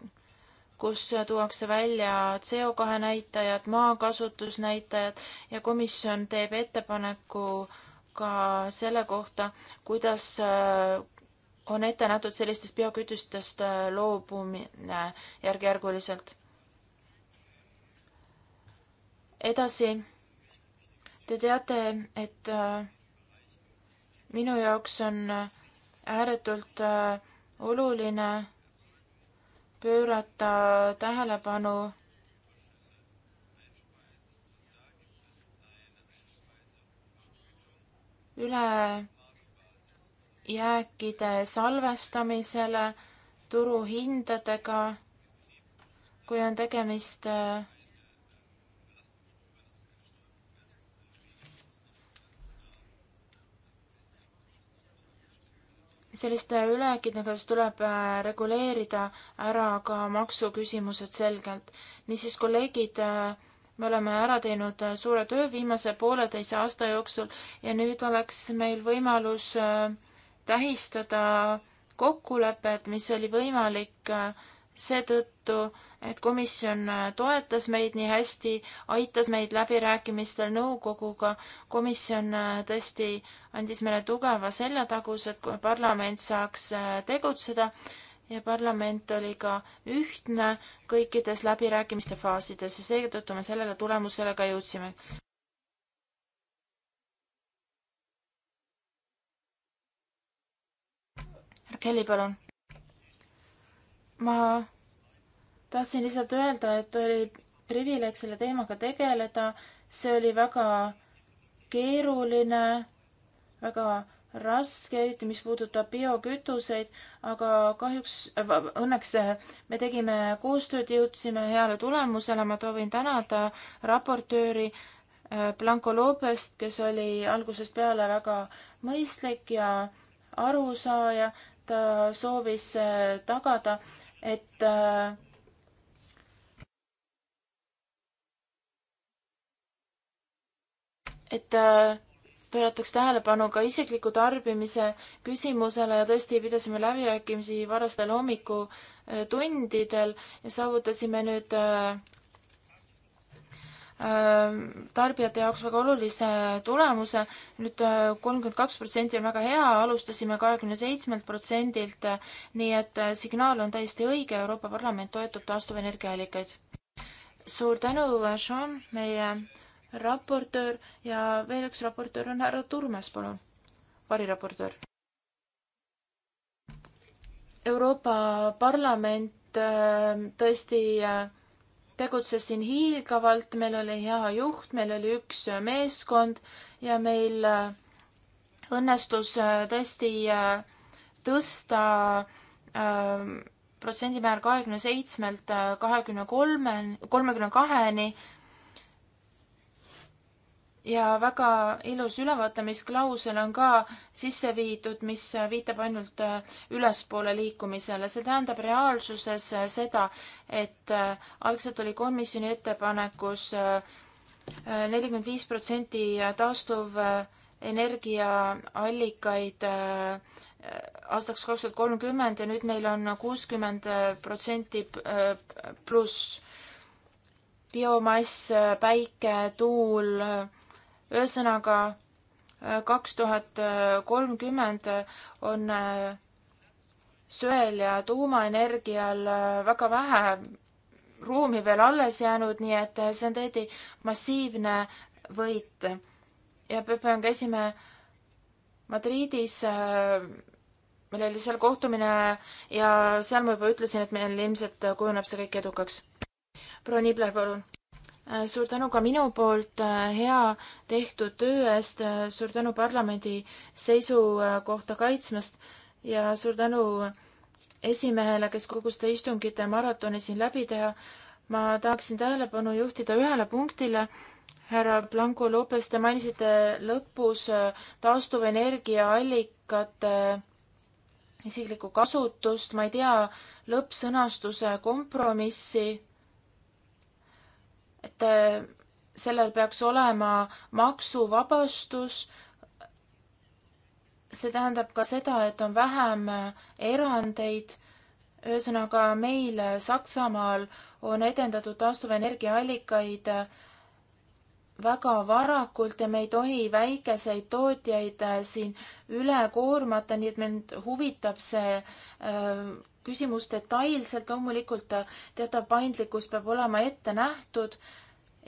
kus tuuakse välja CO2 näitajad, maakasutusnäitajad ja komisjon teeb ettepaneku ka selle kohta, kuidas on ette nähtud sellistest biokütustest äh, loobumine järk-järguliselt. edasi, te teate, et äh, minu jaoks on äh, ääretult oluline pöörata tähelepanu üle jääkide salvestamisele turuhindadega, kui on tegemist äh, selliste ülekindlusega, siis tuleb äh, reguleerida ära ka maksuküsimused selgelt. niisiis, kolleegid, äh, me oleme ära teinud suure töö viimase pooleteise aasta jooksul ja nüüd oleks meil võimalus äh, tähistada kokkulepet, mis oli võimalik äh, seetõttu, et komisjon äh, toetas meid nii hästi, aitas meid läbirääkimistel nõukoguga. komisjon äh, tõesti andis meile tugeva seljataguse, et parlament saaks tegutseda ja parlament oli ka ühtne kõikides läbirääkimiste faasides ja seetõttu me sellele tulemusele ka jõudsime. Kelly, palun. ma tahtsin lihtsalt öelda, et oli privileeg selle teemaga tegeleda, see oli väga keeruline, väga raske, eriti mis puudutab biokütuseid, aga kahjuks, õnneks me tegime koostööd, jõudsime heale tulemusele, ma soovin tänada raportööri äh, Blanco Lopest, kes oli algusest peale väga mõistlik ja arusaaja, Äh, soovis äh, tagada, et äh, et pöörataks tähelepanu ka isikliku tarbimise küsimusele ja tõesti pidasime läbirääkimisi varastel hommikutundidel ja saavutasime nüüd Äh, tarbijate jaoks väga olulise tulemuse nüüd. nüüd äh, kolmkümmend kaks protsenti on väga hea, alustasime kahekümne seitsmelt protsendilt, äh, nii et signaal on täiesti õige, Euroopa Parlament toetab taastuvenergiaallikaid. suur tänu, Sean, meie raportöör ja veel üks raportöör on härra Turmes, palun, variraportöör. Euroopa Parlament tõesti äh, tegutsesin hiilgavalt, meil oli hea juht, meil oli üks meeskond ja meil äh, õnnestus äh, tõesti äh, tõsta protsendimäär kahekümne seitsmelt kahekümne kolme, kolmekümne kaheni ja väga ilus ülevaatamisklausel on ka sisse viidud, mis viitab ainult äh, ülespoole liikumisele. see tähendab reaalsuses äh, seda, et äh, algselt oli komisjoni ettepanekus nelikümmend viis protsenti taastuvenergiaallikaid aastaks kaks tuhat kolmkümmend ja nüüd meil on kuuskümmend protsenti pluss biomass, päike, tuul ühesõnaga, äh, kaks tuhat kolmkümmend äh, on äh, söel ja tuumaenergial väga vähe ruumi veel alles jäänud, nii et see on tõesti massiivne võit. ja PPA-l käisime Madridis, meil oli seal kohtumine ja seal ma juba ütlesin, et meil ilmselt kujuneb see kõik edukaks. proua Niibler, palun. Äh, suur tänu ka minu poolt äh, hea tehtud töö eest, äh, suur tänu parlamendi seisukohta kaitsmast ja suur tänu esimehele, kes kogu seda istungite maratoni siin läbi teha. ma tahaksin tähelepanu juhtida ühele punktile. härra Blanco Lopez, te mainisite lõpus taastuvenergiaallikate isiklikku kasutust, ma ei tea, lõppsõnastuse kompromissi et äh, sellel peaks olema maksuvabastus. see tähendab ka seda, et on vähem äh, erandeid. ühesõnaga meil äh, Saksamaal on edendatud taastuvenergiaallikaid väga varakult ja me ei tohi väikeseid tootjaid siin üle koormata, nii et mind huvitab see küsimus detailselt, loomulikult äh, teatav paindlikkus peab olema ette nähtud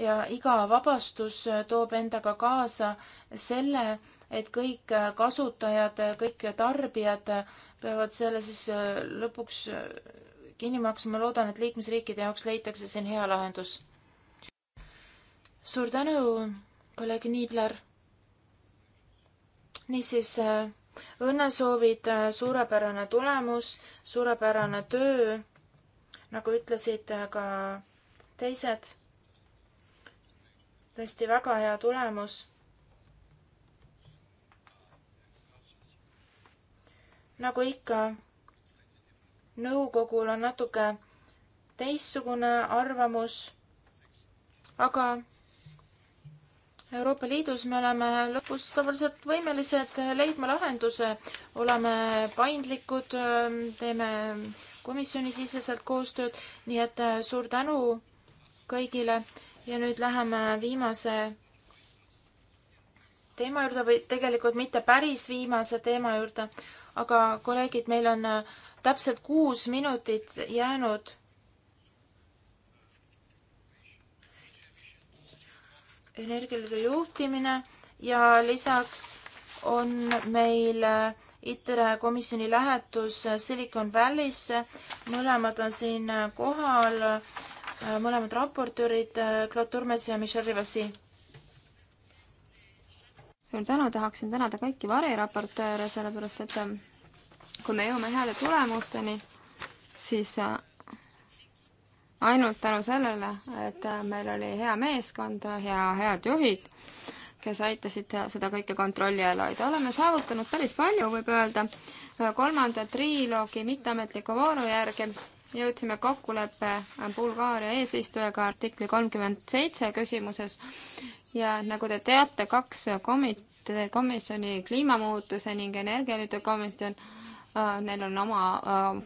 ja iga vabastus äh, toob endaga kaasa selle, et kõik äh, kasutajad, kõik tarbijad peavad selle siis lõpuks kinni maksma, loodan, et liikmesriikide jaoks leitakse siin hea lahendus. suur tänu, kolleeg Niibler. niisiis äh, õnnesoovid, äh, suurepärane tulemus, suurepärane töö, nagu ütlesid äh, ka teised. tõesti väga hea tulemus. nagu ikka, nõukogul on natuke teistsugune arvamus, aga Euroopa Liidus me oleme lõpus tavaliselt võimelised leidma lahenduse, oleme paindlikud, ähm, teeme komisjonisiseselt koostööd, nii et äh, suur tänu kõigile ja nüüd läheme viimase teema juurde või tegelikult mitte päris viimase teema juurde, aga kolleegid, meil on äh, täpselt kuus minutit jäänud energialiidu juhtimine ja lisaks on meil ITRE komisjoni lähetus Silicon Valley'sse, mõlemad on siin kohal, mõlemad raportöörid, Claude Turmes ja Michel Rivasi. suur tänu, tahaksin tänada kõiki variraportööre, sellepärast et kui me jõuame heade tulemusteni, siis ainult tänu sellele, et meil oli hea meeskond ja head juhid, kes aitasid seda kõike kontrolli all hoida. oleme saavutanud päris palju, võib öelda, kolmanda triloogi mitteametliku vooru järgi jõudsime kokkuleppe Bulgaaria eesistujaga artikli kolmkümmend seitse küsimuses ja nagu te teate, kaks komit-, komisjoni kliimamuutuse ning energialiidu komisjon äh, Neil on oma äh,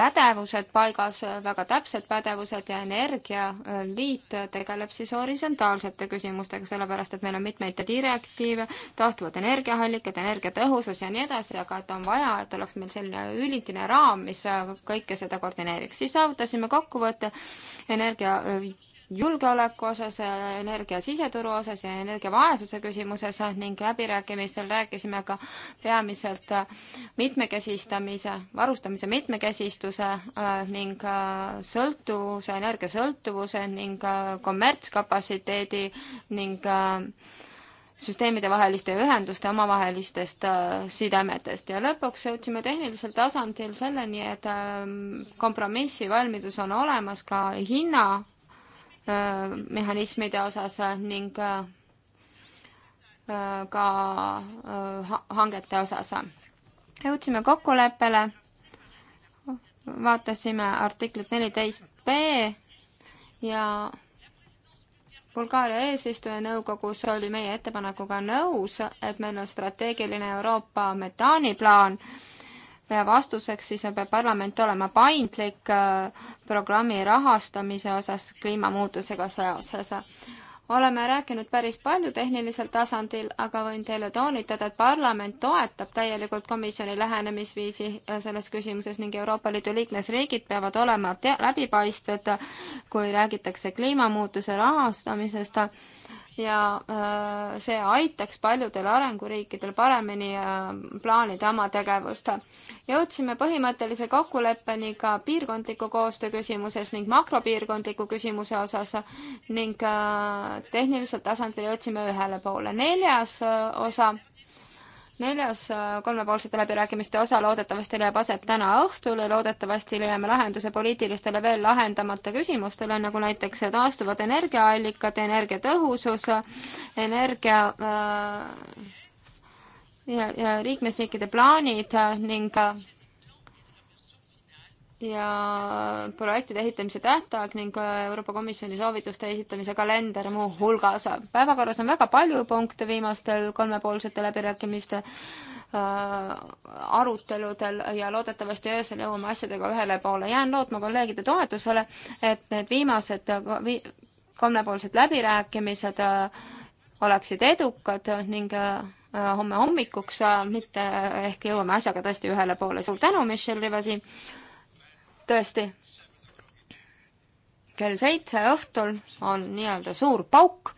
pädevused paigas, väga täpsed pädevused ja energialiit tegeleb siis horisontaalsete küsimustega, sellepärast et meil on mitmeid direktiive, taastuvad energiaallikad, energiatõhusus ja nii edasi, aga et on vaja, et oleks meil selline üldine raam, mis kõike seda koordineeriks. siis saavutasime kokkuvõtte energia julgeoleku osas, energia siseturu osas ja energiavaesuse küsimuses ning läbirääkimistel rääkisime ka peamiselt mitmekesistamise, varustamise mitmekesistuse äh, ning äh, sõltuvuse, energiasõltuvuse ning äh, kommertskapatsiteedi ning süsteemide vaheliste ühenduste omavahelistest sidemetest ja lõpuks jõudsime tehnilisel tasandil selleni, et kompromissivalmidus on olemas ka hinna Äh, mehhanismide osas ning äh, ka äh, hangete osas. jõudsime kokkuleppele, vaatasime artiklit neliteist B ja Bulgaaria eesistuja nõukogus oli meie ettepanekuga nõus, et meil on strateegiline Euroopa metaaniplaan ja vastuseks siis peab parlament olema paindlik äh, programmi rahastamise osas kliimamuutusega seoses oleme rääkinud päris palju tehnilisel tasandil, aga võin teile toonitada, et parlament toetab täielikult komisjoni lähenemisviisi äh, selles küsimuses ning Euroopa Liidu liikmesriigid peavad olema läbipaistvad, kui räägitakse kliimamuutuse rahastamisest ja äh, see aitaks paljudel arenguriikidel paremini äh, plaanida oma tegevust. jõudsime põhimõttelise kokkuleppeni ka piirkondliku koostöö küsimuses ning makropiirkondliku küsimuse osas ning äh, tehniliselt tasandil jõudsime ühele poole. neljas osa neljas äh, kolmepoolsete läbirääkimiste osa loodetavasti leiab aset täna õhtul ja loodetavasti leiame lahenduse poliitilistele veel lahendamata küsimustele, nagu näiteks taastuvad energiaallikad, energiatõhusus, energia äh, ja, ja liikmesriikide plaanid ning äh, ja projektide ehitamise tähtaeg ning Euroopa Komisjoni soovituste esitamise kalender muuhulgas. päevakorras on väga palju punkte viimastel kolmepoolsete läbirääkimiste äh, aruteludel ja loodetavasti öösel jõuame asjadega ühele poole. jään lootma kolleegide toetusele, et need viimased vi kolmepoolsed läbirääkimised äh, oleksid edukad ning äh, homme hommikuks, äh, mitte ehk jõuame asjaga tõesti ühele poole. suur tänu, Michelle Rivasi tõesti, kell seitse õhtul on nii-öelda suur pauk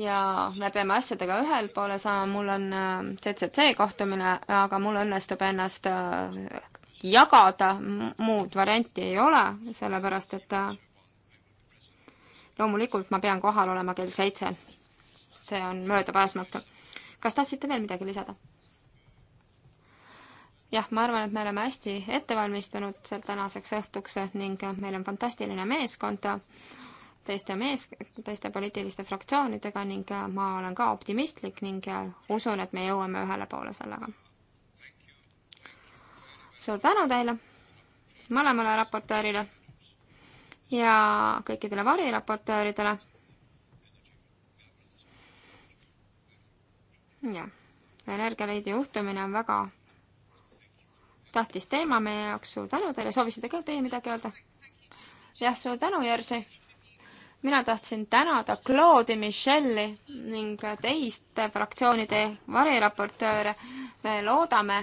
ja me peame asjadega ühel poole saama, mul on CCC äh, kohtumine, aga mul õnnestub ennast äh, jagada, muud varianti ei ole, sellepärast et äh, loomulikult ma pean kohal olema kell seitse. see on möödapääsmatu. kas tahtsite veel midagi lisada? jah, ma arvan, et me oleme hästi ette valmistunud seal tänaseks õhtuks ning meil on fantastiline meeskond teiste mees, teiste poliitiliste fraktsioonidega ning ma olen ka optimistlik ning usun, et me jõuame ühele poole sellega. suur tänu teile, mõlemale raportöörile ja kõikidele variraportööridele. jah, Energialiidu juhtumine on väga tähtis teema meie jaoks, suur tänu teile, soovisite ka teie midagi öelda? jah, suur tänu, Jerzy! mina tahtsin tänada Claude'i Michelli ning teiste fraktsioonide variraportööre. me loodame,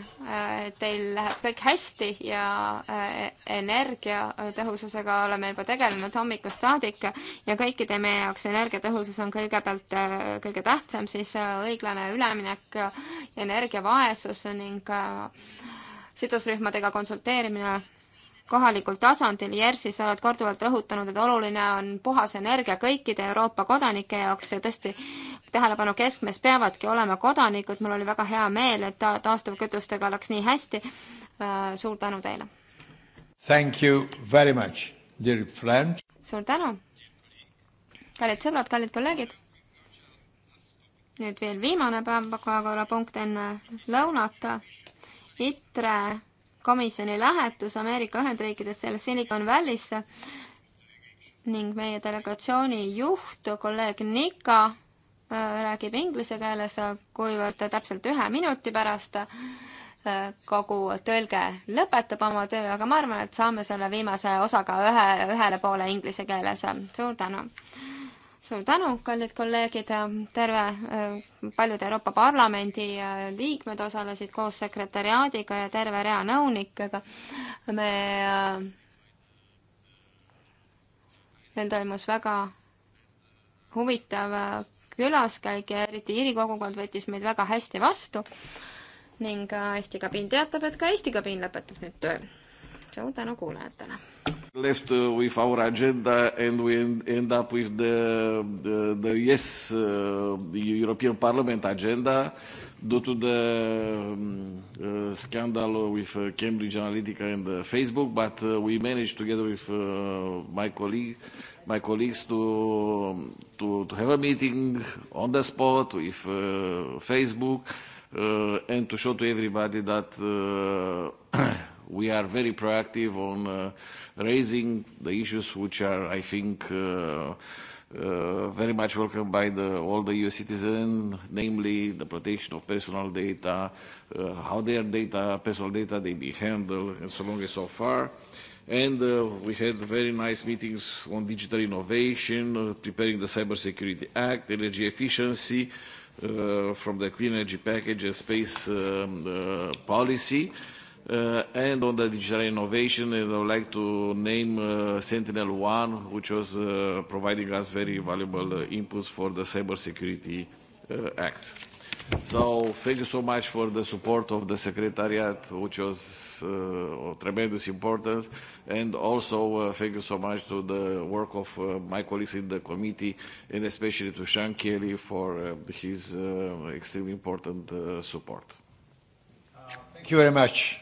et teil läheb kõik hästi ja eh, energiatõhususega oleme juba tegelenud hommikust saadik ja kõikide meie jaoks energiatõhusus on kõigepealt eh, kõige tähtsam, siis eh, õiglane üleminek, energiavaesus ning äh, sidusrühmadega konsulteerimine kohalikul tasandil. Jersi, sa oled korduvalt rõhutanud, et oluline on puhas energia kõikide Euroopa kodanike jaoks ja tõesti tähelepanu keskmes peavadki olema kodanikud. mul oli väga hea meel, et ta taastuvkütustega läks nii hästi. Äh, suur tänu teile! Thank you very much, dear friend! suur tänu! kallid sõbrad, kallid kolleegid! nüüd veel viimane päevakorrapunkt enne lõunat ITRE komisjoni lähetus Ameerika Ühendriikidesse ja Silicon Valley'sse ning meie delegatsiooni juht, kolleeg Nika, äh, räägib inglise keeles, kuivõrd täpselt ühe minuti pärast äh, kogu tõlge lõpetab oma töö, aga ma arvan, et saame selle viimase osaga ühe, ühele poole inglise keeles. suur tänu! suur tänu, kallid kolleegid, terve, äh, paljud Euroopa Parlamendi äh, liikmed osalesid koos sekretäriaadiga ja terve rea nõunikega. me, äh, meil toimus väga huvitav külaskäik ja eriti Iiri kogukond võttis meid väga hästi vastu ning Eesti kabiin teatab, et ka Eesti kabiin lõpetab nüüd töö. suur tänu kuulajatele! left uh, with our agenda and we end up with the, the, the yes, uh, the European Parliament agenda due to the um, uh, scandal with uh, Cambridge Analytica and uh, Facebook, but uh, we managed together with uh, my colleague, my colleagues to, um, to, to have a meeting on the spot with uh, Facebook uh, and to show to everybody that uh, we are very proactive on uh, raising the issues which are, I think, uh, uh, very much welcomed by the, all the EU citizens, namely the protection of personal data, uh, how their data, personal data, they be handled, and so long and so far. And uh, we had very nice meetings on digital innovation, uh, preparing the Cybersecurity Act, energy efficiency, uh, from the clean energy package and space um, uh, policy. Uh, Uh, and on the digital innovation, and I would like to name uh, Sentinel-1, which was uh, providing us very valuable uh, inputs for the cybersecurity uh, acts. So thank you so much for the support of the Secretariat, which was uh, of tremendous importance, and also thank you so much to the work of my colleagues in the committee, and especially to Sean Kelly for his extremely important support. Thank you very much.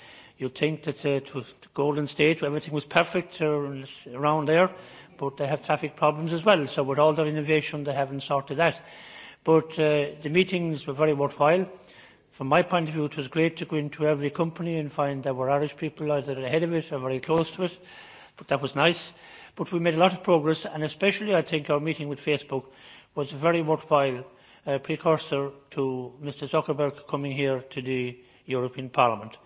You'd think that uh, it was Golden State, everything was perfect uh, around there, but they have traffic problems as well. So with all their innovation, they haven't sorted that. But uh, the meetings were very worthwhile. From my point of view, it was great to go into every company and find there were Irish people either ahead of it or very close to it. But that was nice. But we made a lot of progress, and especially I think our meeting with Facebook was a very worthwhile uh, precursor to Mr Zuckerberg coming here to the European Parliament. Uh,